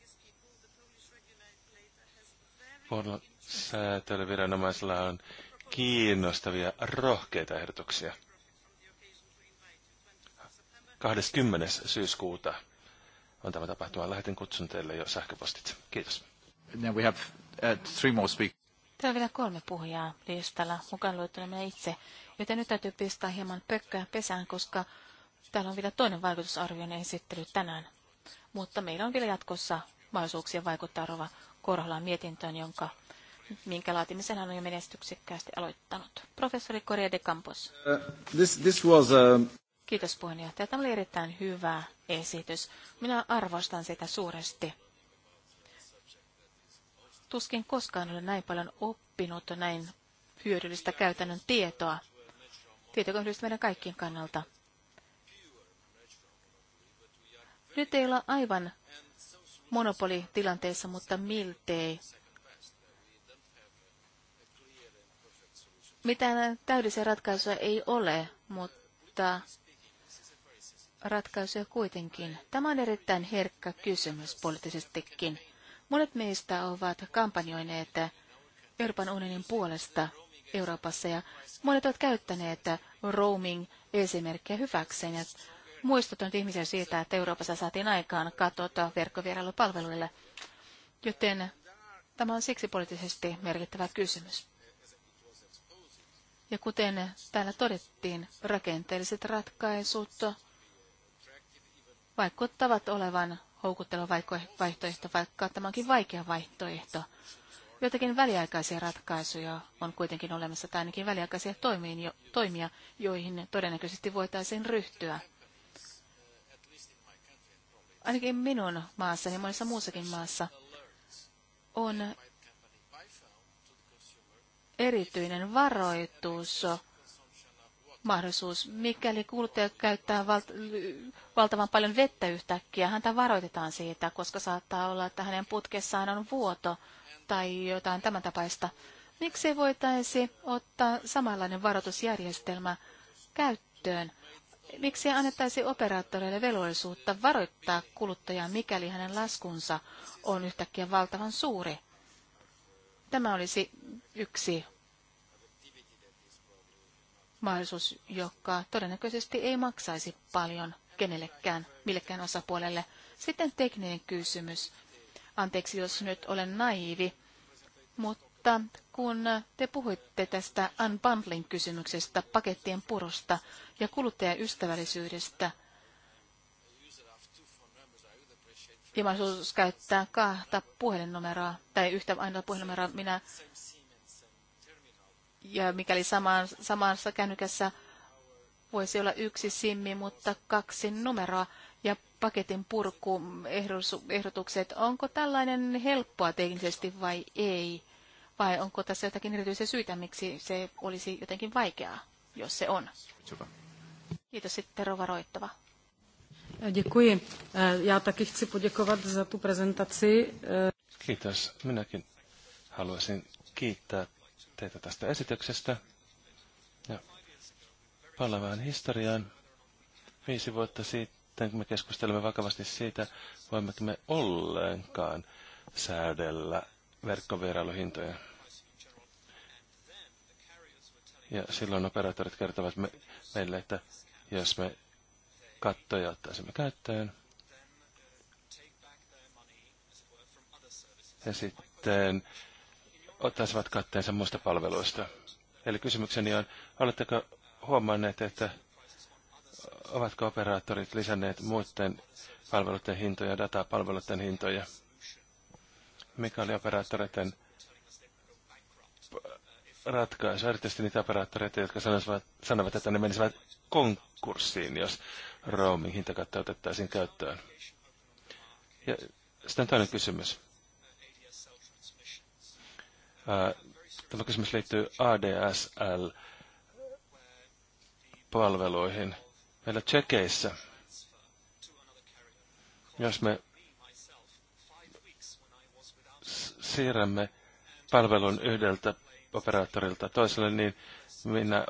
säätöllä säätelyviranomaisilla on kiinnostavia, rohkeita ehdotuksia. 20. syyskuuta on tämä tapahtuma. Lähetin kutsun teille jo sähköpostit. Kiitos. we have uh, three more Täällä on vielä kolme puhujaa listalla, mukaan luettuna itse, joten nyt täytyy pistää hieman pökköä pesään, koska täällä on vielä toinen vaikutusarvion esittely tänään. Mutta meillä on vielä jatkossa mahdollisuuksia vaikuttaa Rova Korholan mietintöön, jonka minkä laatimisen hän on jo menestyksekkäästi aloittanut. Professori Correa de Campos. Uh, this, this was a... Uh, Kiitos puheenjohtaja. Tämä oli erittäin hyvä esitys. Minä arvostan sitä suuresti tuskin koskaan ole näin paljon oppinut näin hyödyllistä käytännön tietoa. Tieto on hyödyllistä meidän kaikkien kannalta. Nyt ei olla aivan monopolitilanteessa, mutta miltei. Mitään täydellisiä ratkaisuja ei ole, mutta ratkaisuja kuitenkin. Tämä on erittäin herkkä kysymys poliittisestikin. Monet meistä ovat kampanjoineet Euroopan unionin puolesta Euroopassa ja monet ovat käyttäneet roaming-esimerkkiä hyväkseen ja muistuttanut ihmisiä siitä, että Euroopassa saatiin aikaan katota verkkovierailupalveluille, joten tämä on siksi poliittisesti merkittävä kysymys. Ja kuten täällä todettiin, rakenteelliset ratkaisut vaikuttavat olevan houkutteleva vaihtoehto, vaikka tämä onkin vaikea vaihtoehto. Joitakin väliaikaisia ratkaisuja on kuitenkin olemassa, tai ainakin väliaikaisia toimia, joihin todennäköisesti voitaisiin ryhtyä. Ainakin minun maassa ja monessa muussakin maassa on erityinen varoitus mahdollisuus. Mikäli kuluttaja käyttää val- valtavan paljon vettä yhtäkkiä, häntä varoitetaan siitä, koska saattaa olla, että hänen putkessaan on vuoto tai jotain tämän tapaista. Miksi voitaisi ottaa samanlainen varoitusjärjestelmä käyttöön? Miksi annettaisi operaattoreille velvollisuutta varoittaa kuluttajaa, mikäli hänen laskunsa on yhtäkkiä valtavan suuri? Tämä olisi yksi mahdollisuus, joka todennäköisesti ei maksaisi paljon kenellekään, millekään osapuolelle. Sitten tekninen kysymys. Anteeksi, jos nyt olen naivi, mutta kun te puhuitte tästä unbundling-kysymyksestä, pakettien purusta ja kuluttajaystävällisyydestä, ja mahdollisuus käyttää kahta puhelinnumeroa tai yhtä ainoa puhelinnumeroa, minä ja mikäli samaan, samassa kännykässä voisi olla yksi simmi, mutta kaksi numeroa ja paketin purku ehdotukset Onko tällainen helppoa teknisesti vai ei? Vai onko tässä jotakin erityisiä syitä, miksi se olisi jotenkin vaikeaa, jos se on? Kiitos sitten Rova Roittava. Děkuji. Eh, já taky chci poděkovat za tu prezentaci. Eh, Kiitos. Minäkin haluaisin kiittää teitä tästä esityksestä. Ja palaan historiaan. Viisi vuotta sitten, kun me keskustelemme vakavasti siitä, voimmeko me ollenkaan säädellä verkkovierailuhintoja. Ja silloin operaattorit kertovat me, meille, että jos me kattoja ottaisimme käyttöön, ja sitten ottaisivat katteensa muista palveluista. Eli kysymykseni on, oletteko huomanneet, että ovatko operaattorit lisänneet muiden palveluiden hintoja, datapalveluiden hintoja? Mikä oli operaattoreiden ratkaisu? Erityisesti niitä operaattoreita, jotka sanovat, sanovat että ne menisivät konkurssiin, jos roaming hintakatto otettaisiin käyttöön. Ja sitten toinen kysymys. Äh, tämä kysymys liittyy ADSL-palveluihin. Meillä Tsekeissä, jos me siirrämme palvelun yhdeltä operaattorilta toiselle, niin minä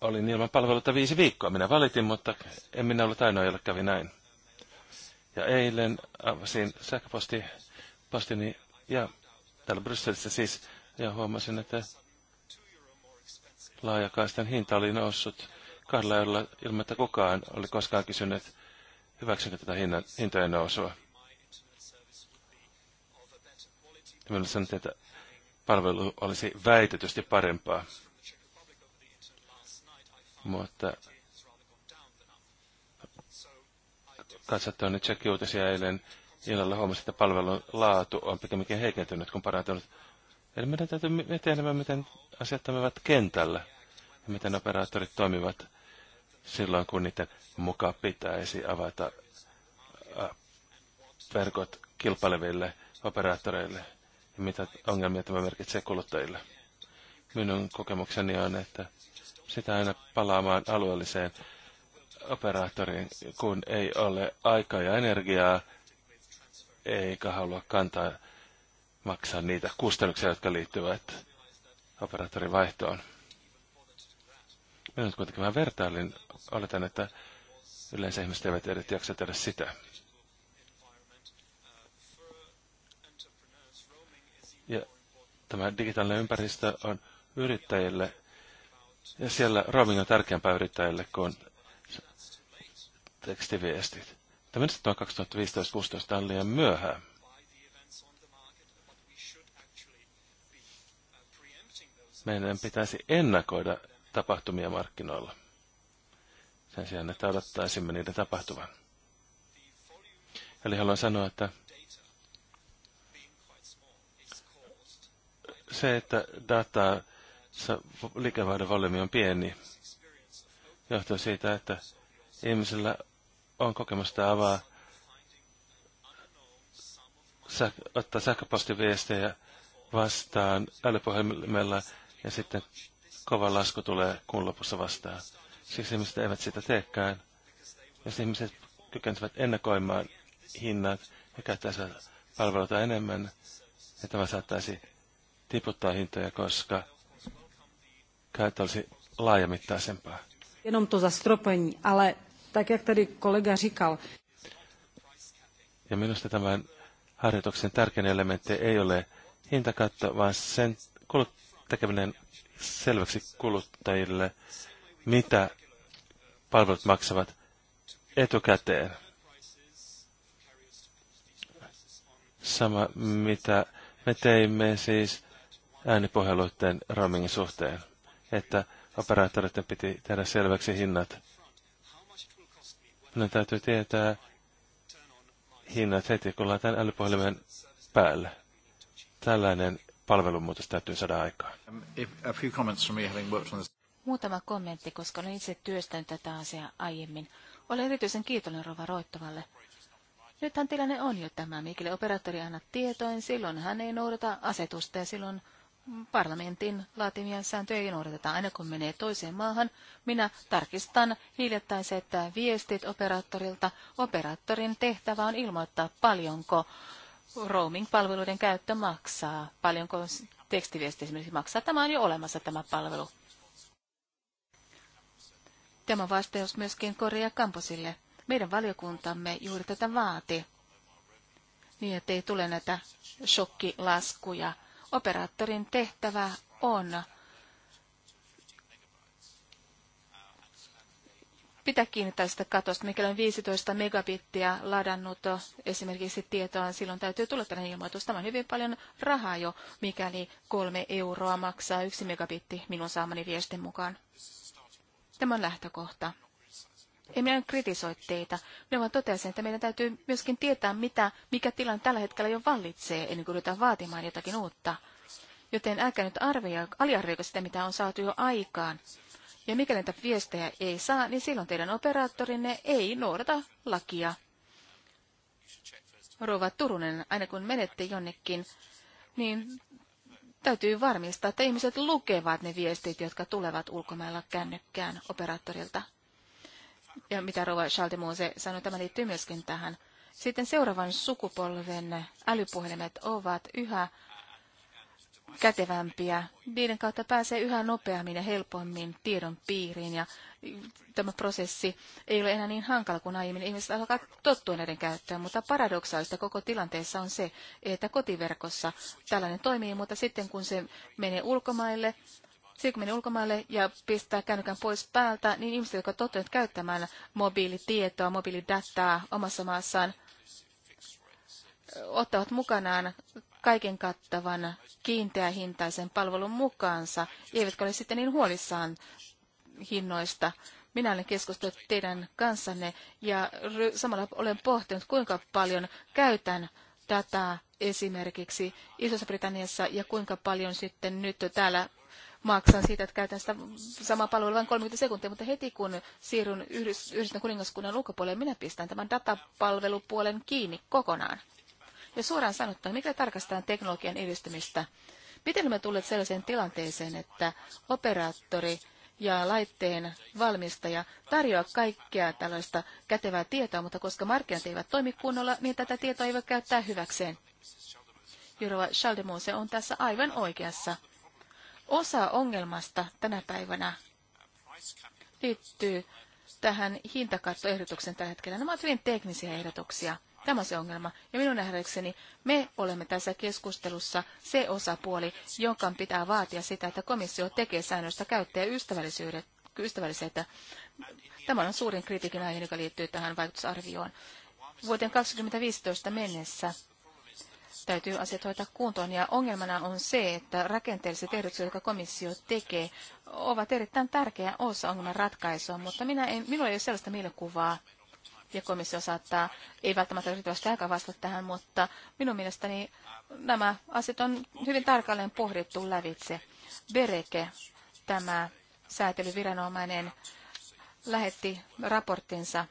olin ilman palveluita viisi viikkoa. Minä valitin, mutta en minä ollut ainoa, jolle kävi näin. Ja eilen avasin sähköpostini ja täällä Brysselissä siis ja huomasin, että laajakaistan hinta oli noussut kahdella eurolla ilman, että kukaan oli koskaan kysynyt, hyväksynyt tätä hinnan, hintojen nousua. Ja minulle sanottiin, että palvelu olisi väitetysti parempaa. Mutta katsottuani Czech-uutisia eilen illalla huomasin, että palvelun laatu on pikemminkin heikentynyt kuin parantunut. Eli meidän täytyy miettiä enemmän, miten asiat toimivat kentällä ja miten operaattorit toimivat silloin, kun niiden mukaan pitäisi avata verkot kilpaileville operaattoreille ja mitä ongelmia tämä merkitsee kuluttajille. Minun kokemukseni on, että sitä aina palaamaan alueelliseen operaattoriin, kun ei ole aikaa ja energiaa, eikä halua kantaa maksaa niitä kustannuksia, jotka liittyvät operaattorin vaihtoon. Minä nyt kuitenkin vähän vertailin. Oletan, että yleensä ihmiset eivät edes jaksa tehdä sitä. Ja tämä digitaalinen ympäristö on yrittäjille, ja siellä roaming on tärkeämpää yrittäjille kuin tekstiviestit. Tämä on 2015 tämä on liian myöhään. meidän pitäisi ennakoida tapahtumia markkinoilla. Sen sijaan, että odottaisimme niitä tapahtuvan. Eli haluan sanoa, että se, että dataa liikevaihdon volyymi on pieni, johtuu siitä, että ihmisellä on kokemusta avaa ottaa sähköpostiviestejä vastaan älypuhelimella ja sitten kova lasku tulee kuun lopussa vastaan. Siksi ihmiset eivät sitä teekään. Jos ihmiset kykenevät ennakoimaan hinnat ja käyttäisivät palveluita enemmän, ja tämä saattaisi tiputtaa hintoja, koska käyttö olisi laajamittaisempaa. Jenom to zastropení, ale tak jak tady říkal. Ja minusta tämän harjoituksen tärkein elementti ei ole hintakatto, vaan sen kulut tekeminen selväksi kuluttajille, mitä palvelut maksavat etukäteen. Sama, mitä me teimme siis äänipuheluiden roamingin suhteen, että operaattoreiden piti tehdä selväksi hinnat. Ne no, täytyy tietää hinnat heti, kun laitetaan älypuhelimen päälle. Tällainen palvelumuutos täytyy saada aikaan. Muutama kommentti, koska olen itse työstänyt tätä asiaa aiemmin. Olen erityisen kiitollinen Rova Roittavalle. Nythän tilanne on jo tämä, mikille operaattori anna tietoin, silloin hän ei noudata asetusta ja silloin parlamentin laatimia sääntöjä ei noudateta. Aina kun menee toiseen maahan, minä tarkistan että viestit operaattorilta. Operaattorin tehtävä on ilmoittaa paljonko roaming-palveluiden käyttö maksaa? Paljonko tekstiviesti esimerkiksi maksaa? Tämä on jo olemassa tämä palvelu. Tämä vastaus myöskin Korea Kamposille. Meidän valiokuntamme juuri tätä vaati, niin ettei tule näitä shokkilaskuja. Operaattorin tehtävä on pitää kiinni tästä katosta. Mikäli on 15 megabittiä ladannut esimerkiksi tietoa, silloin täytyy tulla tällainen ilmoitus. Tämä on hyvin paljon rahaa jo, mikäli kolme euroa maksaa yksi megabitti minun saamani viestin mukaan. Tämä on lähtökohta. Ei minä kritisoi teitä. Minä vaan totesin, että meidän täytyy myöskin tietää, mitä, mikä tilanne tällä hetkellä jo vallitsee, ennen kuin ryhdytään vaatimaan jotakin uutta. Joten älkää nyt arvio, aliarvioiko sitä, mitä on saatu jo aikaan. Ja mikäli niitä viestejä ei saa, niin silloin teidän operaattorinne ei noudata lakia. Rova Turunen, aina kun menette jonnekin, niin täytyy varmistaa, että ihmiset lukevat ne viestit, jotka tulevat ulkomailla kännykkään operaattorilta. Ja mitä Rova Schaldemose sanoi, tämä liittyy myöskin tähän. Sitten seuraavan sukupolven älypuhelimet ovat yhä kätevämpiä. Niiden kautta pääsee yhä nopeammin ja helpommin tiedon piiriin ja tämä prosessi ei ole enää niin hankala kuin aiemmin. Ihmiset alkaa tottua näiden käyttöön, mutta paradoksaalista koko tilanteessa on se, että kotiverkossa tällainen toimii, mutta sitten kun se menee ulkomaille, sitten kun menee ulkomaille ja pistää kännykän pois päältä, niin ihmiset, jotka ovat käyttämään mobiilitietoa, mobiilidataa omassa maassaan, ottavat mukanaan kaiken kattavan kiinteähintaisen palvelun mukaansa, eivätkä ole sitten niin huolissaan hinnoista. Minä olen keskustellut teidän kanssanne ja samalla olen pohtinut, kuinka paljon käytän dataa esimerkiksi Isossa-Britanniassa ja kuinka paljon sitten nyt täällä maksan siitä, että käytän sitä samaa palvelua vain 30 sekuntia, mutta heti kun siirryn Yhdistyneen kuningaskunnan ulkopuolelle, minä pistän tämän datapalvelupuolen kiinni kokonaan. Ja suoraan sanottuna, mikä tarkastetaan teknologian edistymistä, miten olemme tulleet sellaiseen tilanteeseen, että operaattori ja laitteen valmistaja tarjoaa kaikkea tällaista kätevää tietoa, mutta koska markkinat eivät toimi kunnolla, niin tätä tietoa ei voi käyttää hyväkseen. Jurova Schaldemose on tässä aivan oikeassa. Osa ongelmasta tänä päivänä liittyy tähän hintakattoehdotuksen tällä hetkellä. Nämä ovat hyvin teknisiä ehdotuksia. Tämä on se ongelma. Ja minun nähdäkseni me olemme tässä keskustelussa se osapuoli, jonka pitää vaatia sitä, että komissio tekee säännöstä käyttäjäystävällisyydet ystävälliset. Tämä on suurin kritiikin aihe, joka liittyy tähän vaikutusarvioon. Vuoteen 2015 mennessä täytyy asiat hoitaa kuntoon. Ja ongelmana on se, että rakenteelliset ehdotukset, jotka komissio tekee, ovat erittäin tärkeä osa ongelman ratkaisua, mutta minä en, minulla ei ole sellaista mielikuvaa, ja komissio saattaa, ei välttämättä riittävästi aikaa vastata tähän, mutta minun mielestäni nämä asiat on hyvin tarkalleen pohdittu lävitse. Bereke, tämä säätelyviranomainen, lähetti raporttinsa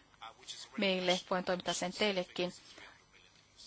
meille, voin toimittaa sen teillekin,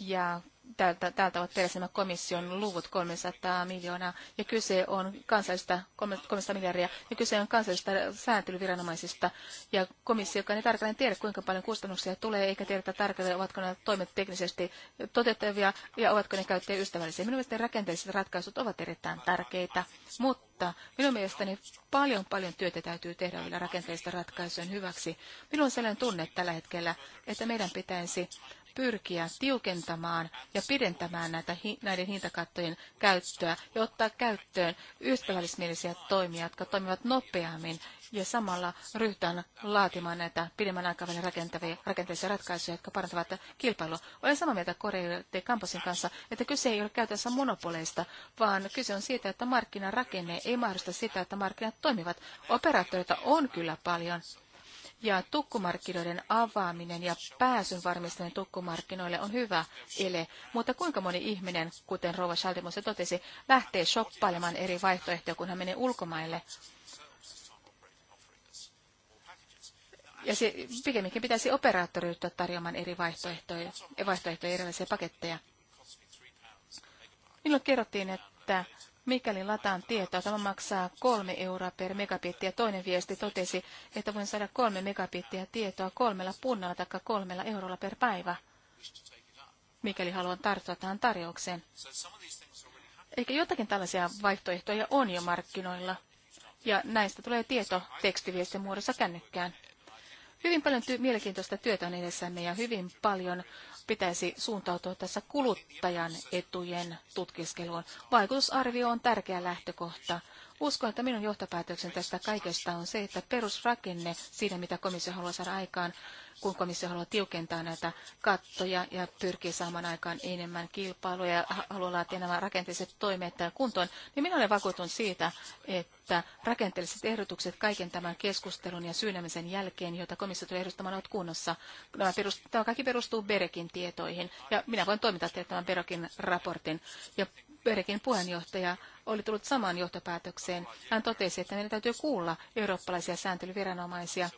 ja Täältä, tältä ovat peräisin nämä komission luvut 300 miljoonaa ja kyse on kansallista 300 miljardia ja kyse on kansallisista sääntelyviranomaisista ja komissio, joka ei tarkalleen tiedä kuinka paljon kustannuksia tulee eikä tiedetä tarkalleen ovatko nämä toimet teknisesti toteuttavia ja ovatko ne käyttäjäystävällisiä. Minun mielestäni rakenteelliset ratkaisut ovat erittäin tärkeitä, mutta minun mielestäni paljon paljon työtä täytyy tehdä vielä rakenteellisten ratkaisujen hyväksi. Minulla on sellainen tunne tällä hetkellä, että meidän pitäisi pyrkiä tiukentamaan ja pidentämään näitä, näiden hintakattojen käyttöä ja ottaa käyttöön ystävällismielisiä toimia, jotka toimivat nopeammin ja samalla ryhtyä laatimaan näitä pidemmän aikavälin rakentavia, rakenteellisia ratkaisuja, jotka parantavat kilpailua. Olen samaa mieltä Korea de kanssa, että kyse ei ole käytännössä monopoleista, vaan kyse on siitä, että markkinarakenne ei mahdollista sitä, että markkinat toimivat. Operaattoreita on kyllä paljon, ja tukkumarkkinoiden avaaminen ja pääsyn varmistaminen tukkumarkkinoille on hyvä ele, mutta kuinka moni ihminen, kuten Rova Schaldemus totesi, lähtee shoppailemaan eri vaihtoehtoja, kun hän menee ulkomaille? Ja se pikemminkin pitäisi operaattoriyttää tarjoamaan eri vaihtoehtoja, vaihtoehtoja erilaisia paketteja. Minulle kerrottiin, että Mikäli lataan tietoa, tämä maksaa kolme euroa per megabitti ja toinen viesti totesi, että voin saada kolme megabittiä tietoa kolmella punnalla tai kolmella eurolla per päivä, mikäli haluan tarttua tähän tarjoukseen. Eikä jotakin tällaisia vaihtoehtoja on jo markkinoilla. Ja näistä tulee tieto tekstiviestin muodossa kännykkään. Hyvin paljon ty- mielenkiintoista työtä on edessämme ja hyvin paljon pitäisi suuntautua tässä kuluttajan etujen tutkiskeluun. Vaikutusarvio on tärkeä lähtökohta Uskon, että minun johtopäätöksen tästä kaikesta on se, että perusrakenne siinä, mitä komissio haluaa saada aikaan, kun komissio haluaa tiukentaa näitä kattoja ja pyrkii saamaan aikaan enemmän kilpailua ja haluaa laatia nämä rakenteelliset toimet kuntoon, niin minä olen vakuutunut siitä, että rakenteelliset ehdotukset kaiken tämän keskustelun ja syynämisen jälkeen, jota komissio tulee ehdottamaan, ovat kunnossa. Tämä, perustuu, tämä kaikki perustuu Berekin tietoihin ja minä voin toimittaa teille tämän Berekin raportin ja Berekin puheenjohtaja oli tullut samaan johtopäätökseen. Hän totesi, että meidän täytyy kuulla eurooppalaisia sääntelyviranomaisia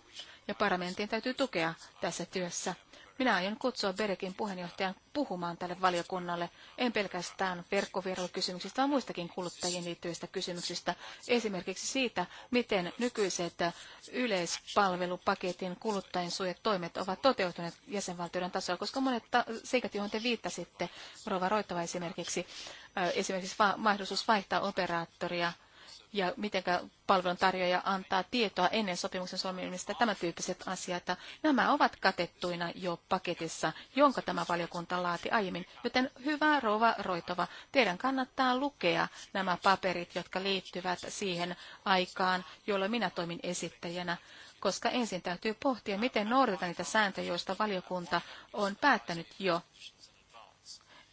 ja parlamentin täytyy tukea tässä työssä. Minä aion kutsua Berekin puheenjohtajan puhumaan tälle valiokunnalle, en pelkästään verkkovierailukysymyksistä, vaan muistakin kuluttajien liittyvistä kysymyksistä. Esimerkiksi siitä, miten nykyiset yleispalvelupaketin toimet ovat toteutuneet jäsenvaltioiden tasolla, koska monet seikat, joihin te viittasitte, Rova Roittava esimerkiksi, esimerkiksi mahdollisuus vaihtaa operaattoria ja miten palveluntarjoaja antaa tietoa ennen sopimuksen solmimista, tämän tyyppiset asiat. Nämä ovat katettuina jo paketissa, jonka tämä valiokunta laati aiemmin. Joten hyvä Rova Roitova, teidän kannattaa lukea nämä paperit, jotka liittyvät siihen aikaan, jolloin minä toimin esittäjänä koska ensin täytyy pohtia, miten noudatetaan niitä sääntöjä, joista valiokunta on päättänyt jo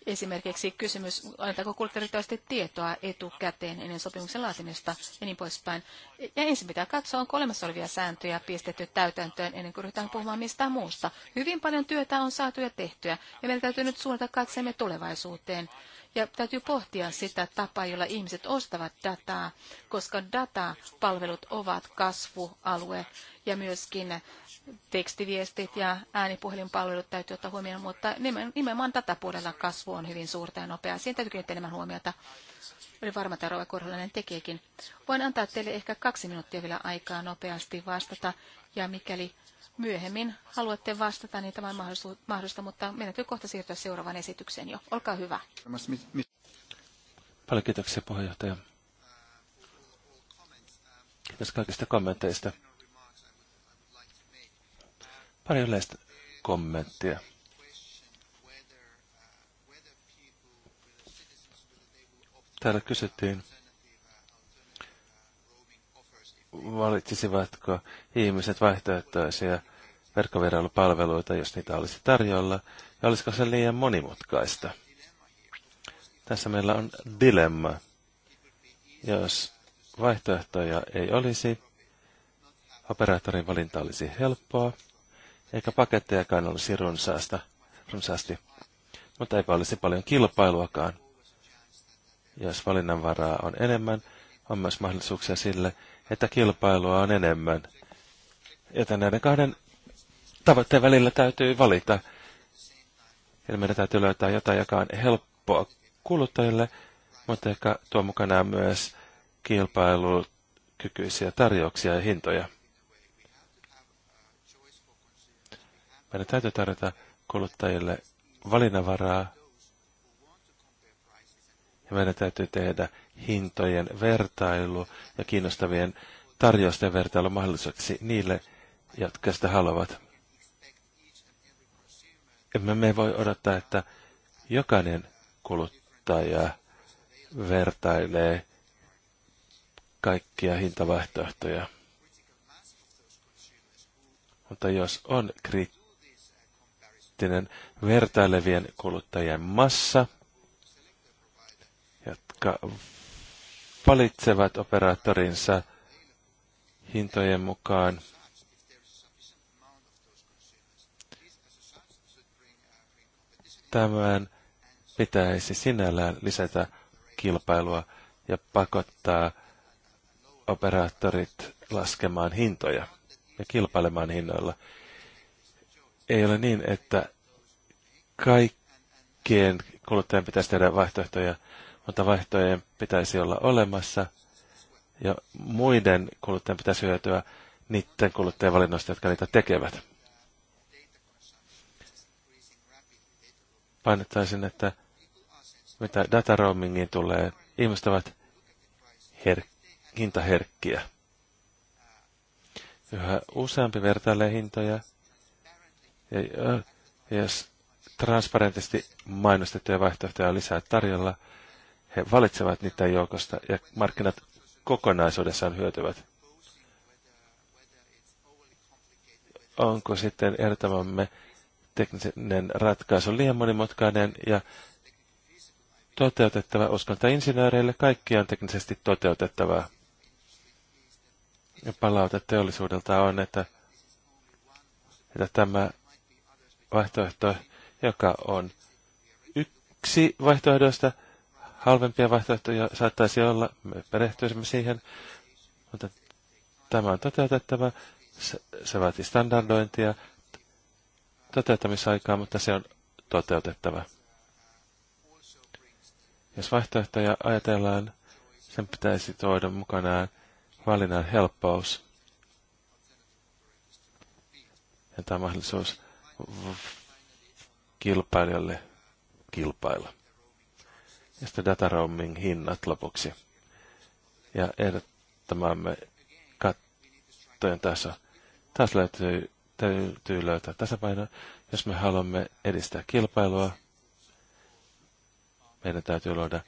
Esimerkiksi kysymys, annetaanko kuluttajille riittävästi tietoa etukäteen ennen sopimuksen laatimista ja niin poispäin. Ja ensin pitää katsoa, onko olemassa olevia sääntöjä pistetty täytäntöön ennen kuin ryhdytään puhumaan mistään muusta. Hyvin paljon työtä on saatu ja tehtyä ja meidän täytyy nyt suunnata katseemme tulevaisuuteen. Ja täytyy pohtia sitä tapaa, jolla ihmiset ostavat dataa, koska datapalvelut ovat kasvualue ja myöskin tekstiviestit ja äänipuhelinpalvelut täytyy ottaa huomioon, mutta nimenomaan datapuolella kasvu on hyvin suurta ja nopeaa. Siihen täytyy kiinnittää enemmän huomiota. Oli varma, että Rova Korhonen tekeekin. Voin antaa teille ehkä kaksi minuuttia vielä aikaa nopeasti vastata, ja mikäli myöhemmin haluatte vastata, niin tämä on mahdollista, mutta meidän täytyy kohta siirtyä seuraavaan esitykseen jo. Olkaa hyvä. Paljon kiitoksia puheenjohtaja. Kiitos kaikista kommenteista. Pari yleistä kommenttia. Täällä kysyttiin, valitsisivatko ihmiset vaihtoehtoisia verkkovierailupalveluita, jos niitä olisi tarjolla, ja olisiko se liian monimutkaista? Tässä meillä on dilemma. Jos vaihtoehtoja ei olisi, operaattorin valinta olisi helppoa, eikä pakettejakaan olisi runsaasta, runsaasti, mutta eipä olisi paljon kilpailuakaan. Jos valinnanvaraa on enemmän, on myös mahdollisuuksia sille, että kilpailua on enemmän. Joten näiden kahden tavoitteen välillä täytyy valita. Eli meidän täytyy löytää jotain, joka on helppoa kuluttajille, mutta ehkä tuo mukanaan myös kilpailukykyisiä tarjouksia ja hintoja. Meidän täytyy tarjota kuluttajille valinnanvaraa ja meidän täytyy tehdä hintojen vertailu ja kiinnostavien tarjousten vertailu mahdolliseksi niille, jotka sitä haluavat emme me voi odottaa, että jokainen kuluttaja vertailee kaikkia hintavaihtoehtoja. Mutta jos on kriittinen vertailevien kuluttajien massa, jotka valitsevat operaattorinsa hintojen mukaan, Tämän pitäisi sinällään lisätä kilpailua ja pakottaa operaattorit laskemaan hintoja ja kilpailemaan hinnoilla. Ei ole niin, että kaikkien kuluttajien pitäisi tehdä vaihtoehtoja, mutta vaihtoehtojen pitäisi olla olemassa ja muiden kuluttajien pitäisi hyötyä niiden kuluttajien valinnoista, jotka niitä tekevät. painottaisin, että mitä data roamingiin tulee, ihmiset ovat her- hintaherkkiä. Yhä useampi vertailee hintoja. Ja jos transparentisti mainostettuja vaihtoehtoja on lisää tarjolla, he valitsevat niitä joukosta ja markkinat kokonaisuudessaan hyötyvät. Onko sitten ehdottamamme tekninen ratkaisu on liian monimutkainen ja toteutettava uskonta insinööreille. Kaikki on teknisesti toteutettavaa. Ja palaute teollisuudelta on, että, että tämä vaihtoehto, joka on yksi vaihtoehdoista, halvempia vaihtoehtoja saattaisi olla, me perehtyisimme siihen, mutta tämä on toteutettava, se, se vaatii standardointia, toteuttamisaikaa, mutta se on toteutettava. Jos vaihtoehtoja ajatellaan, sen pitäisi tuoda mukanaan valinnan helppous ja tämä mahdollisuus kilpailijalle kilpailla. Ja sitten data roaming hinnat lopuksi. Ja ehdottamamme kattojen taso. Taas löytyy täytyy löytää tasapaino. Jos me haluamme edistää kilpailua, meidän täytyy luoda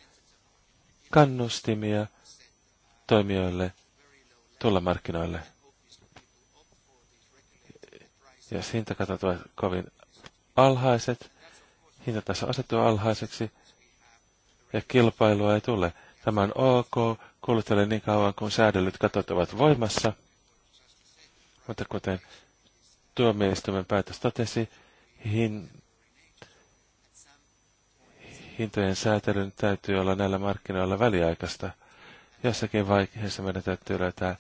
kannustimia toimijoille tulla markkinoille. Jos hintakatot ovat kovin alhaiset, hintataso asettuu alhaiseksi ja kilpailua ei tule. Tämä on ok kuluttajalle niin kauan, kun säädellyt katot ovat voimassa. Mutta kuten tuomioistuimen päätös totesi, hin, hintojen säätelyn täytyy olla näillä markkinoilla väliaikaista. Jossakin vaiheessa meidän täytyy löytää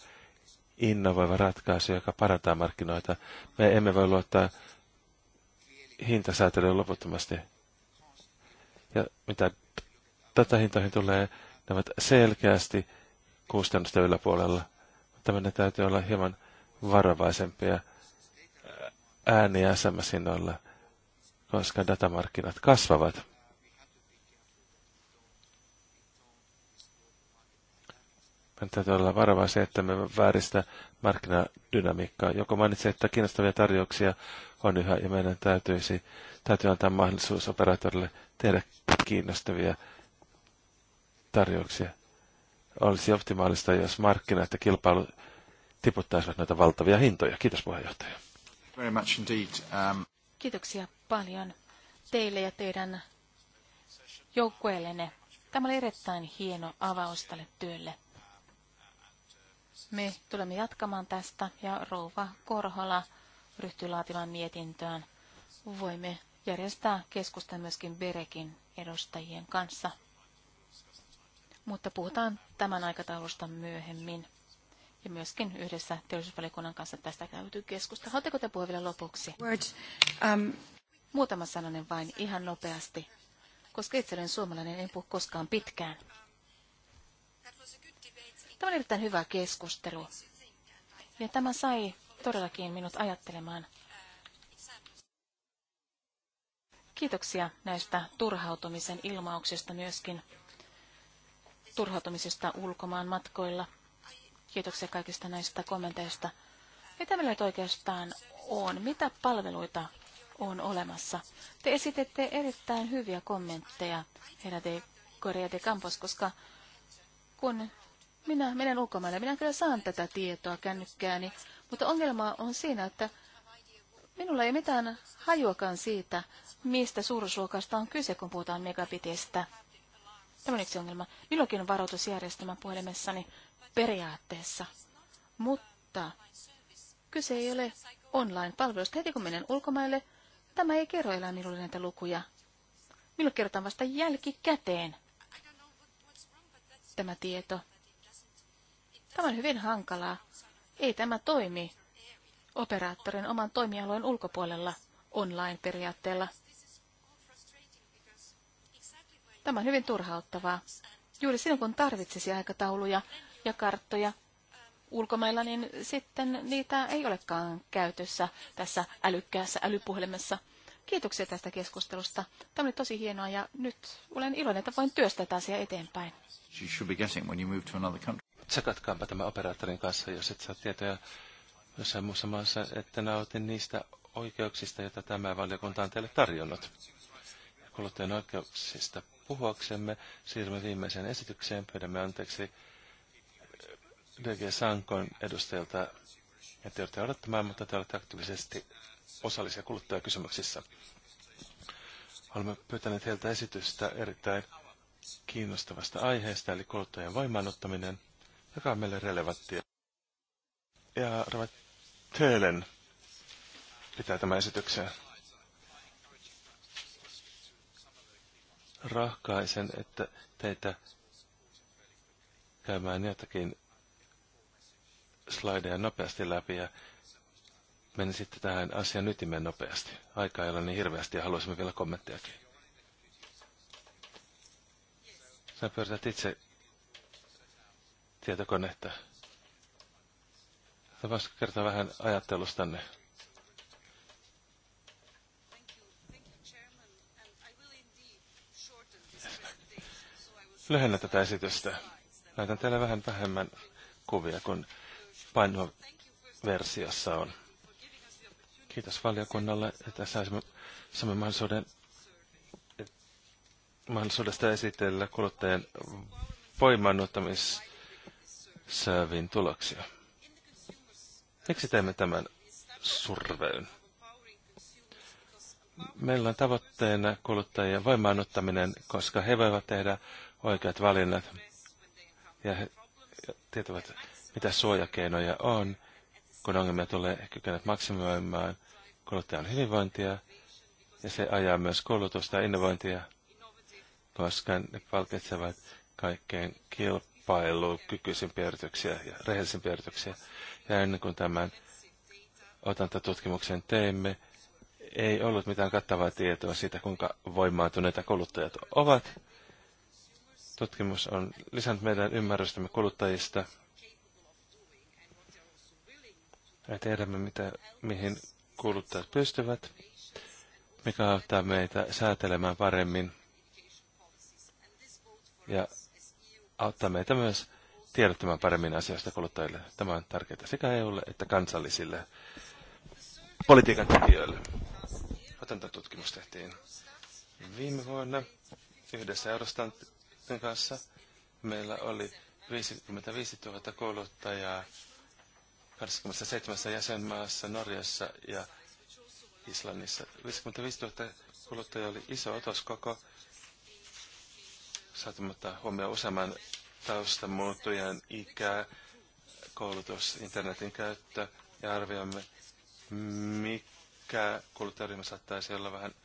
innovoiva ratkaisu, joka parantaa markkinoita. Me emme voi luottaa hintasäätelyyn loputtomasti. Ja mitä tätä tota hintoihin tulee, ne ovat selkeästi kustannusten yläpuolella. Mutta meidän täytyy olla hieman varovaisempia ääniä SMS-hinnoilla, koska datamarkkinat kasvavat. Meidän täytyy olla varovaisia, että me vääristä markkinadynamiikkaa. Joko mainitsi, että kiinnostavia tarjouksia on yhä ja meidän täytyisi, täytyy antaa mahdollisuus operaattorille tehdä kiinnostavia tarjouksia. Olisi optimaalista, jos markkinat ja kilpailu tiputtaisivat näitä valtavia hintoja. Kiitos puheenjohtaja. Very much indeed. Um... Kiitoksia paljon teille ja teidän joukkueellenne. Tämä oli erittäin hieno avaus tälle työlle. Me tulemme jatkamaan tästä ja Rouva Korhola ryhtyy laatimaan mietintöön. Voimme järjestää keskustelun myöskin Berekin edustajien kanssa. Mutta puhutaan tämän aikataulusta myöhemmin ja myöskin yhdessä teollisuusvaliokunnan kanssa tästä käyty keskusta. Haluatteko te puhua vielä lopuksi? Word. Um... Muutama sananen vain ihan nopeasti, koska itse olen suomalainen, en puhu koskaan pitkään. Tämä oli erittäin hyvä keskustelu. Ja tämä sai todellakin minut ajattelemaan. Kiitoksia näistä turhautumisen ilmauksista myöskin, turhautumisesta ulkomaan matkoilla. Kiitoksia kaikista näistä kommenteista. Mitä meillä oikeastaan on? Mitä palveluita on olemassa? Te esitette erittäin hyviä kommentteja, herra de Korea de Campos, koska kun minä menen ulkomaille, minä kyllä saan tätä tietoa kännykkääni, mutta ongelma on siinä, että minulla ei mitään hajuakaan siitä, mistä suuruusluokasta on kyse, kun puhutaan megabitistä. Tämä on yksi ongelma. Minullakin on varoitusjärjestelmä puhelimessani, periaatteessa, mutta kyse ei ole online-palvelusta. Heti kun menen ulkomaille, tämä ei kerro enää minulle näitä lukuja. Minulle kerrotaan vasta jälkikäteen tämä tieto. Tämä on hyvin hankalaa. Ei tämä toimi operaattorin oman toimialueen ulkopuolella online-periaatteella. Tämä on hyvin turhauttavaa. Juuri silloin, kun tarvitsisi aikatauluja ja karttoja ulkomailla, niin sitten niitä ei olekaan käytössä tässä älykkäässä älypuhelimessa. Kiitoksia tästä keskustelusta. Tämä oli tosi hienoa ja nyt olen iloinen, että voin työstää tätä asiaa eteenpäin. Tsekatkaanpa tämä operaattorin kanssa, jos et saa tietoja jossain muussa maassa, että nautin niistä oikeuksista, joita tämä valiokunta on teille tarjonnut. Kuluttajan oikeuksista puhuaksemme siirrymme viimeiseen esitykseen. Pyydämme anteeksi DG Sankon edustajilta, että joudutte odottamaan, mutta te olette aktiivisesti osallisia kuluttajakysymyksissä. Olemme pyytäneet heiltä esitystä erittäin kiinnostavasta aiheesta, eli kuluttajan voimaanottaminen, joka on meille relevanttia. Ja Rava Tölen pitää tämän esityksen. Rahkaisen, että teitä käymään jotakin slaideja nopeasti läpi ja meni sitten tähän asian ytimeen nopeasti. Aika ei ole niin hirveästi ja haluaisimme vielä kommenttejakin. Sä pyörität itse tietokonetta. Sä voisitko kertoa vähän ajattelustanne? Lyhennä tätä esitystä. Laitan teille vähän vähemmän kuvia kun painoversiossa on. Kiitos valiokunnalle, että saisimme saman mahdollisuuden, mahdollisuudesta esitellä kuluttajien voimannuttamisservin tuloksia. Miksi teemme tämän surveyn? Meillä on tavoitteena kuluttajien voimaannuttaminen, koska he voivat tehdä oikeat valinnat ja he tietävät, mitä suojakeinoja on, kun ongelmia tulee kykenet maksimoimaan kuluttajan hyvinvointia, ja se ajaa myös koulutusta ja innovointia, koska ne palkitsevat kaikkein kilpailukykyisimpiä yrityksiä ja rehellisimpiä yrityksiä. Ja ennen kuin tämän otantatutkimuksen teimme, ei ollut mitään kattavaa tietoa siitä, kuinka voimaantuneita kuluttajat ovat. Tutkimus on lisännyt meidän ymmärrystämme kuluttajista – me tiedämme, mitä, mihin kuluttajat pystyvät, mikä auttaa meitä säätelemään paremmin ja auttaa meitä myös tiedottamaan paremmin asiasta kuluttajille. Tämä on tärkeää sekä EUlle että kansallisille politiikan tekijöille. Otantatutkimus tehtiin viime vuonna yhdessä Eurostantin kanssa. Meillä oli 55 000 kuluttajaa 27 jäsenmaassa, Norjassa ja Islannissa. 55 000 kuluttajaa oli iso otoskoko, saatamatta huomioon useamman taustan ikää, koulutus, internetin käyttö ja arvioimme, mikä kuluttajaryhmä saattaisi olla vähän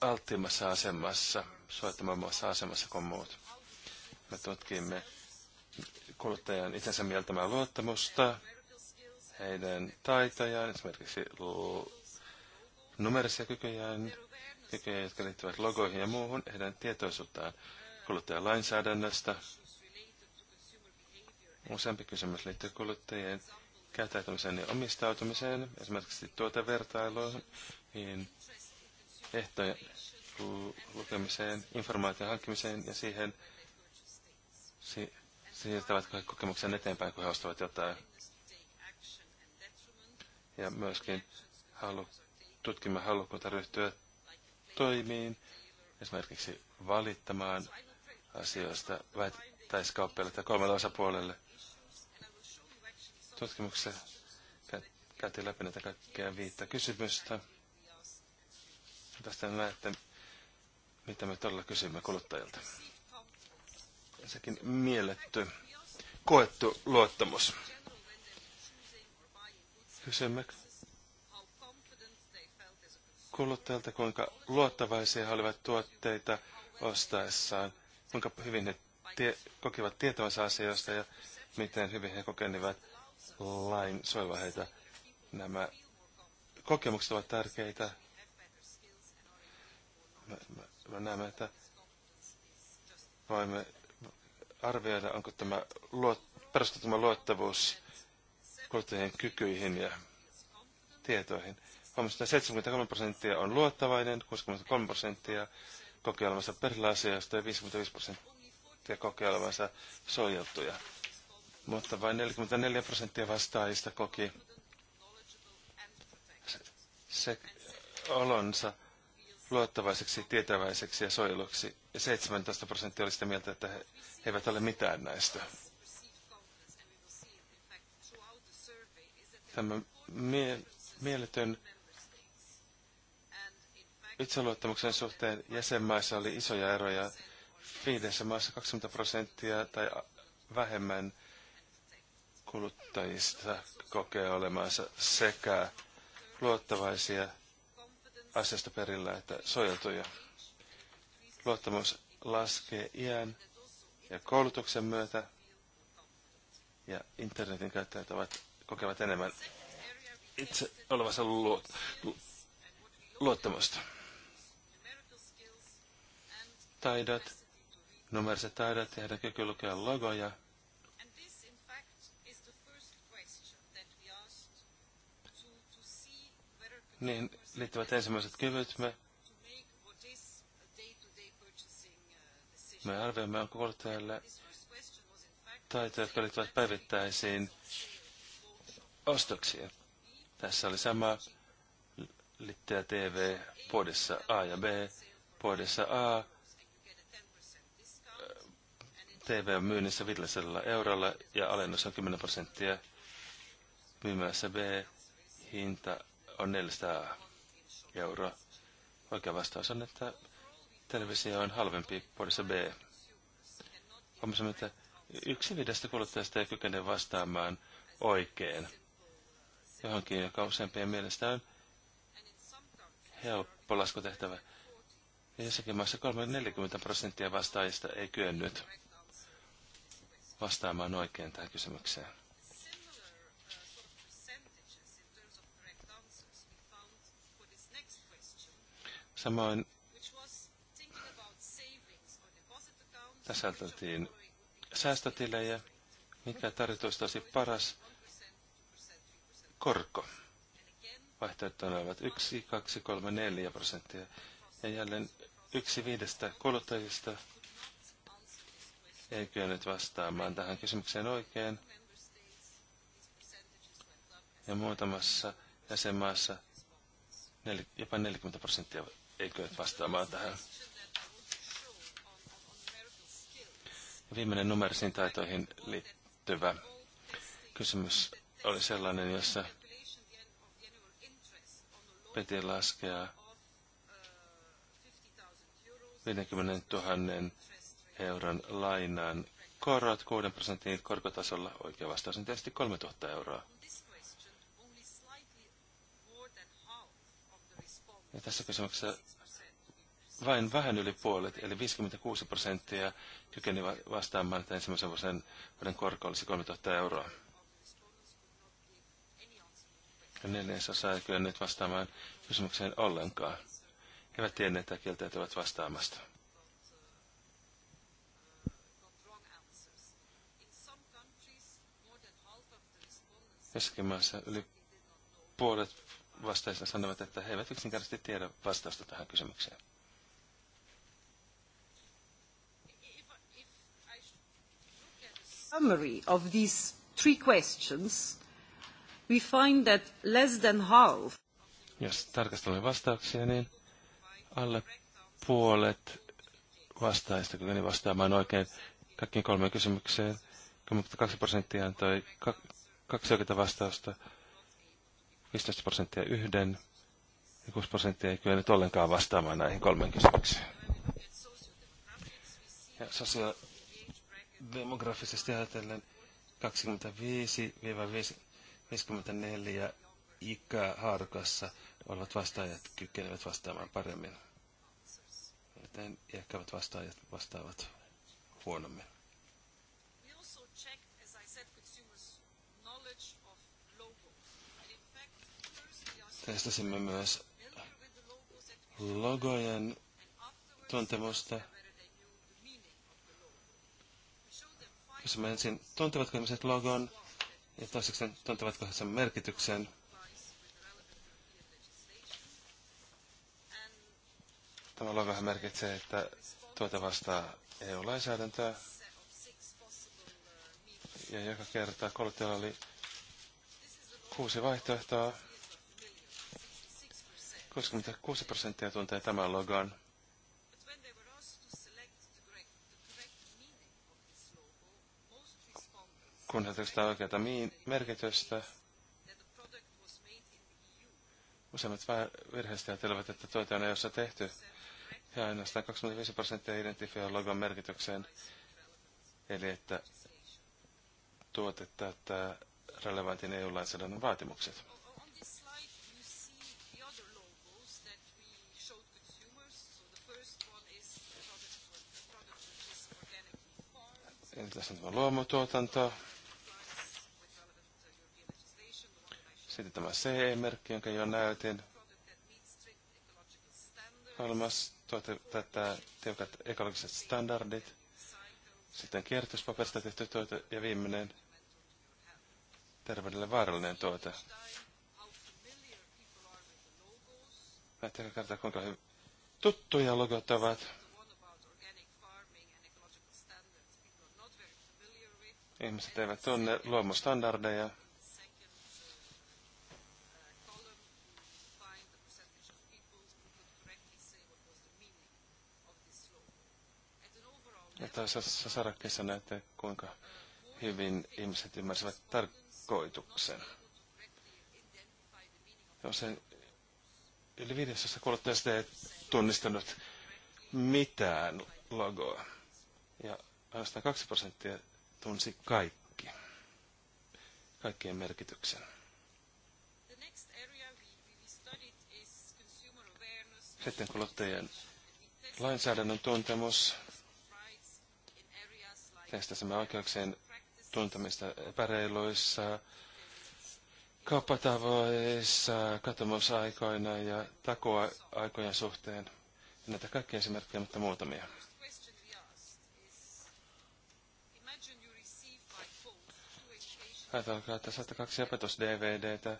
alttiimmassa asemassa, suojattamammassa asemassa kuin muut. Me tutkimme kuluttajan itsensä mieltämään luottamusta, heidän taitojaan, esimerkiksi numerisia kykyjään, kykyjä, jotka liittyvät logoihin ja muuhun, heidän tietoisuuttaan kuluttajan lainsäädännöstä. Useampi kysymys liittyy kuluttajien käyttäytymiseen ja omistautumiseen, esimerkiksi tuotevertailuihin, niin ehtojen lukemiseen, informaation hankkimiseen ja siihen si- siirtävätkö he kokemuksen eteenpäin, kun he ostavat jotain. Ja myöskin halu, tutkimme halukkuutta ryhtyä toimiin, esimerkiksi valittamaan asioista väittäiskauppiaille tai kolmelle osapuolelle. Tutkimuksessa käytiin läpi näitä kaikkia viittä kysymystä. Tästä näette, mitä me todella kysymme kuluttajilta sekin mielletty, koettu luottamus. Kysymme kuluttajalta, kuinka luottavaisia he olivat tuotteita ostaessaan, kuinka hyvin he tie- kokivat tietoansa asioista ja miten hyvin he kokenivat lain soivaheita. Nämä kokemukset ovat tärkeitä. Me, me, me näemme, että voimme arvioida, onko tämä luot, tämä luottavuus kuluttajien kykyihin ja tietoihin. Huomasin, että 73 prosenttia on luottavainen, 63 prosenttia kokee olevansa perilaisijoista ja 55 prosenttia kokee olevansa suojeltuja. Mutta vain 44 prosenttia vastaajista koki se, se olonsa luottavaiseksi, tietäväiseksi ja suojeluksi 17 prosenttia oli sitä mieltä, että he eivät ole mitään näistä. Tämä mie- mieletön itseluottamuksen suhteen jäsenmaissa oli isoja eroja. Viidessä maassa 20 prosenttia tai vähemmän kuluttajista kokee olemansa sekä luottavaisia asiasta perillä että suojeltuja. Luottamus laskee iän ja koulutuksen myötä ja internetin käyttäjät ovat, kokevat enemmän itse olevansa luot, lu, luottamusta. Taidot, numeriset taidot ja heidän kyky lukea logoja. Niin liittyvät ensimmäiset kyvyt me Me arvioimme, onko kuluttajille taitoja, jotka liittyvät päivittäisiin ostoksiin. Tässä oli sama Litteä TV podissa A ja B. Podissa A TV on myynnissä 500 eurolla ja alennus on 10 prosenttia. Myymässä B hinta on 400 euroa. Oikea vastaus on, että televisio on halvempi puolessa B. Huomasin, että yksi viidestä kuluttajasta ei kykene vastaamaan oikein johonkin, joka useampien mielestä on helppo laskutehtävä. Jossakin maassa 30-40 prosenttia vastaajista ei kyennyt vastaamaan oikein tähän kysymykseen. Samoin Tässä säästötilejä, mikä tarjotuista olisi paras korko. Vaihtoehtona ovat 1, 2, 3, 4 prosenttia. Ja jälleen yksi viidestä kuluttajista ei kyennyt vastaamaan tähän kysymykseen oikein. Ja muutamassa jäsenmaassa jopa 40 prosenttia ei kyennyt vastaamaan tähän. Viimeinen numerisiin taitoihin liittyvä kysymys oli sellainen, jossa piti laskea 50 000 euron lainan korot 6 prosentin korkotasolla. Oikea vastaus on tietysti 3000 euroa. Ja tässä kysymyksessä vain vähän yli puolet, eli 56 prosenttia kykeni vastaamaan, että ensimmäisen vuoden, vuoden korko olisi 3000 euroa. Ja neljäsosa ei nyt vastaamaan kysymykseen ollenkaan. He eivät tienneet kieltäjät ovat vastaamasta. Jossakin maassa yli puolet vastaajista sanovat, että he eivät yksinkertaisesti tiedä vastausta tähän kysymykseen. summary of these three questions, we find that less than half... Jos tarkastelemme vastauksia, niin alle puolet vastaajista kykeni vastaamaan oikein kaikkiin kolmeen kysymykseen. 32 prosenttia antoi kaksi oikeita vastausta, 15 prosenttia yhden ja 6 prosenttia ei kyennyt ollenkaan vastaamaan näihin kolmeen kysymykseen. Ja sosio- demografisesti ajatellen 25-54 ikähaarukassa olevat vastaajat kykenevät vastaamaan paremmin. Joten iäkkäävät vastaajat vastaavat huonommin. Testasimme myös logojen tuntemusta Kysymme ensin, tuntevatko ihmiset logon ja toiseksi tuntevatko he sen merkityksen. Tämä vähän merkitsee, että tuota vastaa EU-lainsäädäntöä. Ja joka kerta kuluttajalla oli kuusi vaihtoehtoa. 66 prosenttia tuntee tämän logon. Kun he tekevät oikeaa merkitystä. Useimmat virheistä ajattelevat, että tuote on jossa tehty. Ja ainoastaan 25 prosenttia identifioi logon merkitykseen. Eli että tuote täyttää relevantin EU-lainsäädännön vaatimukset. Eli tässä on tämä luomutuotanto, Sitten tämä CE-merkki, jonka jo näytin. Olemassa tätä tiukat ekologiset standardit. Sitten kierrätyspaperista tehty tuote ja viimeinen terveydelle vaarallinen tuote. Näettekö kertaa kuinka hyvin tuttuja logot ovat. Ihmiset eivät tunne luomustandardeja. Ja toisessa sarakkeessa näette, kuinka hyvin ihmiset ymmärsivät tarkoituksen. Usein yli viidesosa kuluttajista ei tunnistanut mitään logoa. Ja ainoastaan kaksi prosenttia tunsi kaikki, kaikkien merkityksen. Sitten kuluttajien lainsäädännön tuntemus, Testasimme oikeuksien tuntemista epäreiluissa kauppatavoissa, katsomusaikoina ja takoaikojen suhteen. Näitä kaikkia esimerkkejä, mutta muutamia. Ajatelkaa, että kaksi opetus-DVDtä,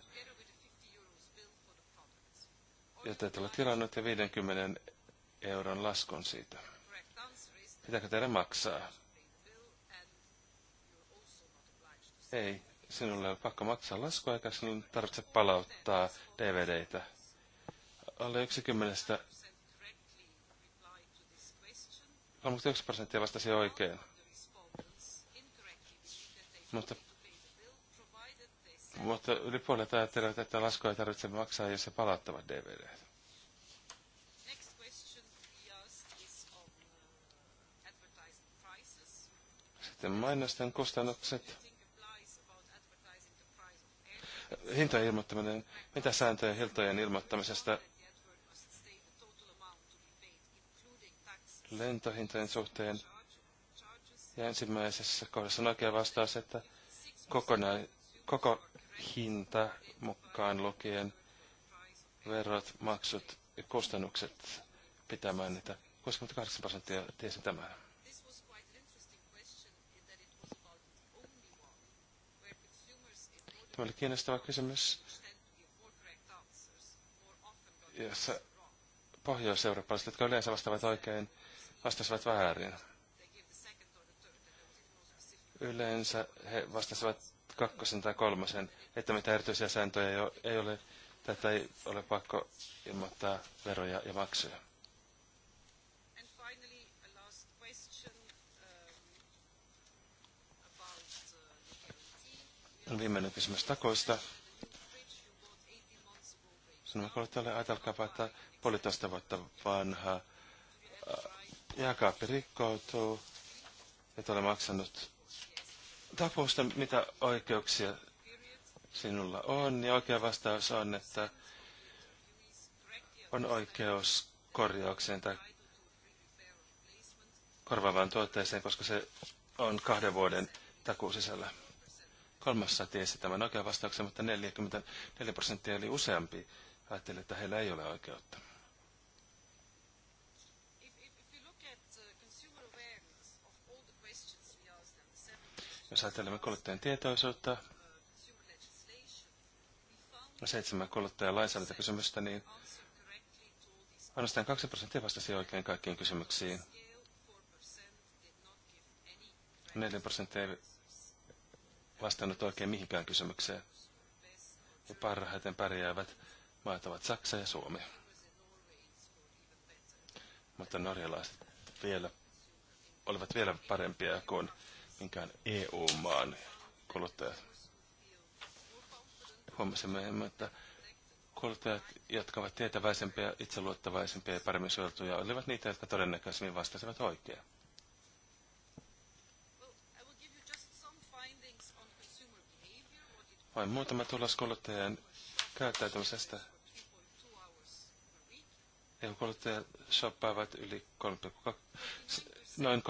jotta et ole tilannut ja 50 euron laskun siitä. Pitääkö teidän maksaa? Ei sinulle on pakko maksaa laskua, eikä sinun tarvitse palauttaa DVDitä. Alle 90 kymmenestä 31 prosenttia vastasi oikein. Mutta, mutta yli puolet ajattelevat, että laskua ei tarvitse maksaa, jos se palauttavat DVD. Sitten mainosten kustannukset hintojen ilmoittaminen, mitä sääntöjä hintojen ilmoittamisesta lentohintojen suhteen. Ja ensimmäisessä kohdassa on oikea vastaus, että kokonaan, koko hinta mukaan lukien verot, maksut ja kustannukset pitämään niitä. 68 prosenttia tiesi tämän. Tämä oli kiinnostava kysymys, jossa pohjois-eurooppalaiset, jotka yleensä vastaavat oikein, vastasivat väärin. Yleensä he vastasivat kakkosen tai kolmosen, että mitä erityisiä sääntöjä ei ole, tätä ei ole pakko ilmoittaa veroja ja maksuja. Viimeinen kysymys takoista. Sanoin kuluttajalle, ajatelkaapa, että puolitoista vuotta vanha äh, jääkaappi rikkoutuu, että ole maksanut takuusta, mitä oikeuksia sinulla on. Ja oikea vastaus on, että on oikeus korjaukseen tai korvaavaan tuotteeseen, koska se on kahden vuoden takuu sisällä kolmassa tiesi tämän oikean vastauksen, mutta 44 prosenttia eli useampi ajatteli, että heillä ei ole oikeutta. Jos ajattelemme kuluttajan tietoisuutta, seitsemän kuluttajan lainsäädäntökysymystä, niin ainoastaan 2 prosenttia vastasi oikein kaikkiin kysymyksiin. 4 prosenttia vastannut oikein mihinkään kysymykseen. Ja parhaiten pärjäävät maat ovat Saksa ja Suomi. Mutta norjalaiset vielä, olivat vielä parempia kuin minkään EU-maan kuluttajat. Huomasimme, että kuluttajat, jotka ovat tietäväisempiä, itseluottavaisempia ja paremmin suojeltuja, olivat niitä, jotka todennäköisemmin vastasivat oikein. Vain muutama tulos kuluttajan käyttäytymisestä. EU-kuluttajat shoppaavat yli 2, noin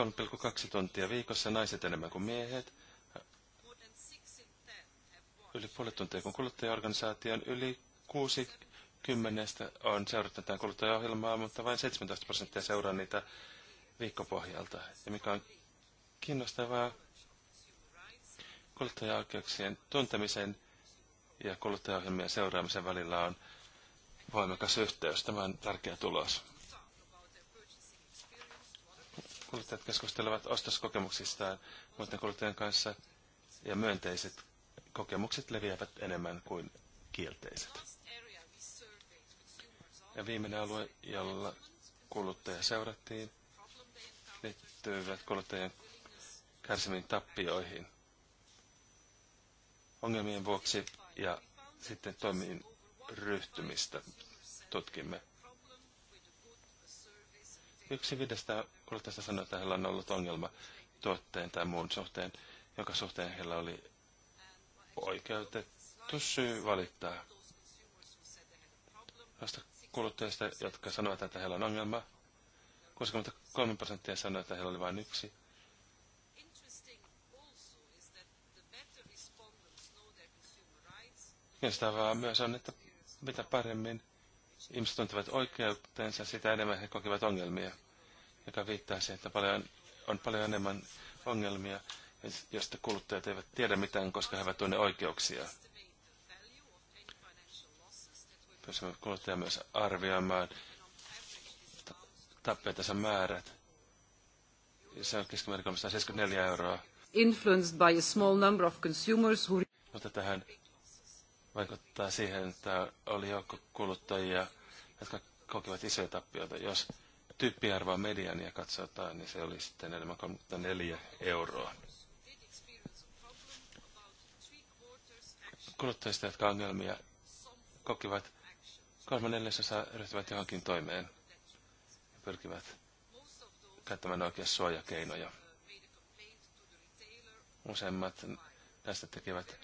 3,2 tuntia viikossa, naiset enemmän kuin miehet. Yli puoli tuntia kuin kuluttajaorganisaation, yli 60 on seurattu tätä kuluttajaohjelmaa, mutta vain 17 prosenttia seuraa niitä viikkopohjalta. Ja mikä on kiinnostavaa, kuluttajaoikeuksien tuntemisen ja kuluttajaohjelmien seuraamisen välillä on voimakas yhteys. Tämä on tärkeä tulos. Kuluttajat keskustelevat ostoskokemuksistaan muiden kuluttajien kanssa ja myönteiset kokemukset leviävät enemmän kuin kielteiset. Ja viimeinen alue, jolla kuluttaja seurattiin, liittyivät kuluttajien kärsimiin tappioihin ongelmien vuoksi ja sitten toimiin ryhtymistä tutkimme. Yksi viidestä kuluttajasta sanoi, että heillä on ollut ongelma tuotteen tai muun suhteen, jonka suhteen heillä oli oikeutettu syy valittaa. Noista kuluttajista, jotka sanoivat, että heillä on ongelma, 63 prosenttia sanoi, että heillä oli vain yksi vaan myös on, että mitä paremmin ihmiset tuntevat oikeutensa, sitä enemmän he kokevat ongelmia, joka viittaa siihen, että paljon, on paljon enemmän ongelmia, josta kuluttajat eivät tiedä mitään, koska he eivät tunne oikeuksia. Pysymme kuluttaja myös arvioimaan tappeitansa määrät. Se on keskimäärin 374 euroa. Influenced by a small number of consumers who... Mutta tähän vaikuttaa siihen, että oli joukko kuluttajia, jotka kokivat isoja tappioita. Jos tyyppiarvoa mediania katsotaan, niin se oli sitten enemmän 34 euroa. Kuluttajista, jotka ongelmia kokivat, kolme neljäsosaa ryhtyvät johonkin toimeen ja pyrkivät käyttämään oikea suojakeinoja. Useimmat näistä tekevät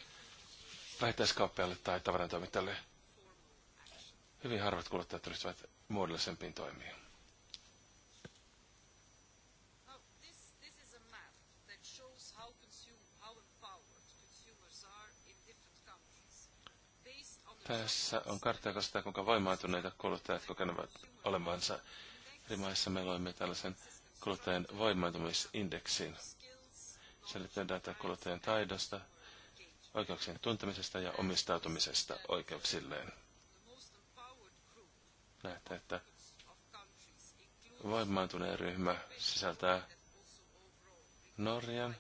vähittäiskauppiaille tai tavarantoimittajalle. Hyvin harvat kuluttajat olisivat muodollisempiin toimiin. Tässä on kartta, joka sitä, kuinka voimaantuneita kuluttajat kokenevat olevansa. Eri maissa me loimme tällaisen kuluttajan voimaantumisindeksin. Sen liittyy data kuluttajan taidosta, oikeuksien tuntemisesta ja omistautumisesta oikeuksilleen. Näette, että voimaantuneen ryhmä sisältää Norjan,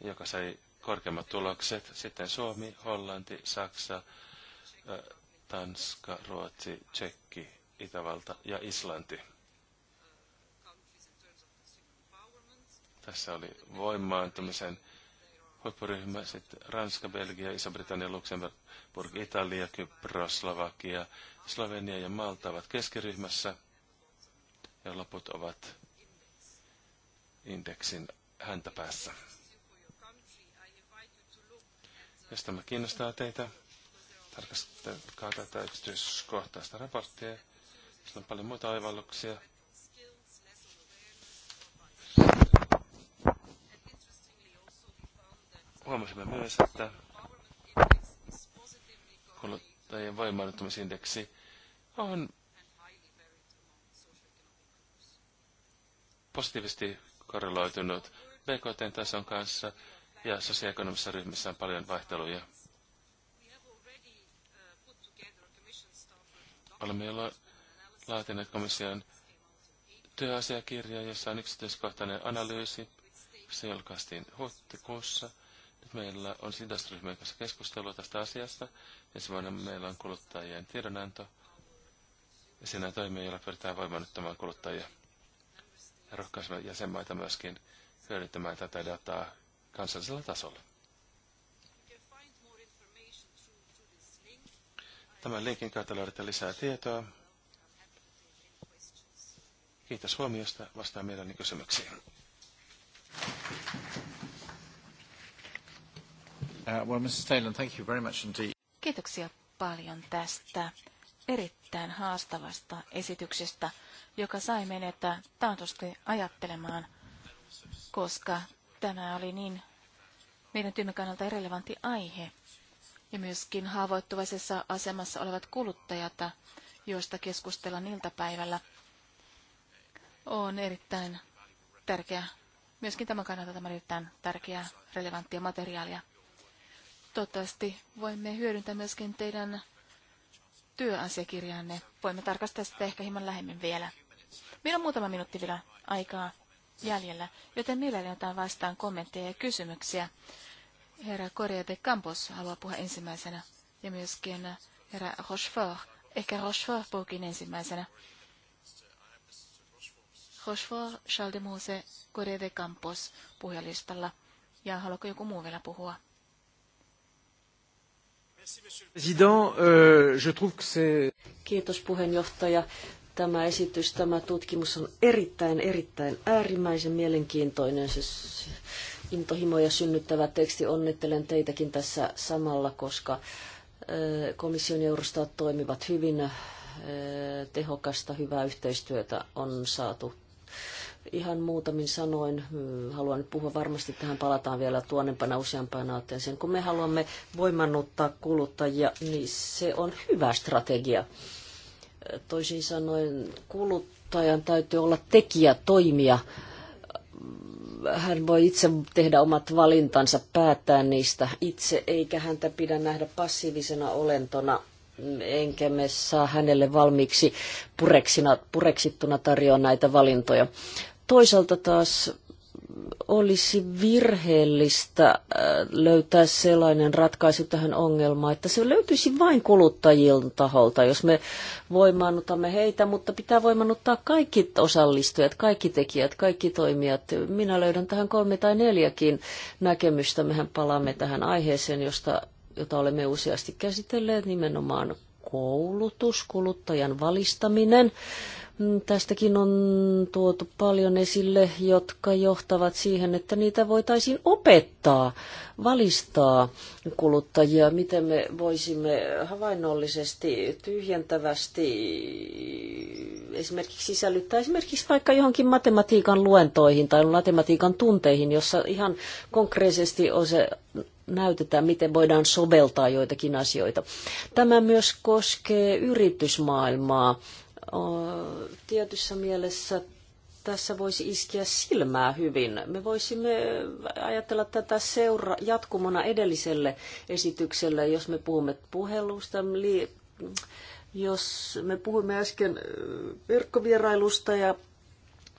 joka sai korkeimmat tulokset, sitten Suomi, Hollanti, Saksa, Tanska, Ruotsi, Tsekki, Itävalta ja Islanti. Tässä oli voimaantumisen huippuryhmä, sitten Ranska, Belgia, Iso-Britannia, Luxemburg, Italia, Kypros, Slovakia, Slovenia ja Malta ovat keskiryhmässä ja loput ovat indeksin häntä päässä. Jos tämä kiinnostaa teitä, tarkastelkaa tätä yksityiskohtaista raporttia. Sillä on paljon muita oivalluksia. Huomasimme myös, että kuluttajien voimaannuttamisindeksi on positiivisesti korreloitunut BKT-tason kanssa ja sosioekonomisessa ryhmissä on paljon vaihteluja. Olemme jo laatineet komission työasiakirja, jossa on yksityiskohtainen analyysi. Se julkaistiin huhtikuussa. Nyt meillä on sidosryhmien kanssa keskustelua tästä asiasta. Ensimmäinen meillä on kuluttajien tiedonanto. Ja siinä toimii, joilla pyritään voimannuttamaan kuluttajia ja rohkaisemaan jäsenmaita myöskin hyödyntämään tätä dataa kansallisella tasolla. Tämän linkin kautta löydätte lisää tietoa. Kiitos huomiosta. Vastaan mielelläni kysymyksiin. Uh, Kiitoksia paljon tästä erittäin haastavasta esityksestä, joka sai menetä taatusti ajattelemaan, koska tämä oli niin meidän työmme kannalta relevantti aihe. Ja myöskin haavoittuvaisessa asemassa olevat kuluttajat, joista keskustellaan iltapäivällä, on erittäin tärkeä. Myöskin tämän kannalta tämä on erittäin tärkeää relevanttia materiaalia. Toivottavasti voimme hyödyntää myöskin teidän työasiakirjanne. Voimme tarkastaa sitä ehkä hieman lähemmin vielä. Meillä on muutama minuutti vielä aikaa jäljellä, joten mielelläni otan vastaan kommentteja ja kysymyksiä. Herra Correa de Campos haluaa puhua ensimmäisenä ja myöskin herra Rochefort. Ehkä Rochefort puhukin ensimmäisenä. Rochefort, Charles de Mose, Correa de Campos puhujalistalla. Ja haluaako joku muu vielä puhua? Euh, Kiitos puheenjohtaja. Tämä esitys, tämä tutkimus on erittäin, erittäin äärimmäisen mielenkiintoinen. Se intohimoja synnyttävä teksti. Onnittelen teitäkin tässä samalla, koska äh, komission eurostat toimivat hyvin. Äh, tehokasta, hyvää yhteistyötä on saatu Ihan muutamin sanoin, mm, haluan nyt puhua varmasti, tähän palataan vielä tuonempana useampaan otteeseen. Kun me haluamme voimannuttaa kuluttajia, niin se on hyvä strategia. Toisin sanoen kuluttajan täytyy olla tekijä, toimija. Mm, hän voi itse tehdä omat valintansa, päättää niistä itse, eikä häntä pidä nähdä passiivisena olentona, mm, enkä me saa hänelle valmiiksi pureksina, pureksittuna tarjoa näitä valintoja. Toisaalta taas olisi virheellistä äh, löytää sellainen ratkaisu tähän ongelmaan, että se löytyisi vain kuluttajien taholta, jos me voimaannutamme heitä, mutta pitää voimaannuttaa kaikki osallistujat, kaikki tekijät, kaikki toimijat. Minä löydän tähän kolme tai neljäkin näkemystä. Mehän palaamme tähän aiheeseen, josta, jota olemme useasti käsitelleet, nimenomaan koulutus, kuluttajan valistaminen. Mm, tästäkin on tuotu paljon esille, jotka johtavat siihen, että niitä voitaisiin opettaa, valistaa kuluttajia, miten me voisimme havainnollisesti, tyhjentävästi esimerkiksi sisällyttää esimerkiksi vaikka johonkin matematiikan luentoihin tai matematiikan tunteihin, jossa ihan konkreettisesti on se näytetään, miten voidaan soveltaa joitakin asioita. Tämä myös koskee yritysmaailmaa tietyssä mielessä tässä voisi iskeä silmää hyvin. Me voisimme ajatella tätä seura jatkumona edelliselle esitykselle, jos me puhumme puhelusta, jos me puhumme äsken verkkovierailusta ja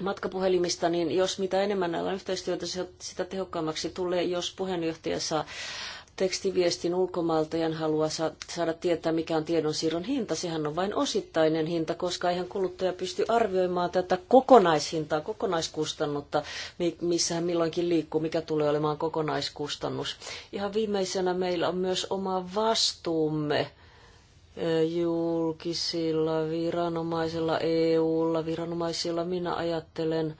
matkapuhelimista, niin jos mitä enemmän näillä on yhteistyötä, sitä tehokkaammaksi tulee, jos puheenjohtaja saa tekstiviestin ulkomailta ja haluaa saada tietää, mikä on tiedonsiirron hinta. Sehän on vain osittainen hinta, koska eihän kuluttaja pysty arvioimaan tätä kokonaishintaa, kokonaiskustannutta, missä hän milloinkin liikkuu, mikä tulee olemaan kokonaiskustannus. Ihan viimeisenä meillä on myös oma vastuumme julkisilla viranomaisilla, EUlla, viranomaisilla. Minä ajattelen...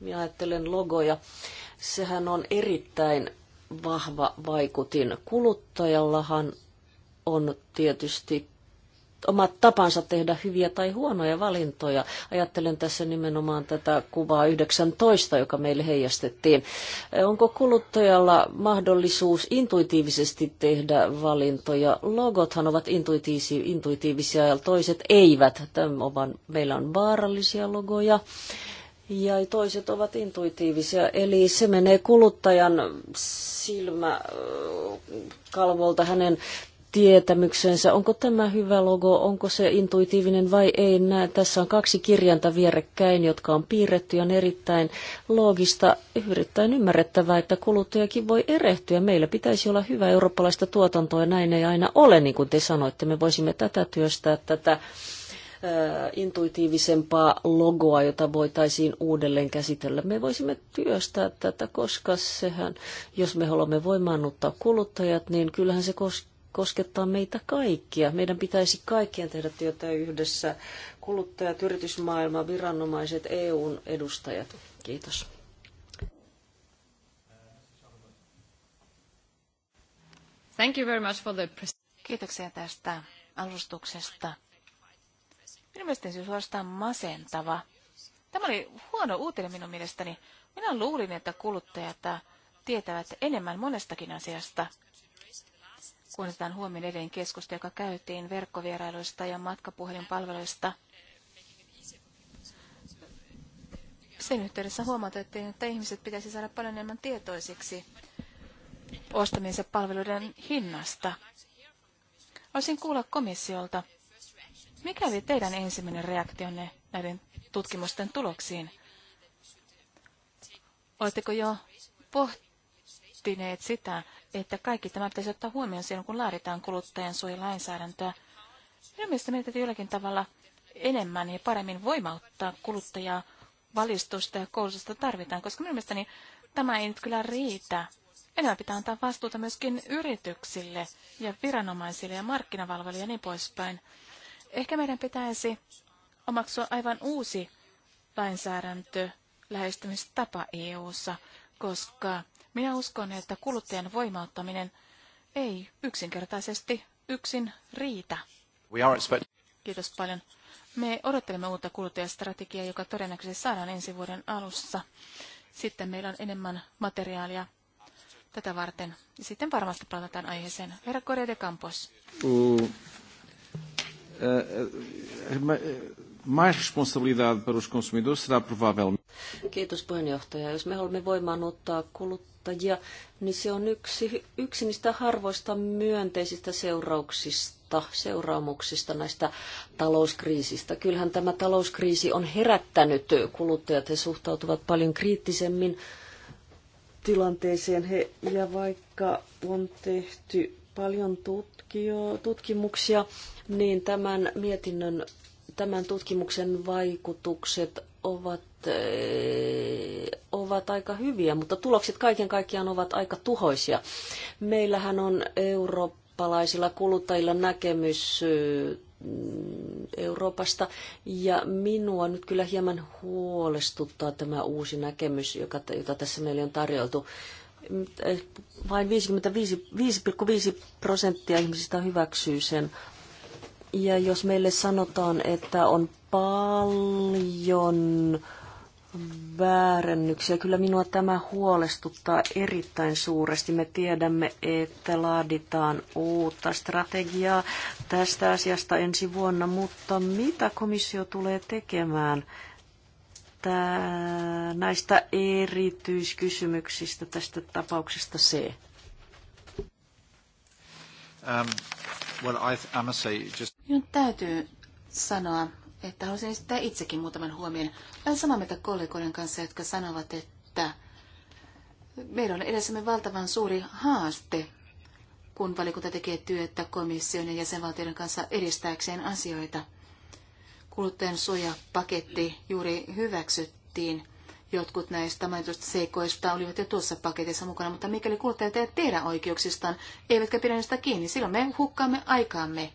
Minä ajattelen logoja. Sehän on erittäin vahva vaikutin. Kuluttajallahan on tietysti omat tapansa tehdä hyviä tai huonoja valintoja. Ajattelen tässä nimenomaan tätä kuvaa 19, joka meille heijastettiin. Onko kuluttajalla mahdollisuus intuitiivisesti tehdä valintoja? Logothan ovat intuitiivisia ja toiset eivät. Tämän meillä on vaarallisia logoja ja toiset ovat intuitiivisia. Eli se menee kuluttajan silmäkalvolta hänen tietämyksensä. Onko tämä hyvä logo, onko se intuitiivinen vai ei? tässä on kaksi kirjainta vierekkäin, jotka on piirretty ja on erittäin loogista, erittäin ymmärrettävää, että kuluttajakin voi erehtyä. Meillä pitäisi olla hyvä eurooppalaista tuotantoa ja näin ei aina ole, niin kuin te sanoitte. Me voisimme tätä työstää, tätä intuitiivisempaa logoa, jota voitaisiin uudelleen käsitellä. Me voisimme työstää tätä, koska sehän, jos me haluamme voimaannuttaa kuluttajat, niin kyllähän se koskee koskettaa meitä kaikkia. Meidän pitäisi kaikkien tehdä työtä yhdessä. Kuluttajat, yritysmaailma, viranomaiset, EUn edustajat. Kiitos. Thank you very much for the Kiitoksia tästä alustuksesta. Minun mielestäni se suorastaan masentava. Tämä oli huono uutinen minun mielestäni. Minä luulin, että kuluttajat tietävät enemmän monestakin asiasta. Kun otetaan huomioon edellinen keskustelu, joka käytiin verkkovierailuista ja matkapuhelinpalveluista, sen yhteydessä huomautettiin, että ihmiset pitäisi saada paljon enemmän tietoisiksi ostamiensa palveluiden hinnasta. Olisin kuulla komissiolta, mikä oli teidän ensimmäinen reaktionne näiden tutkimusten tuloksiin? Oletteko jo pohtineet sitä, että kaikki tämä pitäisi ottaa huomioon silloin, kun laaditaan kuluttajan suojalainsäädäntöä? Minun mielestäni meidän täytyy jollakin tavalla enemmän ja paremmin voimauttaa kuluttajaa valistusta ja koulutusta tarvitaan, koska minun mielestäni tämä ei nyt kyllä riitä. Enemmän pitää antaa vastuuta myöskin yrityksille ja viranomaisille ja markkinavalvojille ja niin poispäin. Ehkä meidän pitäisi omaksua aivan uusi lainsäädäntö lähestymistapa EU:ssa, koska minä uskon, että kuluttajan voimauttaminen ei yksinkertaisesti yksin riitä. Kiitos paljon. Me odottelemme uutta kuluttajastrategiaa, joka todennäköisesti saadaan ensi vuoden alussa. Sitten meillä on enemmän materiaalia tätä varten. Sitten varmasti palataan aiheeseen. Herra Correa de Campos. Eh, eh, eh, mais responsabilidade para os consumidores será provavelmente. Kiitos puheenjohtaja. Jos me haluamme voimaanottaa kuluttajia, niin se on yksi, yksi niistä harvoista myönteisistä seurauksista, seuraamuksista näistä talouskriisistä. Kyllähän tämä talouskriisi on herättänyt kuluttajat. He suhtautuvat paljon kriittisemmin tilanteeseen. He, ja vaikka on tehty paljon tutkio, tutkimuksia, niin tämän mietinnön, tämän tutkimuksen vaikutukset ovat, eh, ovat aika hyviä, mutta tulokset kaiken kaikkiaan ovat aika tuhoisia. Meillähän on eurooppalaisilla kuluttajilla näkemys eh, Euroopasta. Ja minua nyt kyllä hieman huolestuttaa tämä uusi näkemys, jota tässä meille on tarjoltu vain 55,5 prosenttia ihmisistä hyväksyy sen. Ja jos meille sanotaan, että on paljon väärennyksiä, kyllä minua tämä huolestuttaa erittäin suuresti. Me tiedämme, että laaditaan uutta strategiaa tästä asiasta ensi vuonna, mutta mitä komissio tulee tekemään? näistä erityiskysymyksistä tästä tapauksesta C? Um, well, I, I must say just... Minun täytyy sanoa, että haluaisin esittää itsekin muutaman huomion. Olen samaa mieltä kollegoiden kanssa, jotka sanovat, että meillä on edessämme valtavan suuri haaste, kun valikunta tekee työtä komission ja jäsenvaltioiden kanssa edistääkseen asioita – kuluttajan suojapaketti juuri hyväksyttiin. Jotkut näistä mainituista seikoista olivat jo tuossa paketissa mukana, mutta mikäli kuluttajat eivät tehdä oikeuksistaan, eivätkä pidä niistä kiinni, silloin me hukkaamme aikaamme.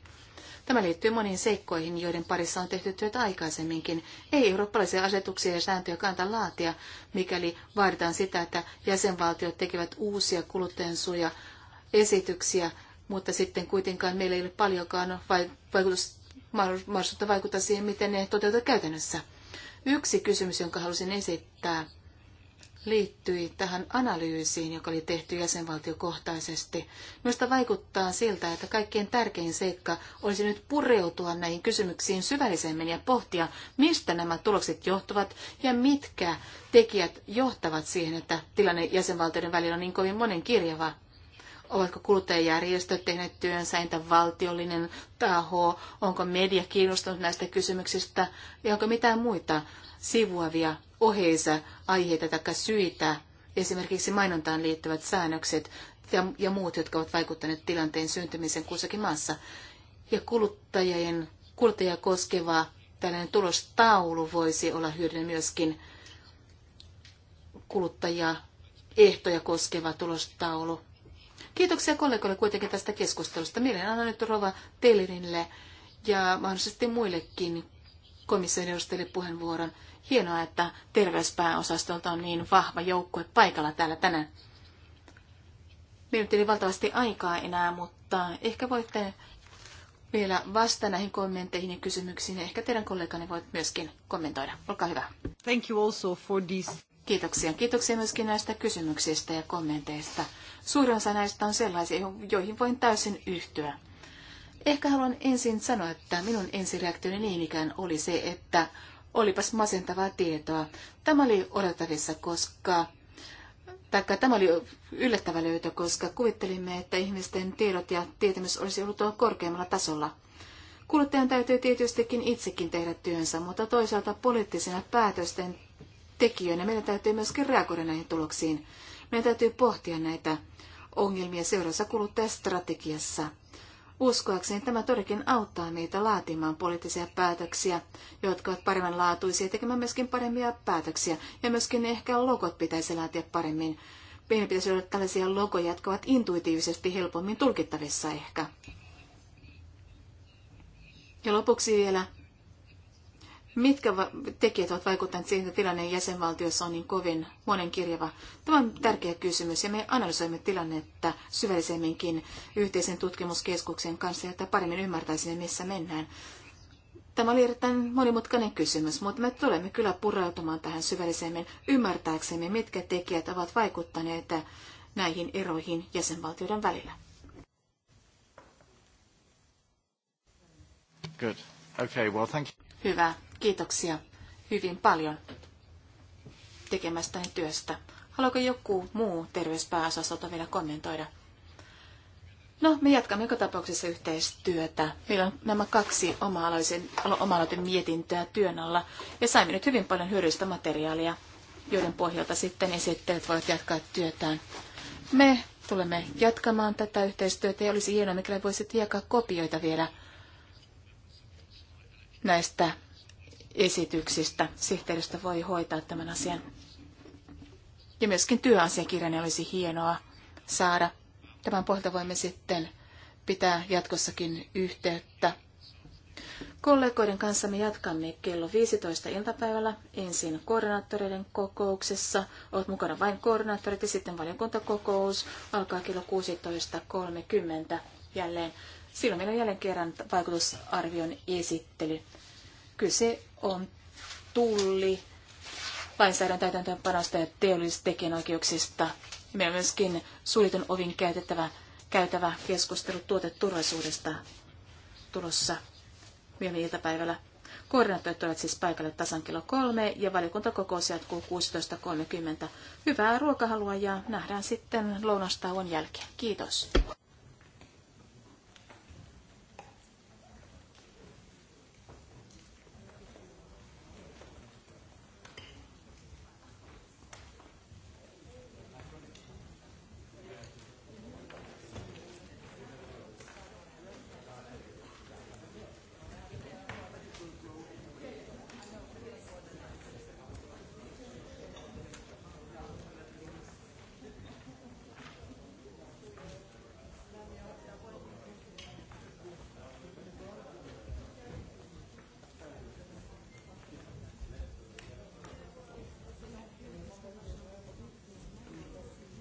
Tämä liittyy moniin seikkoihin, joiden parissa on tehty työtä aikaisemminkin. Ei eurooppalaisia asetuksia ja sääntöjä kanta laatia, mikäli vaaditaan sitä, että jäsenvaltiot tekevät uusia kuluttajansuoja esityksiä, mutta sitten kuitenkaan meillä ei ole paljonkaan vaikutus mahdollisuutta vaikuttaa siihen, miten ne toteutetaan käytännössä. Yksi kysymys, jonka halusin esittää, liittyi tähän analyysiin, joka oli tehty jäsenvaltiokohtaisesti. Minusta vaikuttaa siltä, että kaikkein tärkein seikka olisi nyt pureutua näihin kysymyksiin syvällisemmin ja pohtia, mistä nämä tulokset johtuvat ja mitkä tekijät johtavat siihen, että tilanne jäsenvaltioiden välillä on niin kovin monen Ovatko kuluttajajärjestöt tehneet työnsä, entä valtiollinen taho? Onko media kiinnostunut näistä kysymyksistä? Ja onko mitään muita sivuavia oheisa aiheita tai syitä, esimerkiksi mainontaan liittyvät säännökset ja, ja muut, jotka ovat vaikuttaneet tilanteen syntymiseen kussakin maassa. Ja kuluttajien, kuluttajia koskeva tällainen tulostaulu voisi olla hyödyllinen myöskin kuluttajia ehtoja koskeva tulostaulu. Kiitoksia kollegoille kuitenkin tästä keskustelusta. Mielen annan nyt Rova Teilinille ja mahdollisesti muillekin komission edustajille puheenvuoron. Hienoa, että terveyspääosastolta on niin vahva joukkue paikalla täällä tänään. Meillä ei valtavasti aikaa enää, mutta ehkä voitte vielä vastata näihin kommentteihin ja kysymyksiin. Ehkä teidän kolleganne voit myöskin kommentoida. Olkaa hyvä. Thank you also for this. Kiitoksia. Kiitoksia myöskin näistä kysymyksistä ja kommenteista. Suurin osa näistä on sellaisia, joihin voin täysin yhtyä. Ehkä haluan ensin sanoa, että minun ensireaktioni niin ikään oli se, että olipas masentavaa tietoa. Tämä oli odotettavissa, koska taikka tämä oli yllättävä löytö, koska kuvittelimme, että ihmisten tiedot ja tietämys olisi ollut tuolla korkeammalla tasolla. Kuluttajan täytyy tietystikin itsekin tehdä työnsä, mutta toisaalta poliittisena päätösten tekijöinä. Meidän täytyy myöskin reagoida näihin tuloksiin. Meidän täytyy pohtia näitä ongelmia seuraavassa kuluttajastrategiassa. Uskoakseni tämä todellakin auttaa meitä laatimaan poliittisia päätöksiä, jotka ovat paremman laatuisia, tekemään myöskin paremmia päätöksiä. Ja myöskin ehkä logot pitäisi laatia paremmin. Meidän pitäisi olla tällaisia logoja, jotka ovat intuitiivisesti helpommin tulkittavissa ehkä. Ja lopuksi vielä mitkä tekijät ovat vaikuttaneet siihen, että tilanne jäsenvaltiossa on niin kovin monenkirjava? Tämä on tärkeä kysymys ja me analysoimme tilannetta syvällisemminkin yhteisen tutkimuskeskuksen kanssa, jotta paremmin ymmärtäisimme, missä mennään. Tämä oli erittäin monimutkainen kysymys, mutta me tulemme kyllä pureutumaan tähän syvällisemmin ymmärtääksemme, mitkä tekijät ovat vaikuttaneet näihin eroihin jäsenvaltioiden välillä. Good. Okay, well, thank you. Hyvä. Kiitoksia hyvin paljon tekemästäni työstä. Haluaako joku muu terveyspääosastolta vielä kommentoida? No, me jatkamme joka tapauksessa yhteistyötä. Meillä on nämä kaksi oma-aloiten mietintöä työn alla, ja saimme nyt hyvin paljon hyödyllistä materiaalia, joiden pohjalta sitten esittelijät voivat jatkaa työtään. Me tulemme jatkamaan tätä yhteistyötä, ja olisi hienoa, mikäli voisit jakaa kopioita vielä näistä esityksistä. Sihteeristö voi hoitaa tämän asian. Ja myöskin työasiakirjan olisi hienoa saada. Tämän pohjalta voimme sitten pitää jatkossakin yhteyttä. Kollegoiden kanssa me jatkamme kello 15 iltapäivällä ensin koordinaattoreiden kokouksessa. Olet mukana vain koordinaattorit ja sitten valiokuntakokous alkaa kello 16.30 jälleen. Silloin meillä on jälleen kerran vaikutusarvion esittely. Kyse on tulli, lainsäädännön täytäntöönpanosta ja teollisista tekijänoikeuksista. Meillä on myöskin suljetun ovin käytettävä, käytävä keskustelu tuoteturvallisuudesta tulossa myöhemmin iltapäivällä. Koordinaattorit tulevat siis paikalle tasan kello kolme ja valiokuntakokous jatkuu 16.30. Hyvää ruokahalua ja nähdään sitten lounastauon jälkeen. Kiitos.